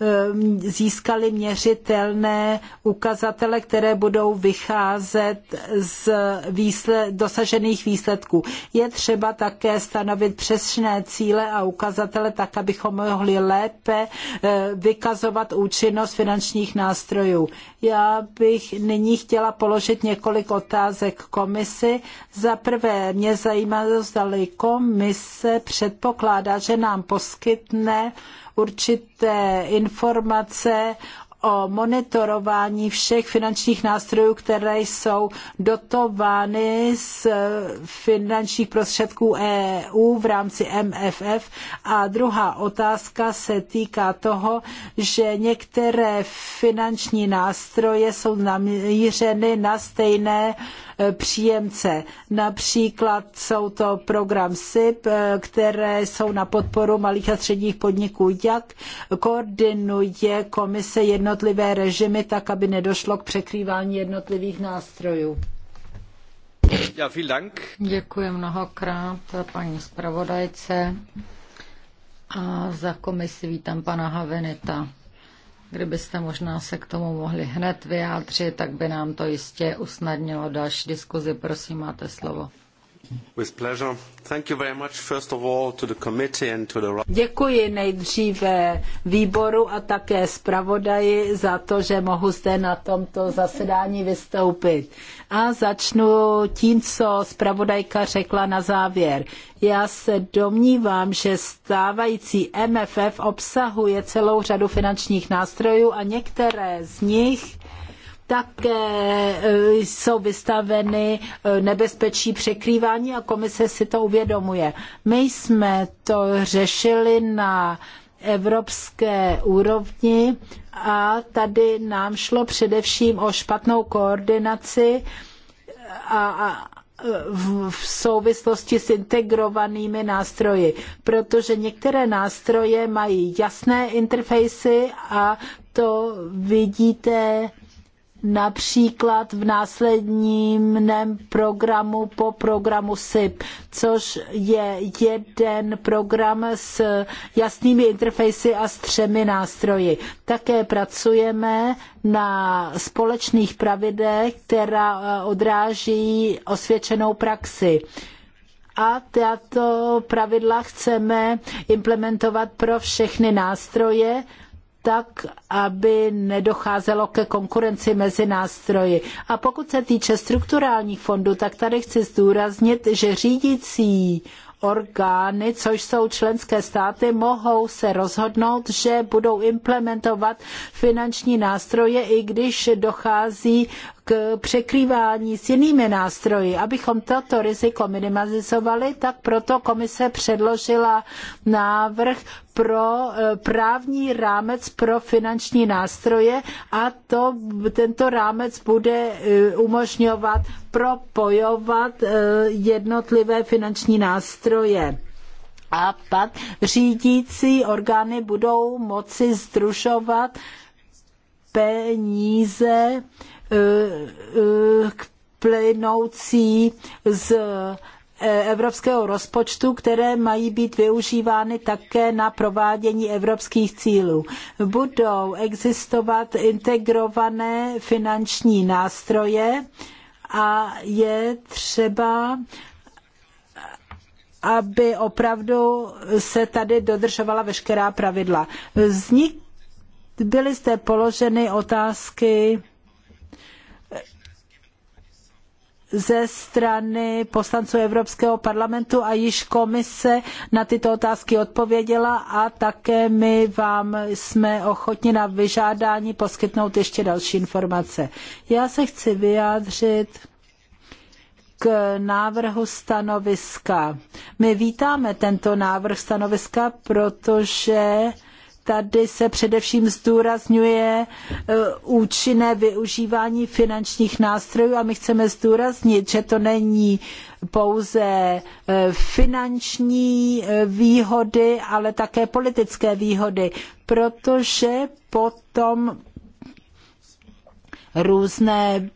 Eh, získali měřitelné ukazatele, které budou vycházet z výsled, dosažených výsledků. Je třeba také stanovit přesné cíle a ukazatele tak, abychom mohli lépe eh, vykazovat účinnost finančních nástrojů. Já bych nyní chtěla položit několik otázek komisi. Za prvé, mě zajímá, zdali komise předpokládá, že nám poskytne určité informace o monitorování všech finančních nástrojů, které jsou dotovány z finančních prostředků EU v rámci MFF. A druhá otázka se týká toho, že některé finanční nástroje jsou namířeny na stejné příjemce. Například jsou to program SIP, eh, které jsou na podporu malých a středních podniků. Jak koordinuje komise jednotlivé režimy tak, aby nedošlo k překrývání jednotlivých nástrojů? Děkuji mnohokrát paní zpravodajce a za komisi vítám pana Haveneta. Kdybyste možná se k tomu mohli hned vyjádřit, tak by nám to jistě usnadnilo další diskuzi. Prosím, máte slovo. With pleasure. Thank you very much, first of all, to the committee and to the... Děkuji nejdříve výboru a také zpravodaji za to, že mohu zde na tomto zasedání vystoupit. A začnu tím, co zpravodajka řekla na závěr. Já se domnívám, že stávající MFF obsahuje celou řadu finančních nástrojů a některé z nich také e, jsou vystaveny e, nebezpečí překrývání a komise si to uvědomuje. My jsme to řešili na evropské úrovni a tady nám šlo především o špatnou koordinaci a, e, v souvislosti s integrovanými nástroji, protože některé nástroje mají jasné interfejsy a to vidíte například v následním programu po programu SIP, což je jeden program s jasnými interfejsy a s třemi nástroji. Také pracujeme na společných pravidlech, která eh, odráží osvědčenou praxi a tato pravidla chceme implementovat pro všechny nástroje tak, aby nedocházelo ke konkurenci mezi nástroji. A pokud se týče strukturálních fondů, tak tady chci zdůraznit, že řídící orgány, což jsou členské státy, mohou se rozhodnout, že budou implementovat finanční nástroje, i když dochází k překrývání s jinými nástroji. Abychom toto riziko minimalizovali, tak proto komise předložila návrh pro eh, právní rámec pro finanční nástroje a to, tento rámec bude eh, umožňovat propojovat eh, jednotlivé finanční nástroje a pak řídící orgány budou moci združovat peníze plynoucí z e, evropského rozpočtu, které mají být využívány také na provádění evropských cílů. Budou existovat integrované finanční nástroje a je třeba aby opravdu se tady dodržovala veškerá pravidla. Vznik, byly zde položeny otázky ze strany poslanců Evropského parlamentu a již komise na tyto otázky odpověděla a také my vám jsme ochotni na vyžádání poskytnout ještě další informace. Já se chci vyjádřit k návrhu stanoviska. My vítáme tento návrh stanoviska, protože tady se především zdůrazňuje eh, účinné využívání finančních nástrojů a my chceme zdůraznit, že to není pouze eh, finanční eh, výhody, ale také politické výhody, protože potom různé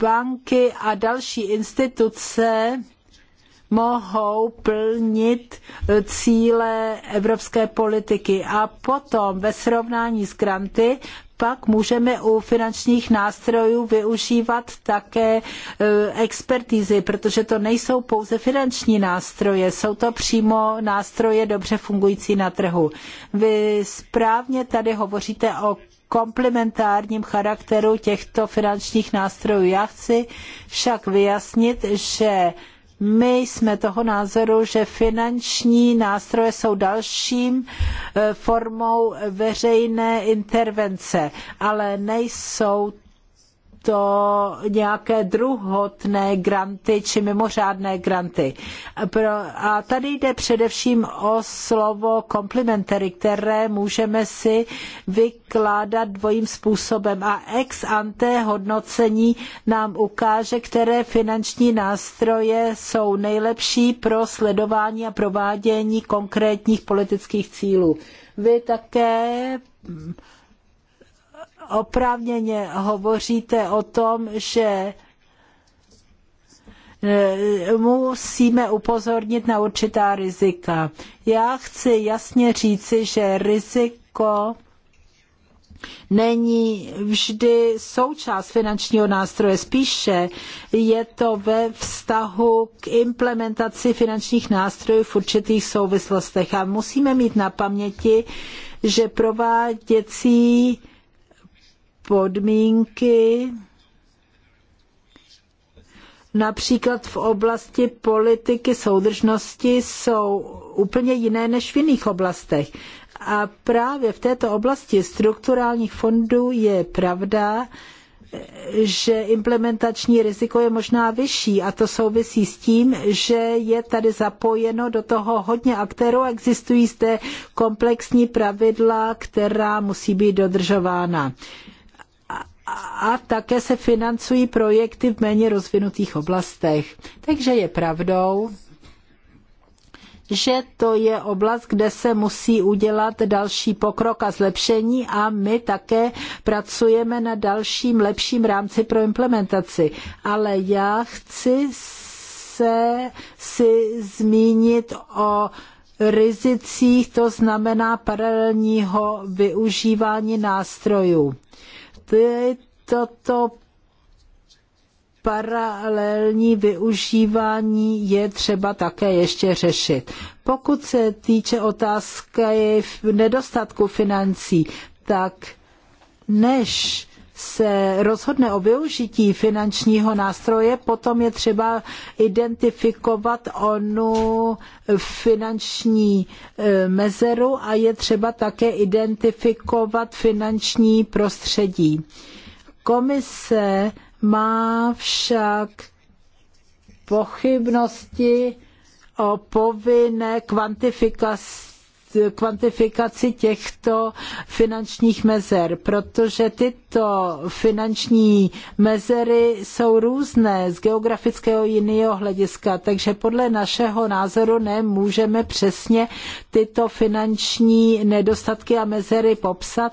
banky a další instituce mohou plnit eh, cíle evropské politiky. A potom ve srovnání s granty pak můžeme u finančních nástrojů využívat také eh, expertizy, protože to nejsou pouze finanční nástroje, jsou to přímo nástroje dobře fungující na trhu. Vy správně tady hovoříte o komplementárním charakteru těchto finančních nástrojů. Já chci však vyjasnit, že my jsme toho názoru, že finanční nástroje jsou dalším e, formou veřejné intervence, ale nejsou to nějaké druhotné granty či mimořádné granty. A tady jde především o slovo komplementary, které můžeme si vykládat dvojím způsobem. A ex ante hodnocení nám ukáže, které finanční nástroje jsou nejlepší pro sledování a provádění konkrétních politických cílů. Vy také oprávněně hovoříte o tom, že eh, musíme upozornit na určitá rizika. Já chci jasně říci, že riziko není vždy součást finančního nástroje, spíše je to ve vztahu k implementaci finančních nástrojů v určitých souvislostech. A musíme mít na paměti, že prováděcí podmínky například v oblasti politiky soudržnosti jsou úplně jiné než v jiných oblastech. A právě v této oblasti strukturálních fondů je pravda, že implementační riziko je možná vyšší a to souvisí s tím, že je tady zapojeno do toho hodně aktérů a existují zde komplexní pravidla, která musí být dodržována a také se financují projekty v méně rozvinutých oblastech. Takže je pravdou, že to je oblast, kde se musí udělat další pokrok a zlepšení a my také pracujeme na dalším lepším rámci pro implementaci. Ale já chci se si zmínit o rizicích, to znamená paralelního využívání nástrojů by toto paralelní využívání je třeba také ještě řešit. Pokud se týče otázky nedostatku financí, tak než se rozhodne o využití finančního nástroje, potom je třeba identifikovat onu finanční e, mezeru a je třeba také identifikovat finanční prostředí. Komise má však pochybnosti o povinné kvantifikaci kvantifikaci těchto finančních mezer, protože tyto finanční mezery jsou různé z geografického jiného hlediska, takže podle našeho názoru nemůžeme přesně tyto finanční nedostatky a mezery popsat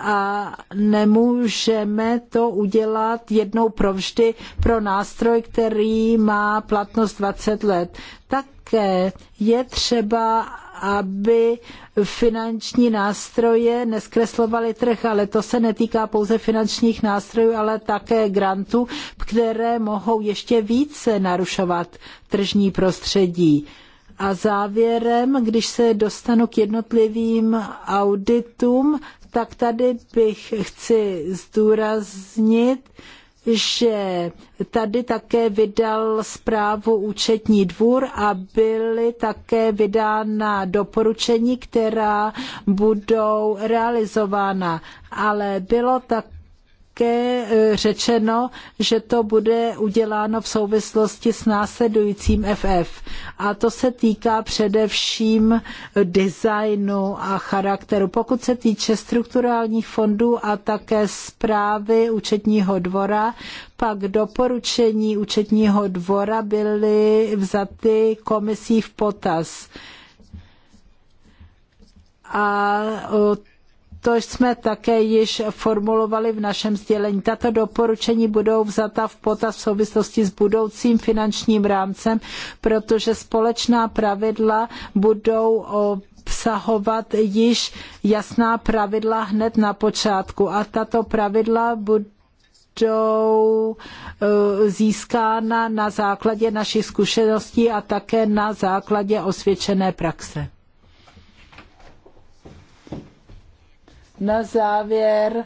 a nemůžeme to udělat jednou provždy pro nástroj, který má platnost 20 let. Také je třeba, aby finanční nástroje neskreslovaly trh, ale to se netýká pouze finančních nástrojů, ale také grantů, které mohou ještě více narušovat tržní prostředí. A závěrem, když se dostanu k jednotlivým auditům, tak tady bych chci zdůraznit, že tady také vydal zprávu účetní dvůr a byly také vydána doporučení, která budou realizována. Ale bylo také také e, řečeno, že to bude uděláno v souvislosti s následujícím FF. A to se týká především designu a charakteru. Pokud se týče strukturálních fondů a také zprávy účetního dvora, pak doporučení účetního dvora byly vzaty komisí v potaz. A to jsme také již formulovali v našem sdělení. Tato doporučení budou vzata v potaz v souvislosti s budoucím finančním rámcem, protože společná pravidla budou obsahovat již jasná pravidla hned na počátku a tato pravidla budou budou eh, získána na základě našich zkušeností a také na základě osvědčené praxe. Na závěr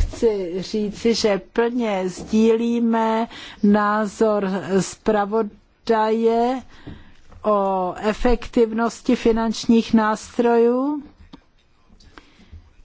chci říci, že plně sdílíme názor zpravodaje o efektivnosti finančních nástrojů.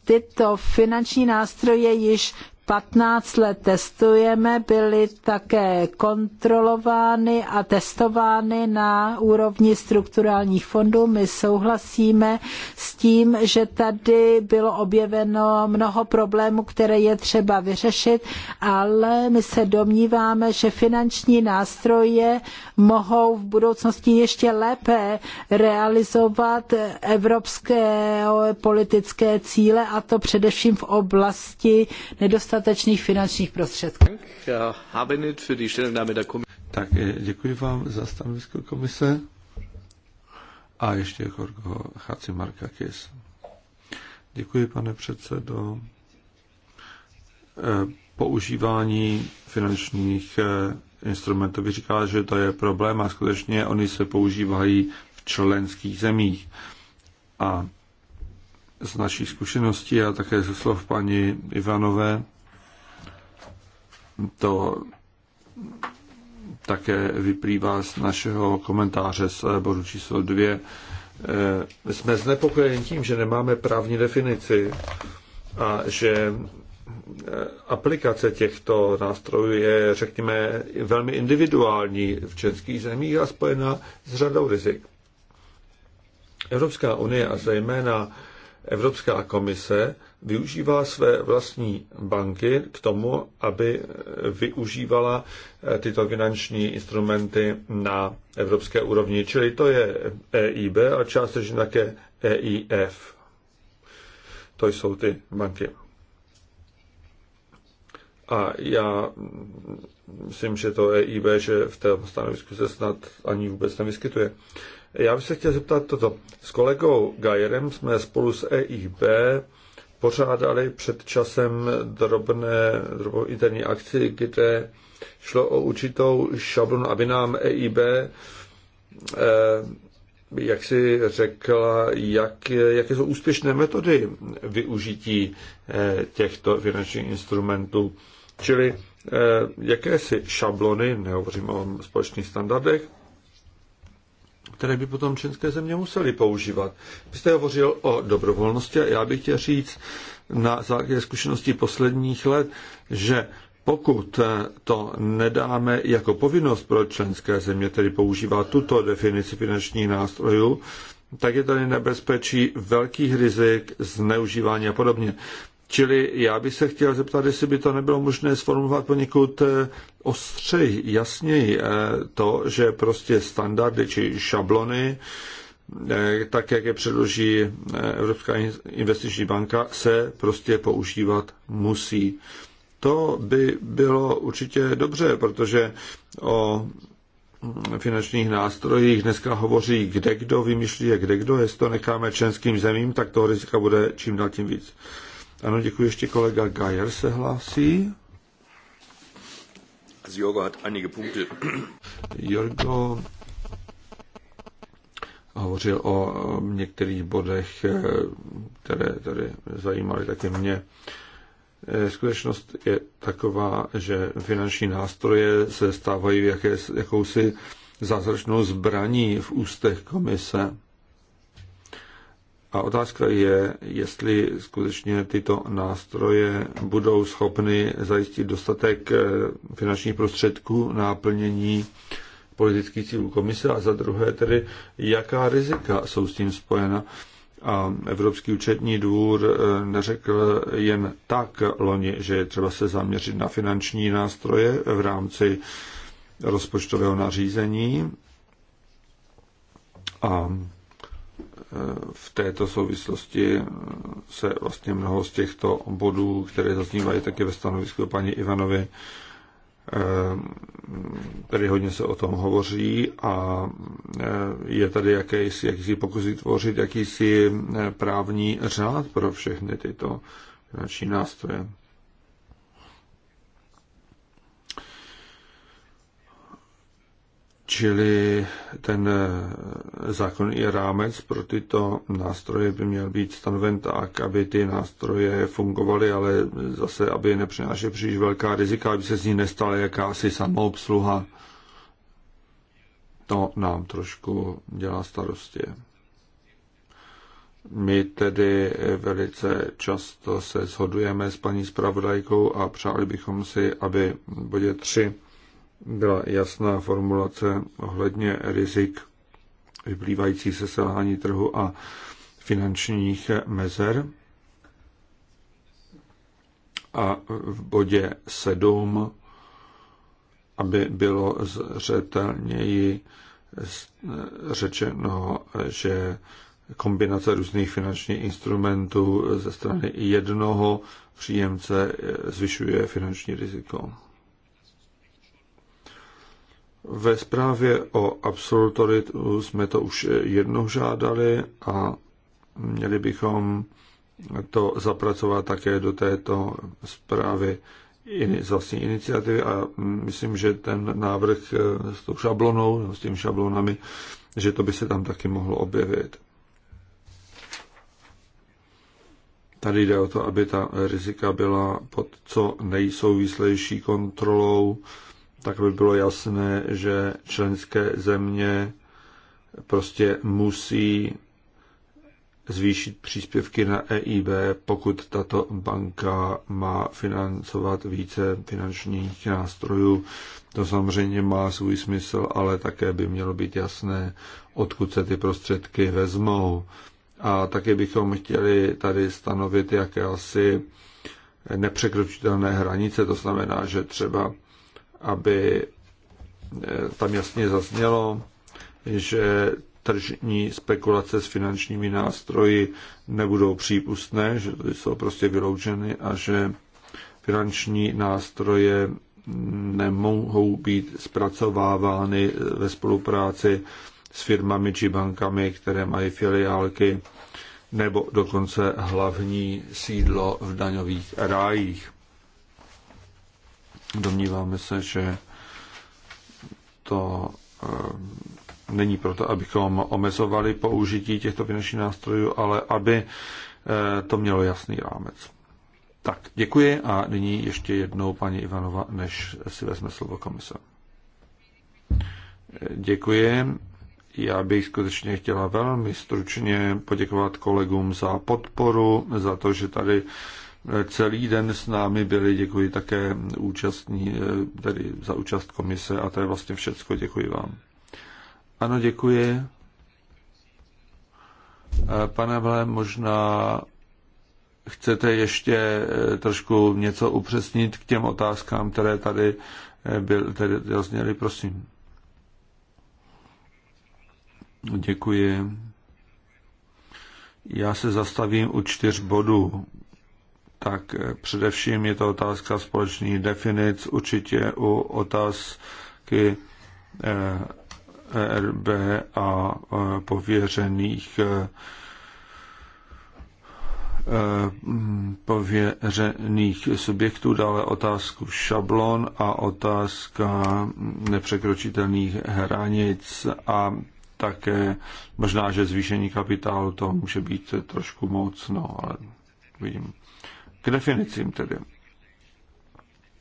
Tyto finanční nástroje již 15 let testujeme, byly také kontrolovány a testovány na úrovni strukturálních fondů. My souhlasíme s tím, že tady bylo objeveno mnoho problémů, které je třeba vyřešit, ale my se domníváme, že finanční nástroje mohou v budoucnosti ještě lépe realizovat evropské politické cíle, a to především v oblasti nedostatku dostatečných finančních prostředků. Tak eh, děkuji vám za stanovisko komise. A ještě Jorgo Markakis. Děkuji, pane předsedo. Eh, používání finančních eh, instrumentů. Vy říkala, že to je problém a skutečně oni se používají v členských zemích. A z naší zkušenosti a také ze slov paní Ivanové to také vyplývá z našeho komentáře z eh, bodu číslo 2. Eh, jsme znepokojeni tím, že nemáme právní definici a že eh, aplikace těchto nástrojů je, řekněme, velmi individuální v českých zemích a spojená s řadou rizik. Evropská unie a zejména Evropská komise využívá své vlastní banky k tomu, aby využívala eh, tyto finanční instrumenty na evropské úrovni. Čili to je EIB a částečně také EIF. To jsou ty banky. A já myslím, že to EIB, že v té stanovisku se snad ani vůbec nevyskytuje. Já bych se chtěl zeptat toto. S kolegou Gajerem jsme spolu s EIB pořádali před časem drobné, drobnou interní akci, kde šlo o určitou šablonu, aby nám EIB eh, jak si řekla, jak, jaké jsou úspěšné metody využití eh, těchto finančních instrumentů. Čili eh, jaké si šablony, nehovořím o společných standardech, které by potom členské země musely používat. Vy jste hovořil o dobrovolnosti a já bych chtěl říct na základě zkušeností posledních let, že pokud to nedáme jako povinnost pro členské země, tedy používá tuto definici finančních nástrojů, tak je tady nebezpečí velkých rizik, zneužívání a podobně. Čili já bych se chtěl zeptat, jestli by to nebylo možné sformulovat poněkud eh, ostřej, jasněji eh, to, že prostě standardy či šablony, eh, tak jak je předloží Evropská investiční banka, se prostě používat musí. To by bylo určitě dobře, protože o mm, finančních nástrojích dneska hovoří kde kdo, vymýšlí je kde kdo, jestli to necháme členským zemím, tak toho rizika bude čím dál tím víc. Ano, děkuji. Ještě kolega Gajer se hlásí. Jorgo hat einige Punkte. Jorgo hovořil o některých bodech, eh, které tady zajímaly také mě. Eh, skutečnost je taková, že finanční nástroje se stávají jaké, jakousi zázračnou zbraní v ústech komise. A otázka je, jestli skutečně tyto nástroje budou schopny zajistit dostatek eh, finančních prostředků na plnění politických cílů komise a za druhé tedy, jaká rizika jsou s tím spojena. A Evropský účetní dvůr eh, neřekl jen tak loni, že je třeba se zaměřit na finanční nástroje v rámci rozpočtového nařízení. A v této souvislosti se vlastně mnoho z těchto bodů, které zaznívají také ve stanovisku paní Ivanovi, eh, tady hodně se o tom hovoří a eh, je tady jakýsi, jakýsi pokus vytvořit jakýsi eh, právní řád pro všechny tyto finanční nástroje. Čili ten eh, zákon i rámec pro tyto nástroje by měl být stanoven tak, aby ty nástroje fungovaly, ale zase, aby nepřinášely příliš velká rizika, aby se z ní nestala jakási samoobsluha. To nám trošku dělá starosti. My tedy velice často se shodujeme s paní zpravodajkou a přáli bychom si, aby bodě 3 byla jasná formulace ohledně rizik vyplývající se selhání trhu a finančních mezer. A v bodě 7, aby bylo zřetelněji řečeno, že kombinace různých finančních instrumentů ze strany jednoho příjemce eh, zvyšuje finanční riziko. Ve zprávě o absolutoritu jsme to už jednou žádali a měli bychom to zapracovat také do této zprávy z vlastní iniciativy a myslím, že ten návrh s tou šablonou, s těmi šablonami, že to by se tam taky mohlo objevit. Tady jde o to, aby ta rizika byla pod co nejsouvislejší kontrolou, tak by bylo jasné, že členské země prostě musí zvýšit příspěvky na EIB, pokud tato banka má financovat více finančních nástrojů. To samozřejmě má svůj smysl, ale také by mělo být jasné, odkud se ty prostředky vezmou. A také bychom chtěli tady stanovit jakési nepřekročitelné hranice, to znamená, že třeba aby eh, tam jasně zaznělo, že tržní spekulace s finančními nástroji nebudou přípustné, že jsou prostě vyloučeny a že finanční nástroje nemohou být zpracovávány ve spolupráci s firmami či bankami, které mají filiálky nebo dokonce hlavní sídlo v daňových rájích. Domníváme se, že to eh, není proto, abychom omezovali použití těchto finančních nástrojů, ale aby eh, to mělo jasný rámec. Tak, děkuji a nyní ještě jednou paní Ivanova, než si vezme slovo komise. Děkuji. Já bych skutečně chtěla velmi stručně poděkovat kolegům za podporu, za to, že tady celý den s námi byli. Děkuji také účastní, eh, tedy za účast komise a to je vlastně všecko. Děkuji vám. Ano, děkuji. Eh, pane Vle, možná chcete ještě eh, trošku něco upřesnit k těm otázkám, které tady, byl, tedy zazněly, prosím. Děkuji. Já se zastavím u čtyř bodů tak eh, především je to otázka společných definic, určitě u otázky ERB eh, e a eh, pověřených mm, pověřených subjektů, dále otázku šablon a otázka nepřekročitelných hranic a také možná, že zvýšení kapitálu to může být trošku moc, no ale vidím. K definicím tedy.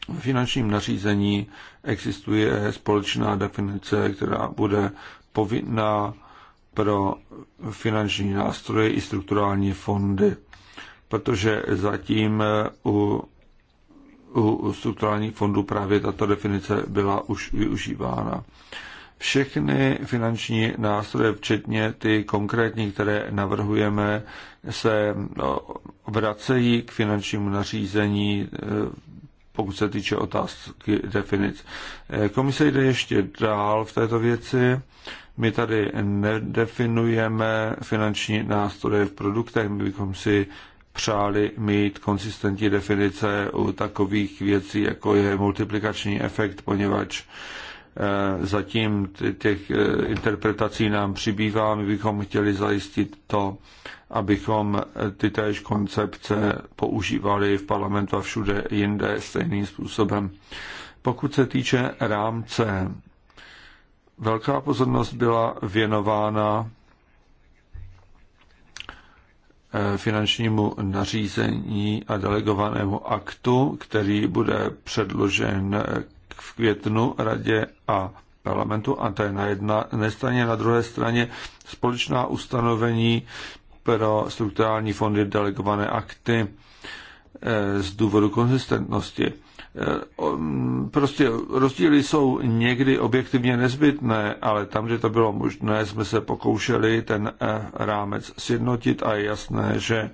V finančním nařízení existuje společná definice, která bude povinná pro finanční nástroje i strukturální fondy, protože zatím u, u strukturálních fondů právě tato definice byla už využívána. Všechny finanční nástroje, včetně ty konkrétní, které navrhujeme, se no, vracejí k finančnímu nařízení, e, pokud se týče otázky definic. E, komise jde ještě dál v této věci. My tady nedefinujeme finanční nástroje v produktech, my bychom si přáli mít konsistentní definice u takových věcí, jako je multiplikační efekt, poněvadž Eh, zatím těch eh, interpretací nám přibývá. My bychom chtěli zajistit to, abychom eh, ty též koncepce používali v parlamentu a všude jinde stejným způsobem. Pokud se týče rámce, velká pozornost byla věnována finančnímu nařízení a delegovanému aktu, který bude předložen v květnu radě a parlamentu a to je na jedné straně, na druhé straně společná ustanovení pro strukturální fondy delegované akty eh, z důvodu konzistentnosti. Eh, prostě rozdíly jsou někdy objektivně nezbytné, ale tam, kde to bylo možné, jsme se pokoušeli ten eh, rámec sjednotit a je jasné, že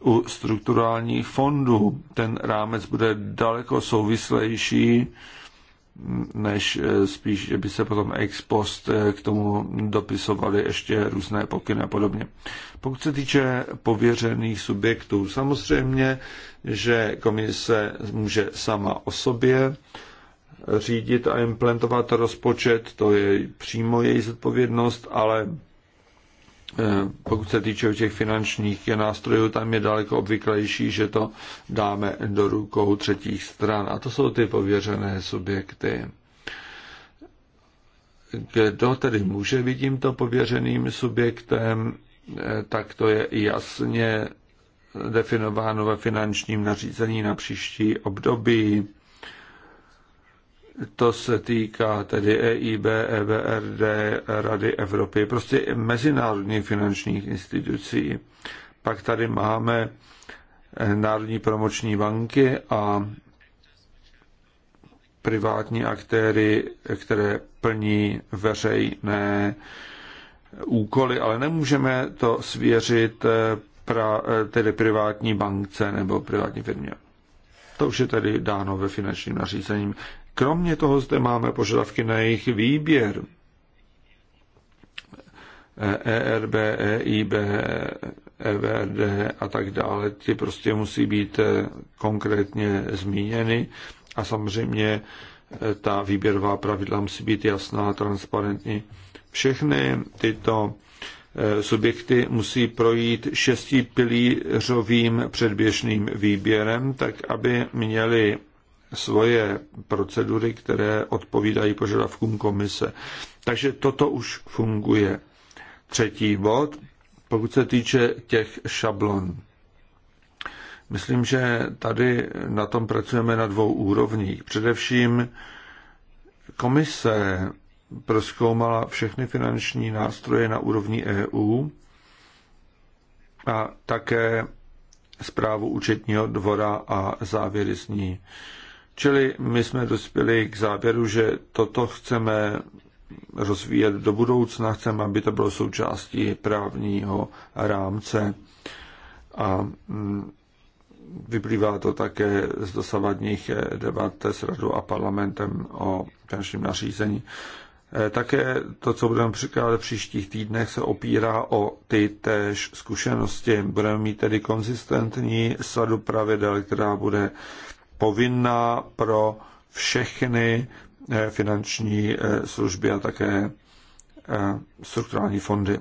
u strukturálních fondů ten rámec bude daleko souvislejší než eh, spíš, že by se potom ex post eh, k tomu dopisovaly ještě různé pokyny a podobně. Pokud se týče pověřených subjektů, samozřejmě, že komise může sama o sobě řídit a implementovat rozpočet, to je přímo její zodpovědnost, ale Eh, pokud se týče těch finančních nástrojů, tam je daleko obvyklejší, že to dáme do rukou třetích stran. A to jsou ty pověřené subjekty. Kdo tedy může být tímto pověřeným subjektem, eh, tak to je jasně definováno ve finančním nařízení na příští období. To se týká tedy EIB, EBRD, Rady Evropy, prostě mezinárodních finančních institucí. Pak tady máme eh, Národní promoční banky a privátní aktéry, které plní veřejné eh, úkoly, ale nemůžeme to svěřit eh, pra, tedy privátní bankce nebo privátní firmě. To už je tedy dáno ve finančním nařízením. Kromě toho zde máme požadavky na jejich výběr. ERB, e EIB, EVRD a tak dále, ty prostě musí být e, konkrétně zmíněny a samozřejmě e, ta výběrová pravidla musí být jasná a transparentní. Všechny tyto subjekty musí projít šestipilířovým předběžným výběrem, tak aby měli svoje procedury, které odpovídají požadavkům komise. Takže toto už funguje. Třetí bod, pokud se týče těch šablon. Myslím, že tady na tom pracujeme na dvou úrovních. Především komise proskoumala všechny finanční nástroje na úrovni EU a také zprávu účetního dvora a závěry s ní. Čili my jsme dospěli k závěru, že toto chceme rozvíjet do budoucna, chceme, aby to bylo součástí právního rámce. A mm, vyplývá to také z dosavadních debat s radou a parlamentem o finančním nařízení. E, také to, co budeme překládat v příštích týdnech, se opírá o ty též zkušenosti. Budeme mít tedy konzistentní sadu pravidel, která bude povinná pro všechny eh, finanční eh, služby a také eh, strukturální fondy.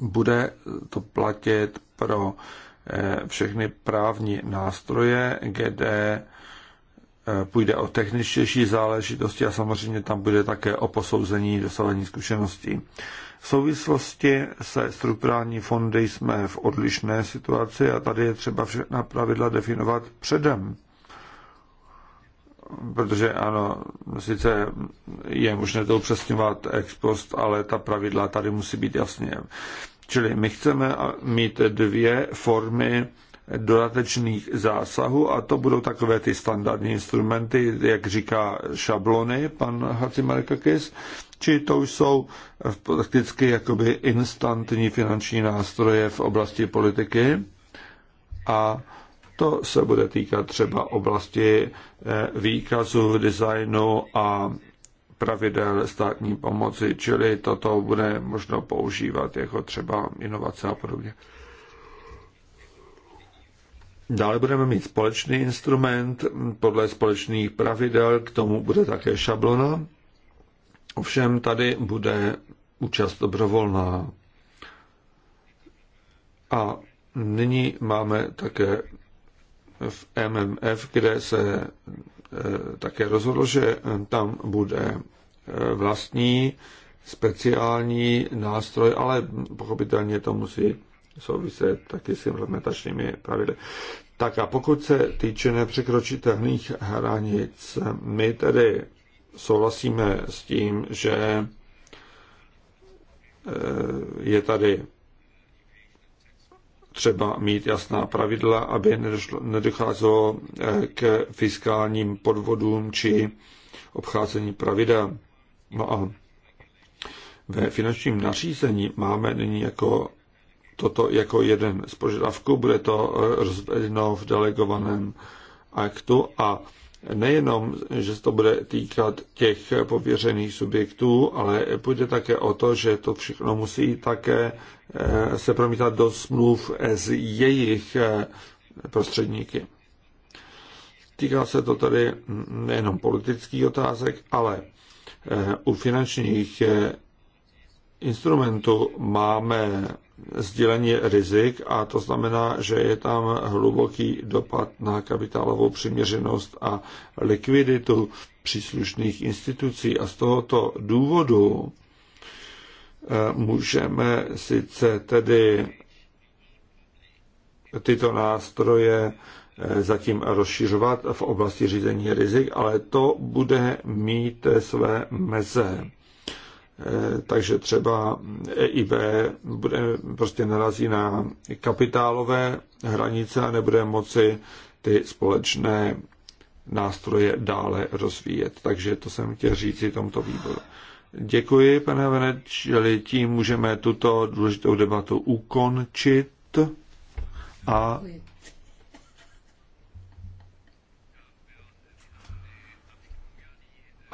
Bude to platit pro všechny právní nástroje, kde půjde o techničtější záležitosti a samozřejmě tam bude také o posouzení dosavadní zkušeností. V souvislosti se strukturální fondy jsme v odlišné situaci a tady je třeba všechna pravidla definovat předem. Protože ano, sice je možné to upřesňovat ex post, ale ta pravidla tady musí být jasně. Čili my chceme mít dvě formy dodatečných zásahů a to budou takové ty standardní instrumenty, jak říká šablony pan Hacimarkakis, či to už jsou eh, prakticky jakoby instantní finanční nástroje v oblasti politiky. A to se bude týkat třeba oblasti eh, výkazu, designu a pravidel státní pomoci, čili toto bude možno používat jako třeba inovace a podobně. Dále budeme mít společný instrument podle společných pravidel, k tomu bude také šablona Ovšem tady bude účast dobrovolná. A nyní máme také v MMF, kde se eh, také rozhodlo, že tam bude eh, vlastní speciální nástroj, ale pochopitelně to musí souviset taky s implementačními pravidly. Tak a pokud se týče nepřekročitelných hranic, my tedy souhlasíme s tím, že eh, je tady třeba mít jasná pravidla, aby nedocházelo eh, k fiskálním podvodům či obcházení pravidel. No a ve finančním nařízení máme nyní jako toto jako jeden z požadavků, bude to eh, rozvedeno v delegovaném aktu a nejenom, že se to bude týkat těch pověřených subjektů, ale půjde také o to, že to všechno musí také eh, se promítat do smluv s jejich eh, prostředníky. Týká se to tady nejenom politických otázek, ale eh, u finančních instrumentů máme sdělení rizik a to znamená, že je tam hluboký dopad na kapitálovou přiměřenost a likviditu příslušných institucí a z tohoto důvodu eh, můžeme sice tedy tyto nástroje eh, zatím rozšiřovat v oblasti řízení rizik, ale to bude mít své meze. Eh, takže třeba EIB bude, prostě narazí na kapitálové hranice a nebude moci ty společné nástroje dále rozvíjet. Takže to jsem chtěl i tomto výboru. Děkuji, pane Venečeli, tím můžeme tuto důležitou debatu ukončit a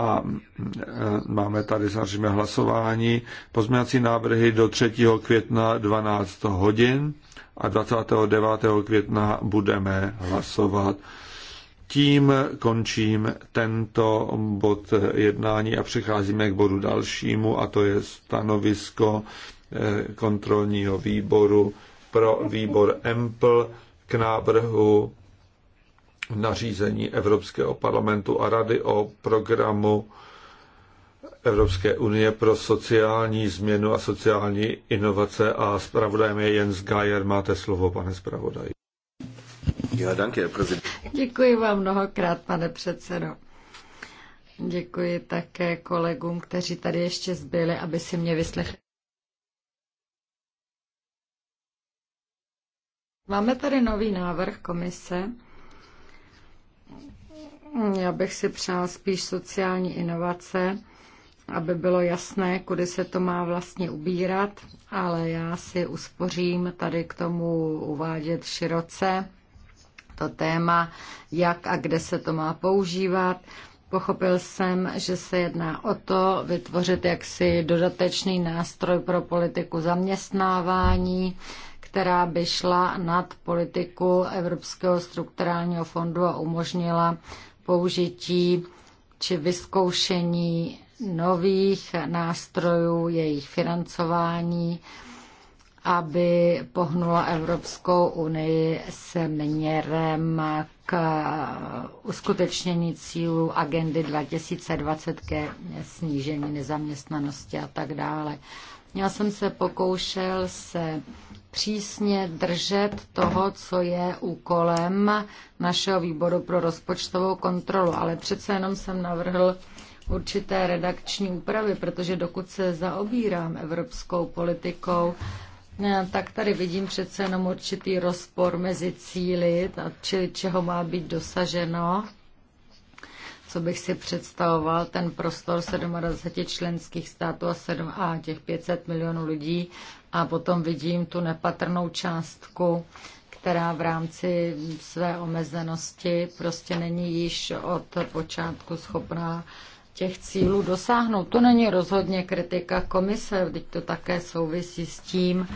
A e, máme tady samozřejmě hlasování. Pozměňovací návrhy do 3. května 12 hodin a 29. května budeme hlasovat. Tím končím tento bod jednání a přecházíme k bodu dalšímu a to je stanovisko e, kontrolního výboru pro výbor EMPL k návrhu nařízení Evropského parlamentu a rady o programu Evropské unie pro sociální změnu a sociální inovace a zpravodajem je Jens Geier. Máte slovo, pane zpravodaj. Já danke, Děkuji vám mnohokrát, pane předsedo. Děkuji také kolegům, kteří tady ještě zbyli, aby si mě vyslechli. Máme tady nový návrh komise já bych si přál spíš sociální inovace, aby bylo jasné, kudy se to má vlastně ubírat, ale já si uspořím tady k tomu uvádět široce to téma, jak a kde se to má používat. Pochopil jsem, že se jedná o to vytvořit jaksi dodatečný nástroj pro politiku zaměstnávání, která by šla nad politiku Evropského strukturálního fondu a umožnila použití či vyzkoušení nových nástrojů, jejich financování, aby pohnula Evropskou unii směrem k uskutečnění cílů agendy 2020 ke snížení nezaměstnanosti a tak dále. Já jsem se pokoušel se přísně držet toho, co je úkolem našeho výboru pro rozpočtovou kontrolu. Ale přece jenom jsem navrhl určité redakční úpravy, protože dokud se zaobírám evropskou politikou, eh, tak tady vidím přece jenom určitý rozpor mezi cíly, čili čeho má být dosaženo, co bych si představoval, ten prostor 27 členských států a, 7, a těch 500 milionů lidí a potom vidím tu nepatrnou částku, která v rámci své omezenosti prostě není již od počátku schopná těch cílů dosáhnout. To není rozhodně kritika komise, teď to také souvisí s tím,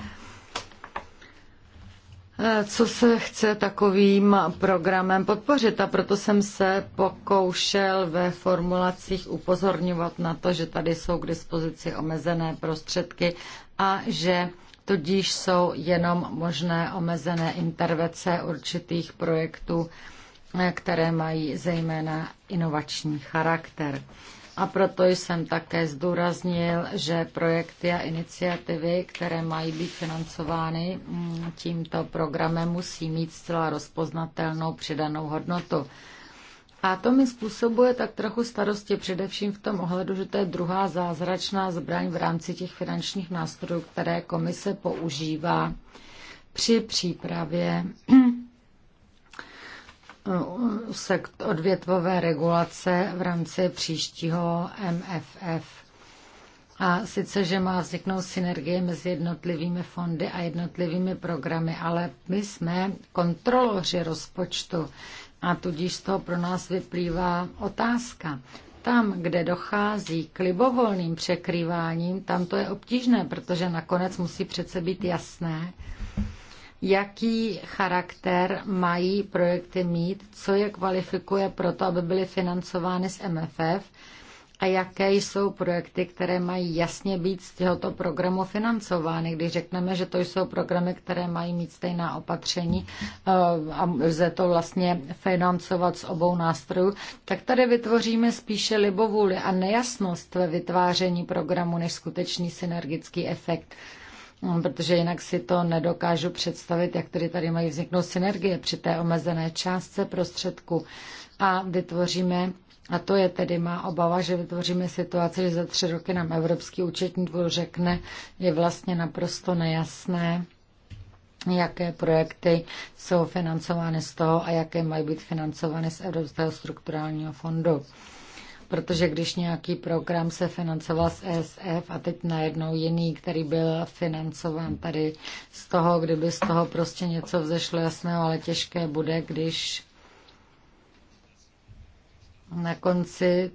Eh, co se chce takovým programem podpořit a proto jsem se pokoušel ve formulacích upozorňovat na to, že tady jsou k dispozici omezené prostředky a že tudíž jsou jenom možné omezené intervence určitých projektů, eh, které mají zejména inovační charakter a proto jsem také zdůraznil, že projekty a iniciativy, které mají být financovány mm, tímto programem, musí mít zcela rozpoznatelnou přidanou hodnotu. A to mi způsobuje tak trochu starosti, především v tom ohledu, že to je druhá zázračná zbraň v rámci těch finančních nástrojů, které komise používá při přípravě sekt odvětvové regulace v rámci příštího MFF. A sice, že má vzniknout synergie mezi jednotlivými fondy a jednotlivými programy, ale my jsme kontroloři rozpočtu a tudíž z toho pro nás vyplývá otázka. Tam, kde dochází k libovolným překrýváním, tam to je obtížné, protože nakonec musí přece být jasné, jaký charakter mají projekty mít, co je kvalifikuje pro to, aby byly financovány z MFF a jaké jsou projekty, které mají jasně být z tohoto programu financovány. Když řekneme, že to jsou programy, které mají mít stejná opatření eh, a lze to vlastně financovat z obou nástrojů, tak tady vytvoříme spíše libovůli a nejasnost ve vytváření programu než skutečný synergický efekt. No, protože jinak si to nedokážu představit, jak tedy tady mají vzniknout synergie při té omezené částce prostředku. A vytvoříme a to je tedy má obava, že vytvoříme situaci, že za tři roky nám Evropský účetní dvůr řekne, je vlastně naprosto nejasné, jaké projekty jsou financovány z toho a jaké mají být financovány z Evropského strukturálního fondu protože když nějaký program se financoval z ESF a teď najednou jiný, který byl financován tady z toho, kdyby z toho prostě něco vzešlo jasného, ale těžké bude, když na konci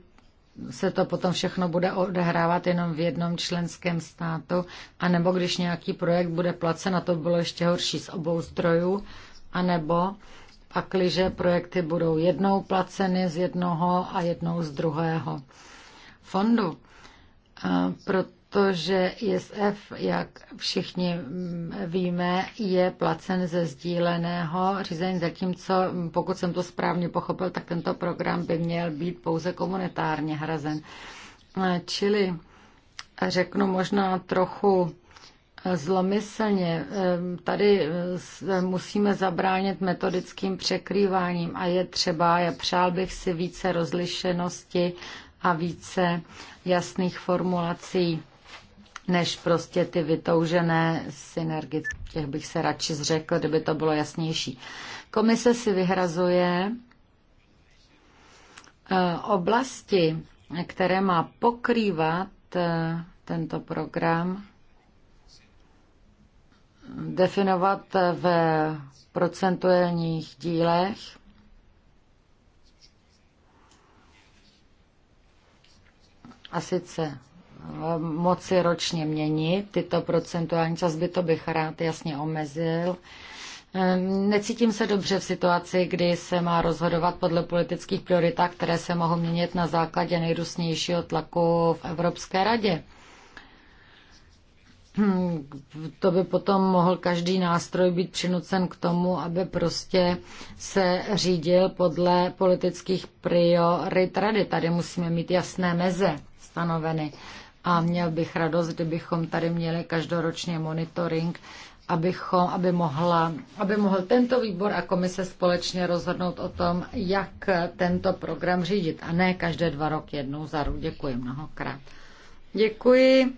se to potom všechno bude odehrávat jenom v jednom členském státu, anebo když nějaký projekt bude placen, a to bylo ještě horší z obou zdrojů, anebo pakliže projekty budou jednou placeny z jednoho a jednou z druhého fondu. E, protože ISF, jak všichni mm, víme, je placen ze sdíleného řízení, zatímco, mm, pokud jsem to správně pochopil, tak tento program by měl být pouze komunitárně hrazen. E, čili řeknu možná trochu zlomyslně. Ehm, tady eh, musíme zabránit metodickým překrýváním a je třeba, já přál bych si více rozlišenosti a více jasných formulací než prostě ty vytoužené synergie. Těch bych se radši zřekl, kdyby to bylo jasnější. Komise si vyhrazuje eh, oblasti, které má pokrývat eh, tento program definovat v procentuálních dílech. A sice eh, moci ročně měnit tyto procentuální sazby, to bych rád jasně omezil. Ehm, necítím se dobře v situaci, kdy se má rozhodovat podle politických priorit, které se mohou měnit na základě nejrůznějšího tlaku v Evropské radě. Hmm, to by potom mohl každý nástroj být přinucen k tomu, aby prostě se řídil podle politických priorit rady. Tady musíme mít jasné meze stanoveny. A měl bych radost, kdybychom tady měli každoročně monitoring, abychom, aby, mohla, aby mohl tento výbor a komise společně rozhodnout o tom, jak tento program řídit. A ne každé dva roky jednou za rok. Děkuji mnohokrát. Děkuji.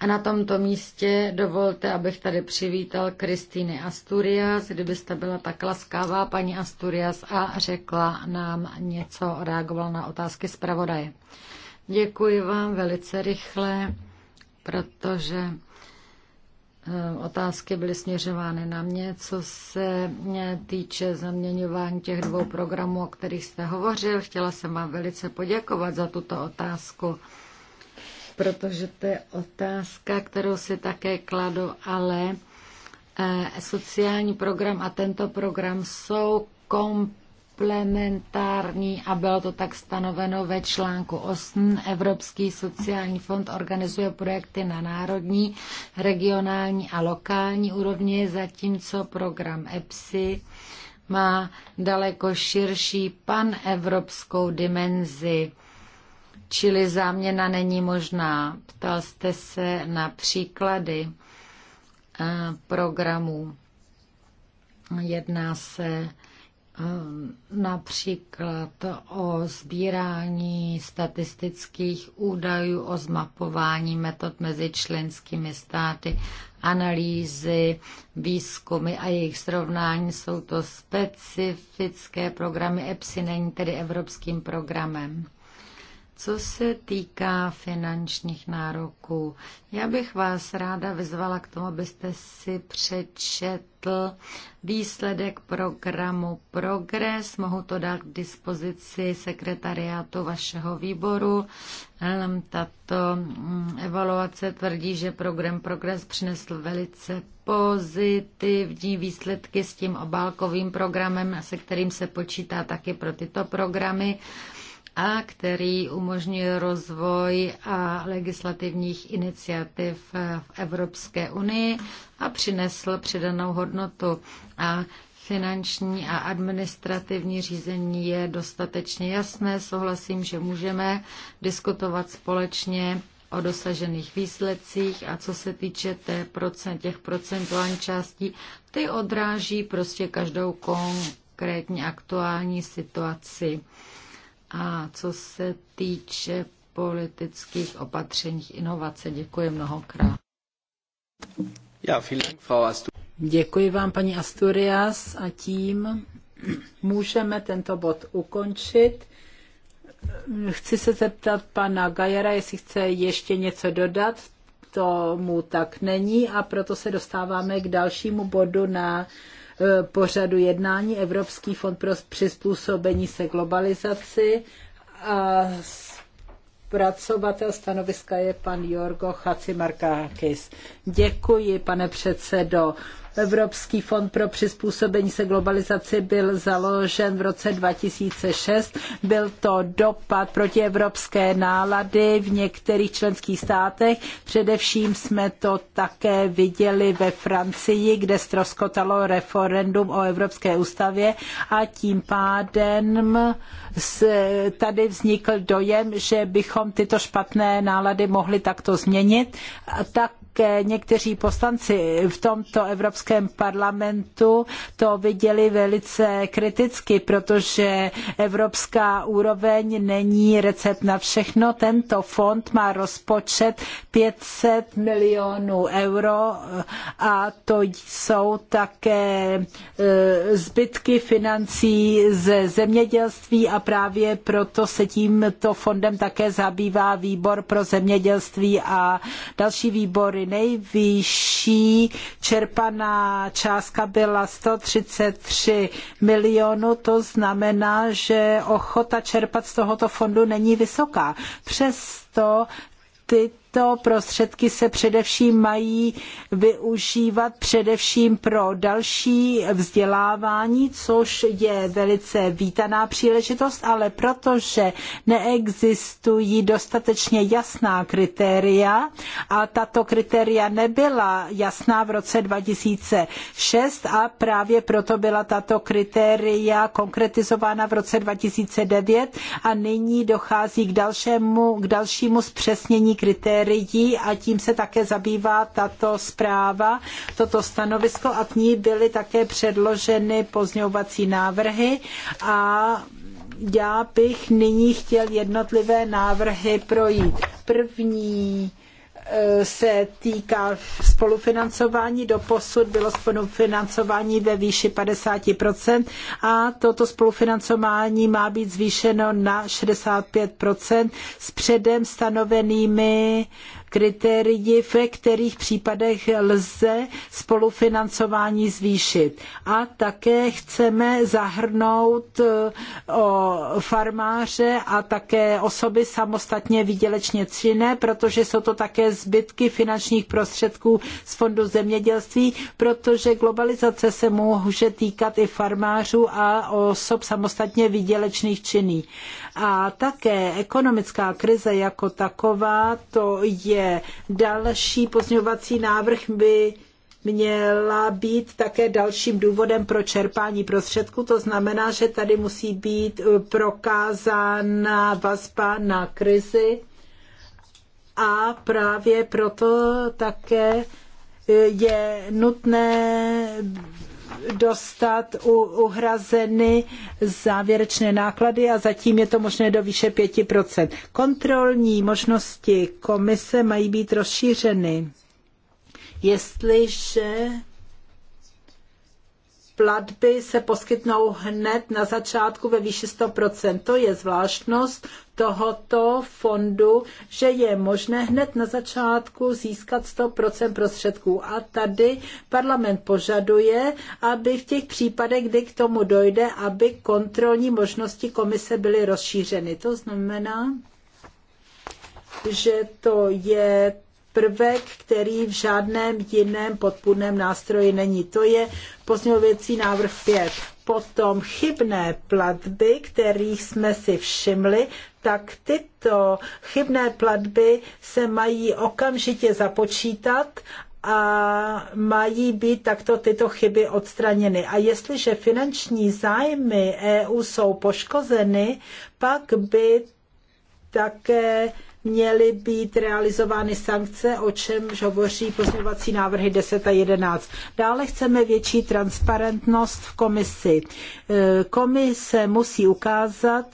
A na tomto místě dovolte, abych tady přivítal Kristýny Asturias, kdybyste byla tak laskavá, paní Asturias, a řekla nám něco, reagovala na otázky zpravodaje. Děkuji vám velice rychle, protože eh, otázky byly směřovány na mě. Co se mě eh, týče zaměňování těch dvou programů, o kterých jste hovořil, chtěla jsem vám velice poděkovat za tuto otázku protože to je otázka, kterou si také kladu, ale eh, sociální program a tento program jsou komplementární a bylo to tak stanoveno ve článku 8. Evropský sociální fond organizuje projekty na národní, regionální a lokální úrovni, zatímco program EPSI má daleko širší panevropskou dimenzi čili záměna není možná. Ptal jste se na příklady eh, programů. Jedná se eh, například o sbírání statistických údajů, o zmapování metod mezi členskými státy, analýzy, výzkumy a jejich srovnání. Jsou to specifické programy. EPSI není tedy evropským programem. Co se týká finančních nároků, já bych vás ráda vyzvala k tomu, abyste si přečetl výsledek programu Progres. Mohu to dát k dispozici sekretariátu vašeho výboru. Ehm, tato mm, evaluace tvrdí, že program Progres přinesl velice pozitivní výsledky s tím obálkovým programem, se kterým se počítá taky pro tyto programy a který umožňuje rozvoj a legislativních iniciativ v Evropské unii a přinesl přidanou hodnotu. A finanční a administrativní řízení je dostatečně jasné. Souhlasím, že můžeme diskutovat společně o dosažených výsledcích a co se týče té procent, těch procentuálních částí, ty odráží prostě každou konkrétní aktuální situaci a co se týče politických opatření inovace, děkuji mnohokrát. Ja, vielen Dank, Frau Děkuji vám, paní Asturias, a tím můžeme tento bod ukončit. Chci se zeptat pana Gajera, jestli chce ještě něco dodat. Tomu tak není a proto se dostáváme k dalšímu bodu na E, pořadu jednání Evropský fond pro přizpůsobení se globalizaci a pracovatel stanoviska je pan Jorgo Chacimarkakis. Děkuji, pane předsedo. Evropský fond pro přizpůsobení se globalizaci byl založen v roce 2006. Byl to dopad proti evropské nálady v některých členských státech. Především jsme to také viděli ve Francii, kde stroskotalo referendum o Evropské ústavě a tím pádem tady vznikl dojem, že bychom tyto špatné nálady mohli takto změnit. Tak také někteří poslanci v tomto Evropském parlamentu to viděli velice kriticky, protože evropská úroveň není recept na všechno. Tento fond má rozpočet 500 milionů euro a to jsou také e, zbytky financí ze zemědělství a právě proto se tímto fondem také zabývá výbor pro zemědělství a další výbory Nejvyšší čerpaná částka byla 133 milionů, to znamená, že ochota čerpat z tohoto fondu není vysoká. Přesto ty tyto prostředky se především mají využívat především pro další vzdělávání, což je velice vítaná příležitost, ale protože neexistují dostatečně jasná kritéria a tato kritéria nebyla jasná v roce 2006 a právě proto byla tato kritéria konkretizována v roce 2009 a nyní dochází k dalšímu, k dalšímu zpřesnění kritérií lidí a tím se také zabývá tato zpráva, toto stanovisko a k ní byly také předloženy pozňovací návrhy a já bych nyní chtěl jednotlivé návrhy projít. První Eh, se týká spolufinancování. Doposud bylo spolufinancování ve výši 50% a toto spolufinancování má být zvýšeno na 65% s předem stanovenými kritérii, ve kterých případech lze spolufinancování zvýšit. A také chceme zahrnout eh, o farmáře a také osoby samostatně výdělečně činné, protože jsou to také zbytky finančních prostředků z Fondu zemědělství, protože globalizace se může týkat i farmářů a osob samostatně výdělečných činných. A také ekonomická krize jako taková, to je další pozměňovací návrh, by měla být také dalším důvodem pro čerpání prostředků. To znamená, že tady musí být eh, prokázána vazba na krizi a právě proto také eh, je nutné dostat uhrazeny závěrečné náklady a zatím je to možné do výše 5%. Kontrolní možnosti komise mají být rozšířeny. Jestliže platby se poskytnou hned na začátku ve výši 100%. To je zvláštnost tohoto fondu, že je možné hned na začátku získat 100% prostředků. A tady parlament požaduje, aby v těch případech, kdy k tomu dojde, aby kontrolní možnosti komise byly rozšířeny. To znamená, že to je prvek, který v žádném jiném podpůrném nástroji není. To je pozměňovací návrh 5. Potom chybné platby, kterých jsme si všimli, tak tyto chybné platby se mají okamžitě započítat a mají být takto tyto chyby odstraněny. A jestliže finanční zájmy EU jsou poškozeny, pak by také měly být realizovány sankce, o čemž hovoří pozměňovací návrhy 10 a 11. Dále chceme větší transparentnost v komisi. E, komise musí ukázat,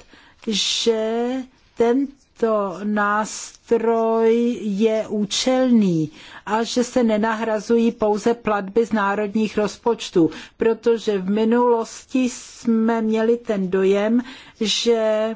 že tento nástroj je účelný a že se nenahrazují pouze platby z národních rozpočtů, protože v minulosti jsme měli ten dojem, že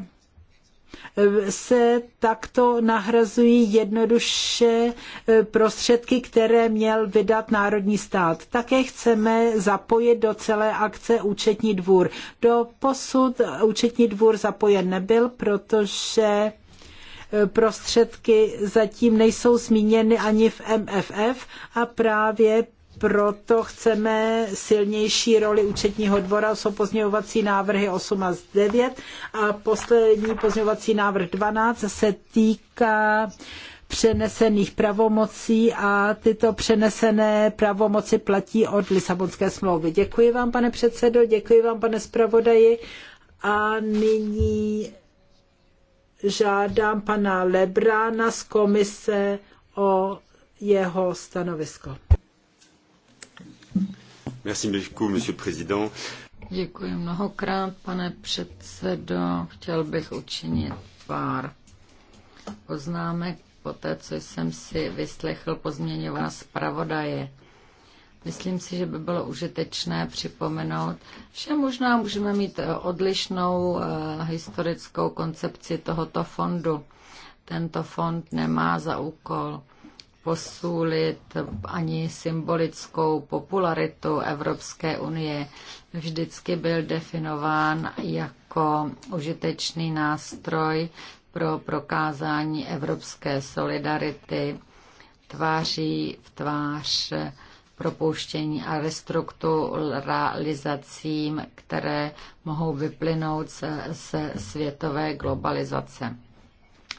se takto nahrazují jednoduše eh, prostředky, které měl vydat národní stát. Také chceme zapojit do celé akce účetní dvůr. Do posud účetní dvůr zapojen nebyl, protože eh, prostředky zatím nejsou zmíněny ani v MFF a právě proto chceme silnější roli účetního dvora. Jsou pozměňovací návrhy 8 a 9 a poslední pozměňovací návrh 12 se týká přenesených pravomocí a tyto přenesené pravomoci platí od Lisabonské smlouvy. Děkuji vám, pane předsedo, děkuji vám, pane zpravodaji a nyní žádám pana Lebrána z komise o jeho stanovisko. Děkuji mnohokrát, pane předsedo. Chtěl bych učinit pár poznámek po té, co jsem si vyslechl pozměňová zpravodaje. Myslím si, že by bylo užitečné připomenout, že možná můžeme mít eh, odlišnou eh, historickou koncepci tohoto fondu. Tento fond nemá za úkol posílit ani symbolickou popularitu Evropské unie. Vždycky byl definován jako užitečný nástroj pro prokázání evropské solidarity tváří v tvář propouštění a restrukturalizacím, které mohou vyplynout se, se světové globalizace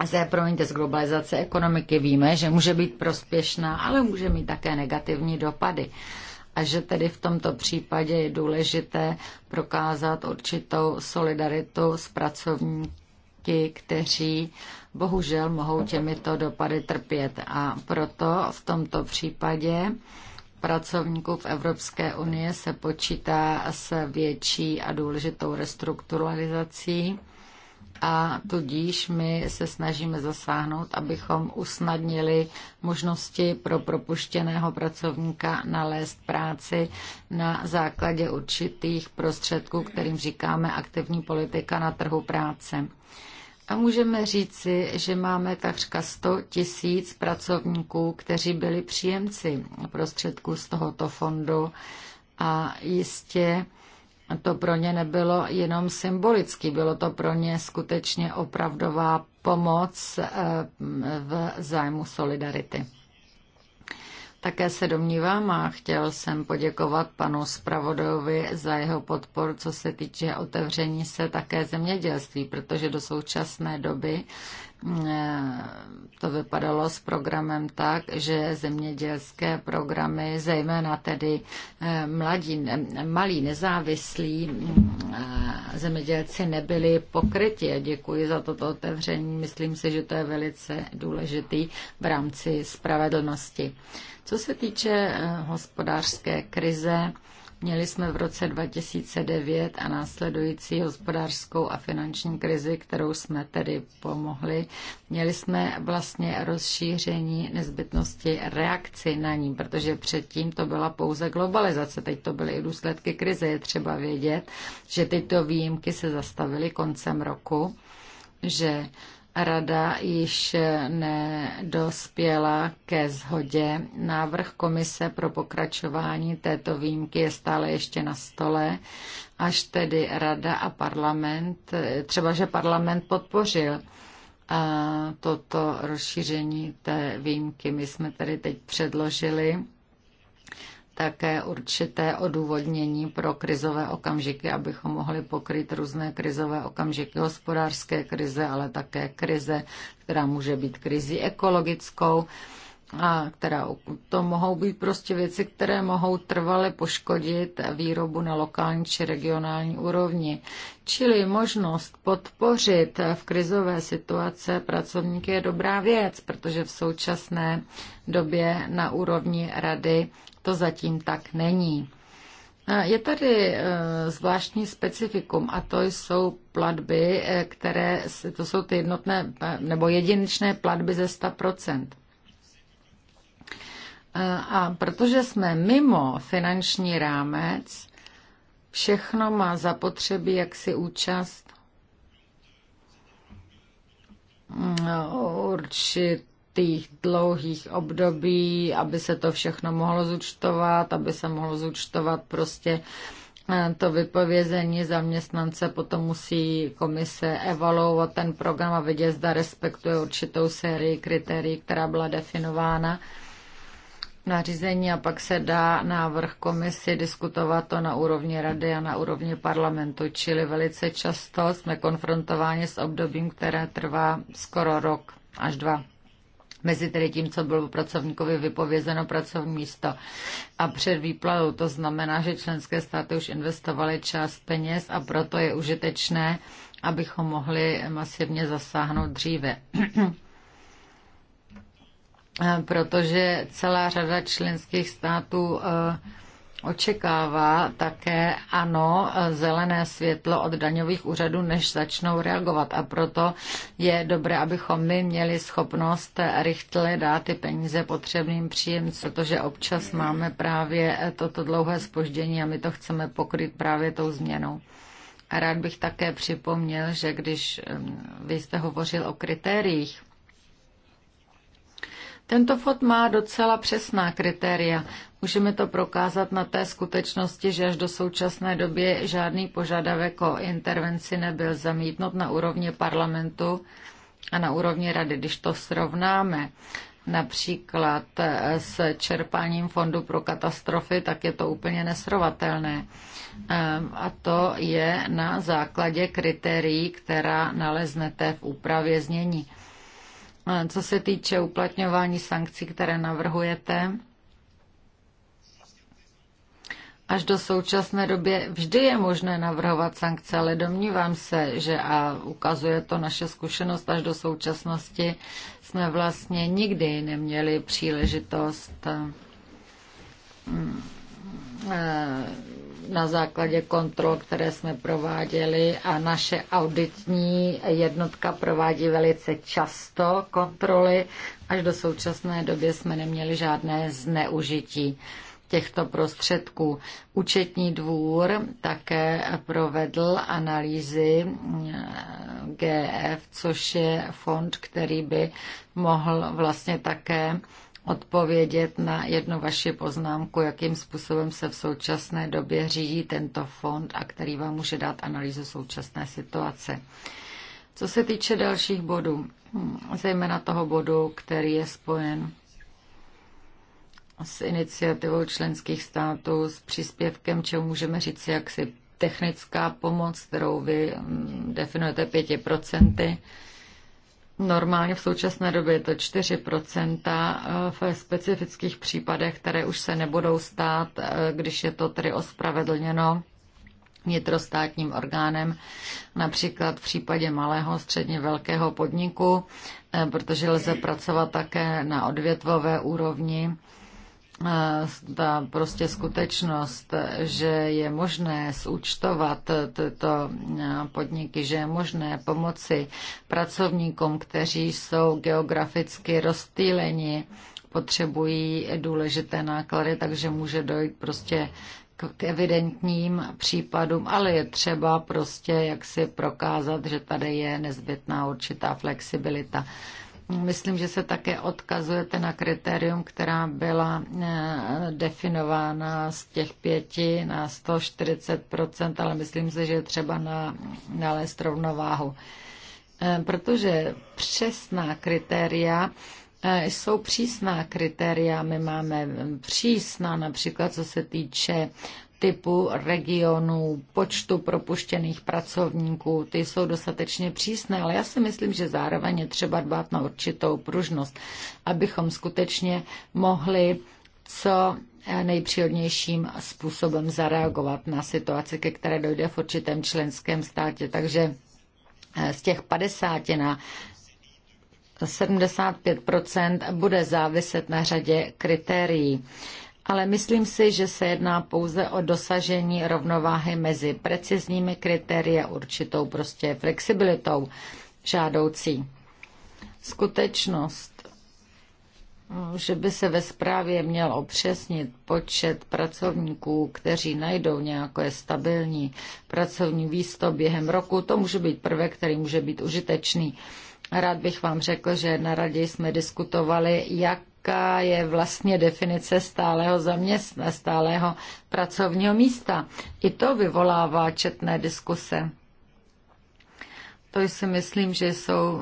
ze, promiňte, z globalizace ekonomiky víme, že může být prospěšná, ale může mít také negativní dopady. A že tedy v tomto případě je důležité prokázat určitou solidaritu s pracovníky, kteří bohužel mohou těmito dopady trpět. A proto v tomto případě pracovníků v Evropské unie se počítá s větší a důležitou restrukturalizací a tudíž my se snažíme zasáhnout, abychom usnadnili možnosti pro propuštěného pracovníka nalézt práci na základě určitých prostředků, kterým říkáme aktivní politika na trhu práce. A můžeme říci, že máme takřka 100 tisíc pracovníků, kteří byli příjemci prostředků z tohoto fondu a jistě to pro ně nebylo jenom symbolicky, bylo to pro ně skutečně opravdová pomoc eh, v zájmu solidarity. Také se domnívám a chtěl jsem poděkovat panu Spravodovi za jeho podporu, co se týče otevření se také zemědělství, protože do současné doby mm, eh, to vypadalo s programem tak, že zemědělské programy, zejména tedy eh, mladí, malí nezávislí mm, eh, zemědělci nebyli pokryti. Děkuji za toto otevření. Myslím si, že to je velice důležitý v rámci spravedlnosti. Co se týče eh, hospodářské krize, Měli jsme v roce 2009 a následující hospodářskou a finanční krizi, kterou jsme tedy pomohli. Měli jsme vlastně rozšíření nezbytnosti reakci na ní, protože předtím to byla pouze globalizace, teď to byly i důsledky krize. Je třeba vědět, že tyto výjimky se zastavily koncem roku, že Rada již nedospěla ke zhodě. Návrh komise pro pokračování této výjimky je stále ještě na stole, až tedy Rada a parlament, třeba že parlament podpořil toto rozšíření té výjimky. My jsme tady teď předložili také určité odůvodnění pro krizové okamžiky, abychom mohli pokryt různé krizové okamžiky, hospodářské krize, ale také krize, která může být krizi ekologickou a která, to mohou být prostě věci, které mohou trvale poškodit výrobu na lokální či regionální úrovni. Čili možnost podpořit v krizové situace pracovníky je dobrá věc, protože v současné době na úrovni rady to zatím tak není. Je tady e, zvláštní specifikum a to jsou platby, e, které, to jsou ty jednotné e, nebo jedinečné platby ze 100%. A protože jsme mimo finanční rámec, všechno má zapotřebí jaksi účast mm, určit těch dlouhých období, aby se to všechno mohlo zúčtovat, aby se mohlo zúčtovat prostě eh, to vypovězení zaměstnance, potom musí komise evaluovat ten program a vidět, zda respektuje určitou sérii kritérií, která byla definována nařízení a pak se dá návrh komisi diskutovat to na úrovni rady a na úrovni parlamentu, čili velice často jsme konfrontováni s obdobím, které trvá skoro rok až dva mezi tedy tím, co bylo pracovníkovi vypovězeno pracovní místo a před výplatou. To znamená, že členské státy už investovaly část peněz a proto je užitečné, abychom mohli masivně zasáhnout dříve. <clears throat> Protože celá řada členských států uh, očekává také ano zelené světlo od daňových úřadů, než začnou reagovat. A proto je dobré, abychom my měli schopnost rychle dát ty peníze potřebným příjemcům, protože občas máme právě toto dlouhé spoždění a my to chceme pokryt právě tou změnou. A rád bych také připomněl, že když hm, vy jste hovořil o kritériích, tento fot má docela přesná kritéria. Můžeme to prokázat na té skutečnosti, že až do současné doby žádný požadavek o intervenci nebyl zamítnut na úrovni parlamentu a na úrovni rady. Když to srovnáme například s čerpáním fondu pro katastrofy, tak je to úplně nesrovatelné. Ehm, a to je na základě kritérií, která naleznete v úpravě znění. Co se týče uplatňování sankcí, které navrhujete, Až do současné době vždy je možné navrhovat sankce, ale domnívám se, že a ukazuje to naše zkušenost, až do současnosti jsme vlastně nikdy neměli příležitost mm, eh, na základě kontrol, které jsme prováděli a naše auditní jednotka provádí velice často kontroly. Až do současné doby jsme neměli žádné zneužití těchto prostředků. Účetní dvůr také provedl analýzy eh, GF, což je fond, který by mohl vlastně také odpovědět na jednu vaši poznámku, jakým způsobem se v současné době řídí tento fond a který vám může dát analýzu současné situace. Co se týče dalších bodů, zejména toho bodu, který je spojen s iniciativou členských států, s příspěvkem, čemu můžeme říct, jak si technická pomoc, kterou vy mm, definujete 5%, Normálně v současné době je to 4% eh, v specifických případech, které už se nebudou stát, eh, když je to tedy ospravedlněno vnitrostátním orgánem, například v případě malého, středně velkého podniku, eh, protože lze pracovat také na odvětvové úrovni ta prostě skutečnost, že je možné zúčtovat tyto e, podniky, že je možné pomoci pracovníkům, kteří jsou geograficky rozstýleni, potřebují důležité náklady, takže může dojít prostě k evidentním případům, ale je třeba prostě jak si prokázat, že tady je nezbytná určitá flexibilita. Myslím, že se také odkazujete na kritérium, která byla eh, definována z těch pěti na 140%, ale myslím si, že je třeba na, nalézt rovnováhu. Eh, protože přesná kritéria eh, jsou přísná kritéria. My máme přísná, například co se týče typu regionu počtu propuštěných pracovníků, ty jsou dostatečně přísné, ale já si myslím, že zároveň je třeba dbát na určitou pružnost, abychom skutečně mohli co eh, nejpřírodnějším způsobem zareagovat na situaci, ke které dojde v určitém členském státě. Takže eh, z těch 50 na 75 bude záviset na řadě kritérií ale myslím si, že se jedná pouze o dosažení rovnováhy mezi precizními kritérii a určitou prostě flexibilitou žádoucí. Skutečnost, že by se ve zprávě měl opřesnit počet pracovníků, kteří najdou nějaké stabilní pracovní výsto během roku, to může být prvek, který může být užitečný. Rád bych vám řekl, že na radě jsme diskutovali, jak jaká je vlastně definice stálého zaměstna, stálého pracovního místa. I to vyvolává četné diskuse. To si myslím, že jsou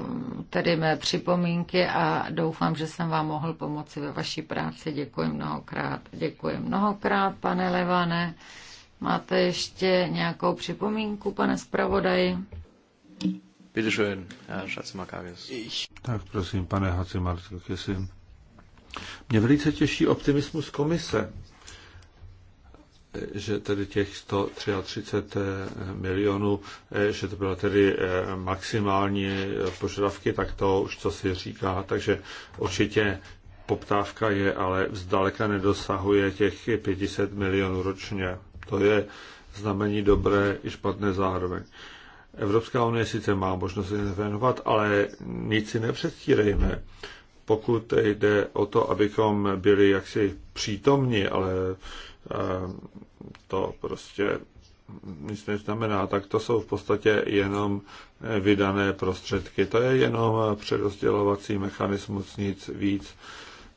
tedy mé připomínky a doufám, že jsem vám mohl pomoci ve vaší práci. Děkuji mnohokrát. Děkuji mnohokrát, pane Levane. Máte ještě nějakou připomínku, pane zpravodaji? Bitte schön, Herr Tak prosím, pane Hatzimakakis. Mě velice těší optimismus komise, že tedy těch 133 eh, milionů, eh, že to byla tedy eh, maximální požadavky, tak to už co si říká, takže určitě poptávka je, ale zdaleka nedosahuje těch 500 milionů ročně. To je znamení dobré i špatné zároveň. Evropská unie sice má možnost intervenovat, ale nic si nepředstírejme pokud jde o to, abychom byli jaksi přítomni, ale eh, to prostě nic neznamená, tak to jsou v podstatě jenom eh, vydané prostředky. To je jenom eh, přerozdělovací mechanismus, nic víc,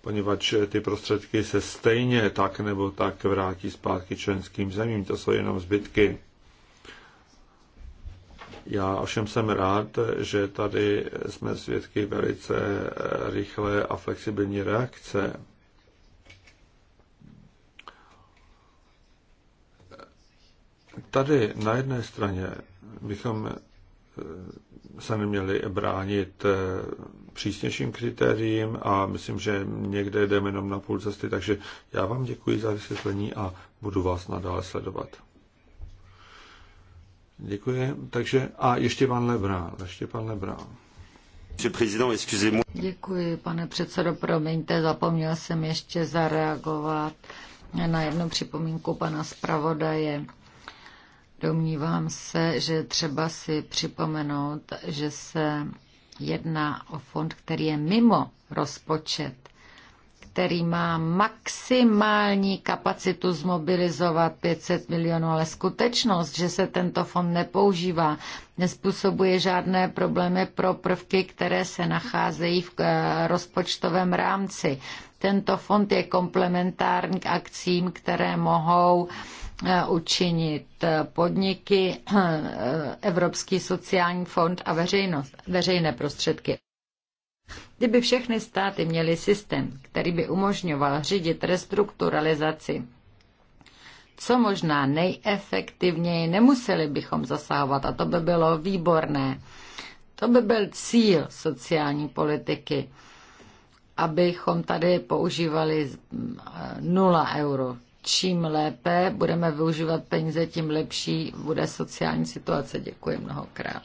poněvadž ty prostředky se stejně tak nebo tak vrátí zpátky členským zemím, to jsou jenom zbytky. Já ovšem jsem rád, že tady jsme svědky velice rychlé a flexibilní reakce. Tady na jedné straně bychom eh, se neměli bránit eh, přísnějším kritériím a myslím, že někde jdeme jenom na půl cesty, takže já vám děkuji za vysvětlení a budu vás nadále sledovat. Děkuji. Takže a ještě pan Lebrá. Ještě pan Lebrá. Děkuji, pane předsedo, promiňte, zapomněl jsem ještě zareagovat na jednu připomínku pana zpravodaje. Domnívám se, že třeba si připomenout, že se jedná o fond, který je mimo rozpočet který má maximální kapacitu zmobilizovat 500 milionů, ale skutečnost, že se tento fond nepoužívá, nespůsobuje žádné problémy pro prvky, které se nacházejí v eh, rozpočtovém rámci. Tento fond je komplementární k akcím, které mohou eh, učinit eh, podniky, Evropský sociální fond a veřejnost, veřejné prostředky. Kdyby všechny státy měly systém, který by umožňoval řídit restrukturalizaci, co možná nejefektivněji, nemuseli bychom zasahovat a to by bylo výborné. To by byl cíl sociální politiky, abychom tady používali 0 euro. Čím lépe budeme využívat peníze, tím lepší bude sociální situace. Děkuji mnohokrát.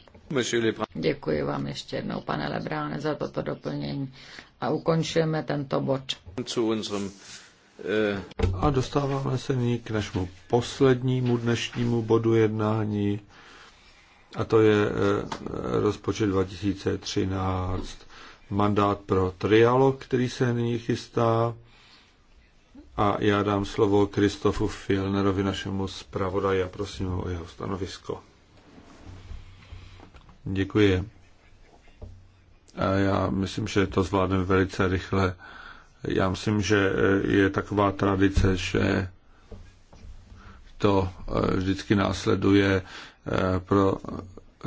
Děkuji vám ještě jednou, pane Lebráne, za toto doplnění. A ukončujeme tento bod. Eh, a dostáváme se nyní k našemu poslednímu dnešnímu bodu jednání, a to je eh, rozpočet 2013, mandát pro trialog, který se nyní chystá. A já dám slovo Kristofu Filnerovi, našemu zpravodaji, a prosím ho o jeho stanovisko. Děkuji. A já myslím, že to zvládneme velice rychle. Já myslím, že eh, je taková tradice, že to eh, vždycky následuje eh, pro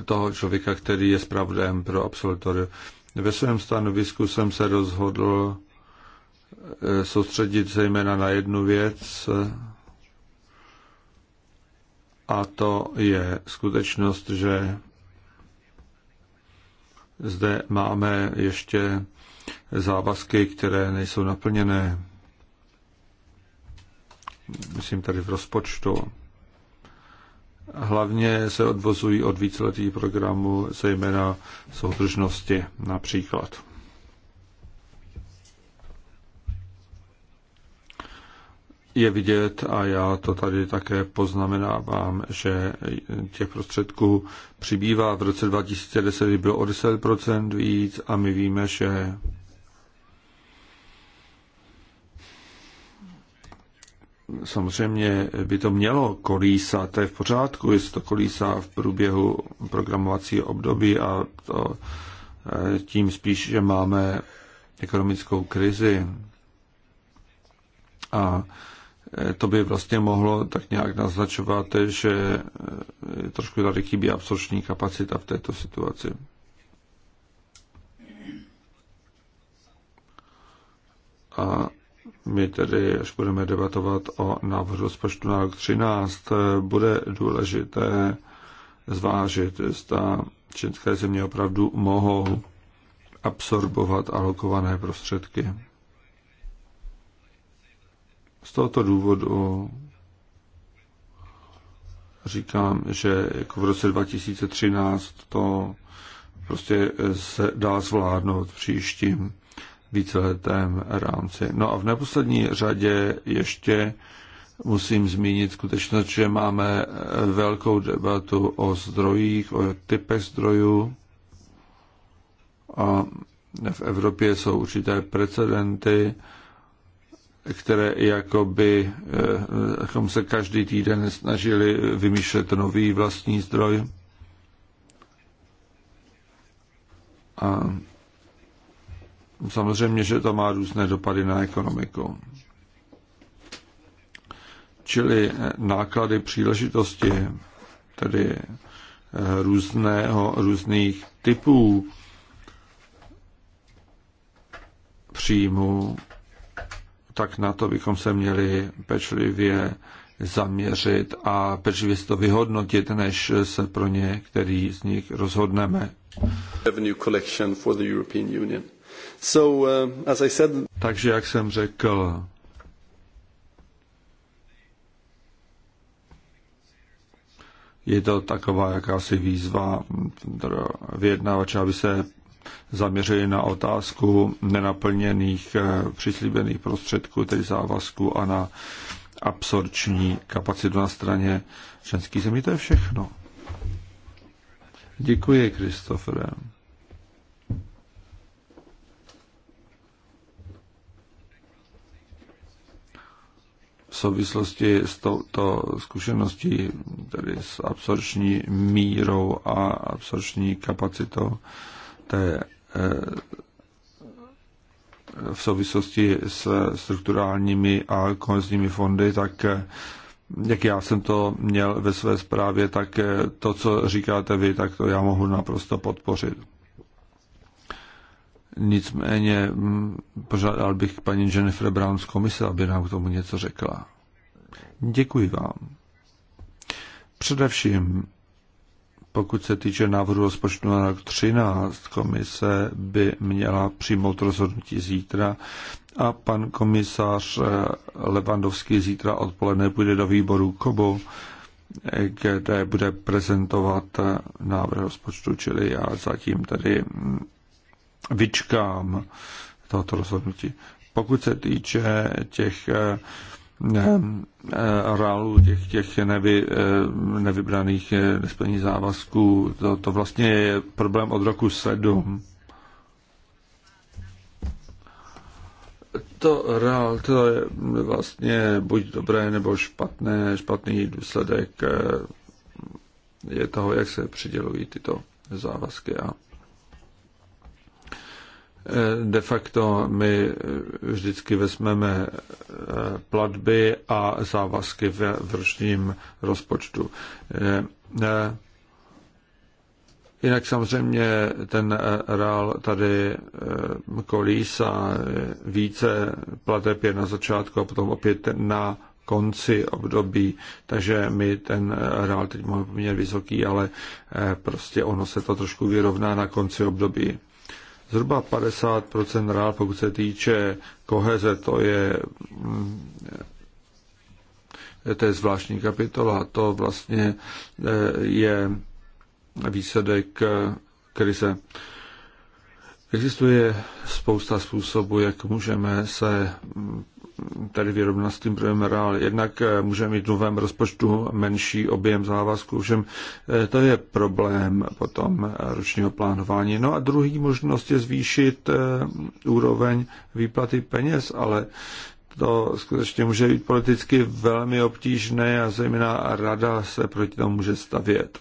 toho člověka, který je spravdem pro absolutorium. Ve svém stanovisku jsem se rozhodl soustředit zejména na jednu věc, a to je skutečnost, že zde máme ještě závazky, které nejsou naplněné. Myslím tady v rozpočtu. Hlavně se odvozují od víceletých programů, zejména soudržnosti například. je vidět, a já to tady také poznamenávám, že těch prostředků přibývá. V roce 2010 bylo o 10% víc a my víme, že samozřejmě by to mělo kolísat, to je v pořádku, jestli to kolísá v průběhu programovacího období a to, eh, tím spíš, že máme ekonomickou krizi. A to by vlastně mohlo tak nějak naznačovat, že eh, trošku tady chybí absorční kapacita v této situaci. A my tedy, až budeme debatovat o návrhu rozpočtu na rok 13, bude důležité zvážit, zda čínské země opravdu mohou absorbovat alokované prostředky. Z tohoto důvodu říkám, že jako v roce 2013 to prostě se dá zvládnout příštím víceletém rámci. No a v neposlední řadě ještě musím zmínit skutečnost, že máme velkou debatu o zdrojích, o typech zdrojů a v Evropě jsou určité precedenty, které jakoby jakom eh, se každý týden snažili vymýšlet nový vlastní zdroj. A samozřejmě, že to má různé dopady na ekonomiku. Čili eh, náklady příležitosti, tedy eh, různého, různých typů příjmů tak na to bychom se měli pečlivě zaměřit a pečlivě to vyhodnotit, než se pro ně, který z nich rozhodneme. Uh, Takže jak jsem řekl, je to taková jakási výzva vyjednavače, aby se zaměřili na otázku nenaplněných eh, přislíbených prostředků, tedy závazků a na absorční kapacitu na straně členských zemí. To je všechno. Děkuji, Kristofere. V souvislosti s touto zkušeností, tedy s absorční mírou a absorční kapacitou, té, eh, v souvislosti s strukturálními a kohezními fondy, tak eh, jak já jsem to měl ve své zprávě, tak eh, to, co říkáte vy, tak to já mohu naprosto podpořit. Nicméně hm, požádal bych paní Jennifer Brown z komise, aby nám k tomu něco řekla. Děkuji vám. Především pokud se týče návrhu rozpočtu na rok 13, komise by měla přijmout rozhodnutí zítra a pan komisař eh, Levandovský zítra odpoledne půjde do výboru KOBO, eh, kde bude prezentovat eh, návrh rozpočtu, čili já zatím tedy mm, vyčkám tohoto rozhodnutí. Pokud se týče těch Eh, eh, reálu těch, těch nevy, eh, nevybraných nesplní závazků. To, to vlastně je problém od roku 7. To reál, to je vlastně buď dobré nebo špatné, špatný důsledek je toho, jak se přidělují tyto závazky a Eh, de facto my eh, vždycky vezmeme eh, platby a závazky v vršním rozpočtu. Jinak samozřejmě ten reál tady kolísa více plateb je na začátku a potom opět na konci období, takže my ten reál teď máme poměrně vysoký, ale prostě ono se to trošku vyrovná na konci období zhruba 50% rád, pokud se týče koheze, to je, mm, to je zvláštní kapitola, to vlastně eh, je výsledek eh, krize. Existuje spousta způsobů, jak můžeme se mm, tady vyrovnat s tím projemem reál. Jednak eh, můžeme mít v novém rozpočtu menší objem závazků, všem eh, to je problém potom eh, ročního plánování. No a druhý možnost je zvýšit úroveň výplaty peněz, ale to skutečně může být politicky velmi obtížné a zejména rada se proti tomu může stavět.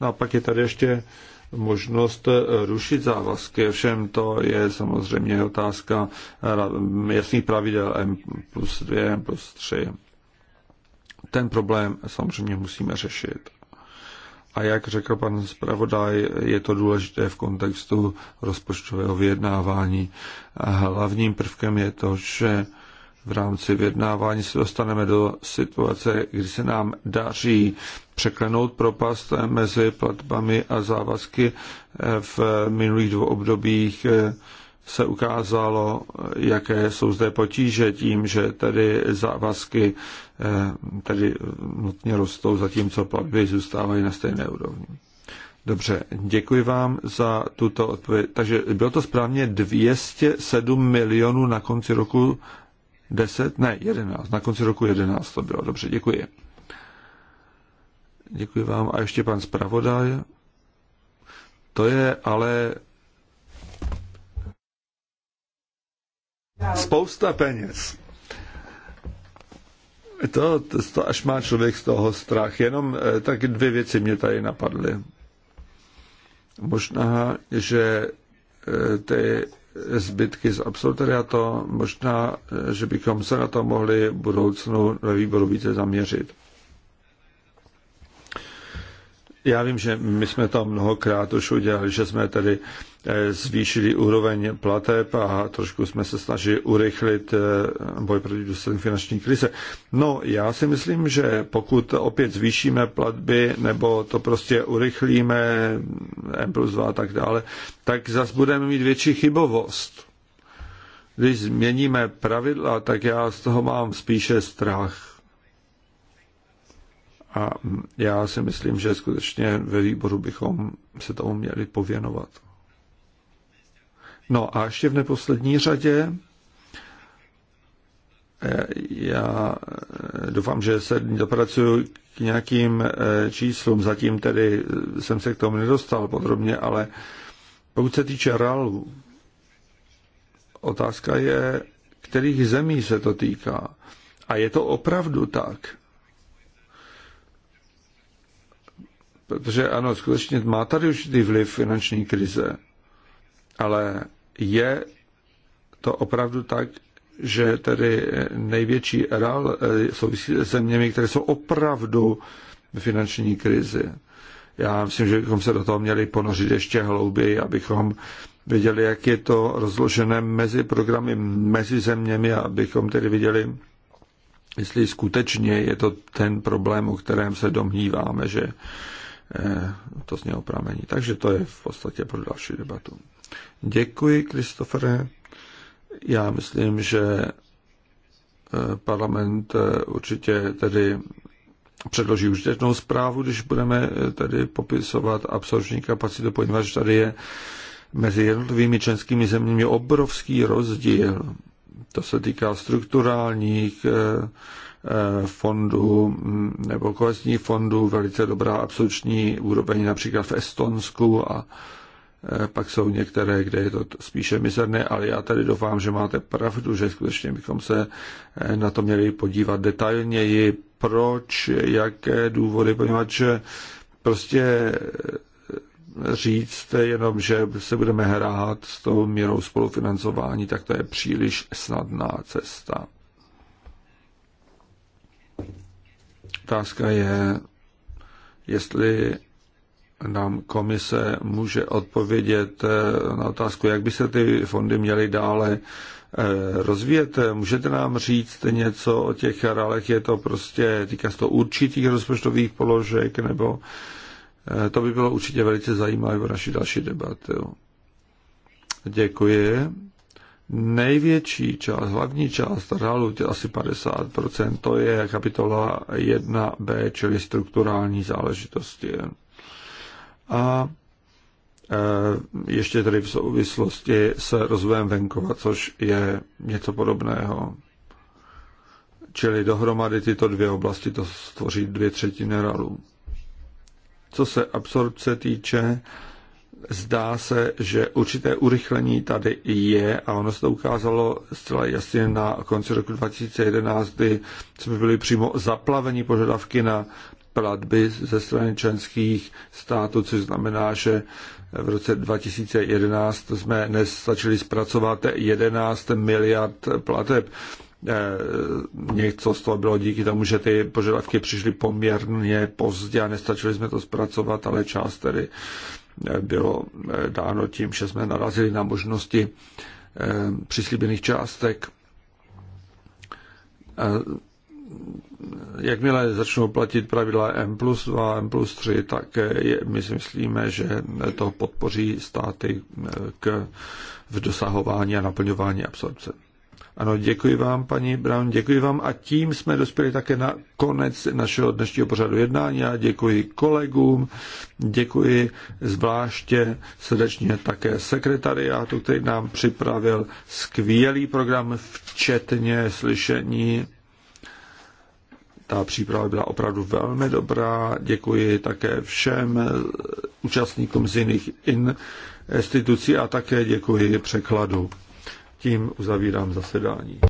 No a pak je tady ještě možnost eh, rušit závazky. Všem to je samozřejmě otázka eh, jasných pravidel M plus 2, M plus 3. Ten problém samozřejmě musíme řešit. A jak řekl pan zpravodaj, je to důležité v kontextu rozpočtového vyjednávání. hlavním prvkem je to, že v rámci vyjednávání se dostaneme do situace, kdy se nám daří překlenout propast mezi platbami a závazky. V minulých dvou obdobích se ukázalo, jaké jsou zde potíže tím, že tedy závazky eh, tedy nutně rostou, zatímco platby zůstávají na stejné úrovni. Dobře, děkuji vám za tuto odpověď. Takže bylo to správně 207 milionů na konci roku 10, ne, 11, na konci roku 11 to bylo, dobře, děkuji. Děkuji vám. A ještě pan zpravodaj. To je ale spousta peněz. To, to až má člověk z toho strach. Jenom eh, tak dvě věci mě tady napadly. Možná, že eh, ty zbytky z absolutoria, to možná, že bychom se na to mohli v budoucnu ve výboru více zaměřit. Já vím, že my jsme to mnohokrát už udělali, že jsme tady eh, zvýšili úroveň plateb a trošku jsme se snažili urychlit eh, boj proti důsledkům finanční krize. No, já si myslím, že pokud opět zvýšíme platby nebo to prostě urychlíme, M plus 2 a tak dále, tak zas budeme mít větší chybovost. Když změníme pravidla, tak já z toho mám spíše strach. A já si myslím, že skutečně ve výboru bychom se tomu měli pověnovat. No a ještě v neposlední řadě eh, já eh, doufám, že se dopracuju k nějakým eh, číslům. Zatím tedy jsem se k tomu nedostal podrobně, ale pokud se týče RALu, otázka je, kterých zemí se to týká. A je to opravdu tak, Protože ano, skutečně má tady určitý vliv finanční krize, ale je to opravdu tak, že tedy největší RAL eh, souvisí se zeměmi, které jsou opravdu v finanční krizi. Já myslím, že bychom se do toho měli ponořit ještě hlouběji, abychom viděli, jak je to rozložené mezi programy, mezi zeměmi, abychom tedy viděli, jestli skutečně je to ten problém, o kterém se domníváme, že Eh, to z něho pramení. Takže to je v podstatě pro další debatu. Děkuji, Kristofere. Já myslím, že eh, parlament eh, určitě tedy předloží už jednou zprávu, když budeme tedy popisovat absorpční kapacitu, poněvadž tady je mezi jednotlivými členskými zeměmi obrovský rozdíl. To se týká strukturálních Eh, fondů mm, nebo kohezních fondů, velice dobrá absoluční úroveň například v Estonsku a eh, pak jsou některé, kde je to spíše mizerné, ale já tady doufám, že máte pravdu, že skutečně bychom se eh, na to měli podívat detailněji, proč, jaké důvody, poněvadž prostě říct jenom, že se budeme hrát s tou měrou spolufinancování, tak to je příliš snadná cesta. Otázka je, jestli nám komise může odpovědět eh, na otázku, jak by se ty fondy měly dále eh, rozvíjet. Můžete nám říct něco o těch realech? Je to prostě, týká se to určitých rozpočtových položek, nebo eh, to by bylo určitě velice zajímavé v naší další debatě. Děkuji. Největší část, hlavní část RALu, to asi 50%, to je kapitola 1b, čili strukturální záležitosti. A e, ještě tedy v souvislosti s rozvojem venkova, což je něco podobného. Čili dohromady tyto dvě oblasti to stvoří dvě třetiny RALu. Co se absorpce týče, zdá se, že určité urychlení tady je a ono se to ukázalo zcela jasně na konci roku 2011, kdy jsme byli přímo zaplaveni požadavky na platby ze strany členských států, což znamená, že v roce 2011 jsme nestačili zpracovat 11 miliard plateb. Eh, něco z toho bylo díky tomu, že ty požadavky přišly poměrně pozdě a nestačili jsme to zpracovat, ale část tedy bylo eh, dáno tím, že jsme narazili na možnosti eh, přislíbených částek. Jakmile začnou platit pravidla M plus 2, M plus 3, tak eh, my si myslíme, že to podpoří státy k, v dosahování a naplňování absorpce. Ano, děkuji vám, paní Brown, děkuji vám a tím jsme dospěli také na konec našeho dnešního pořadu jednání. Já děkuji kolegům, děkuji zvláště srdečně také sekretariátu, který nám připravil skvělý program, včetně slyšení ta příprava byla opravdu velmi dobrá. Děkuji také všem účastníkům z jiných institucí a také děkuji překladu. Tím uzavírám zasedání.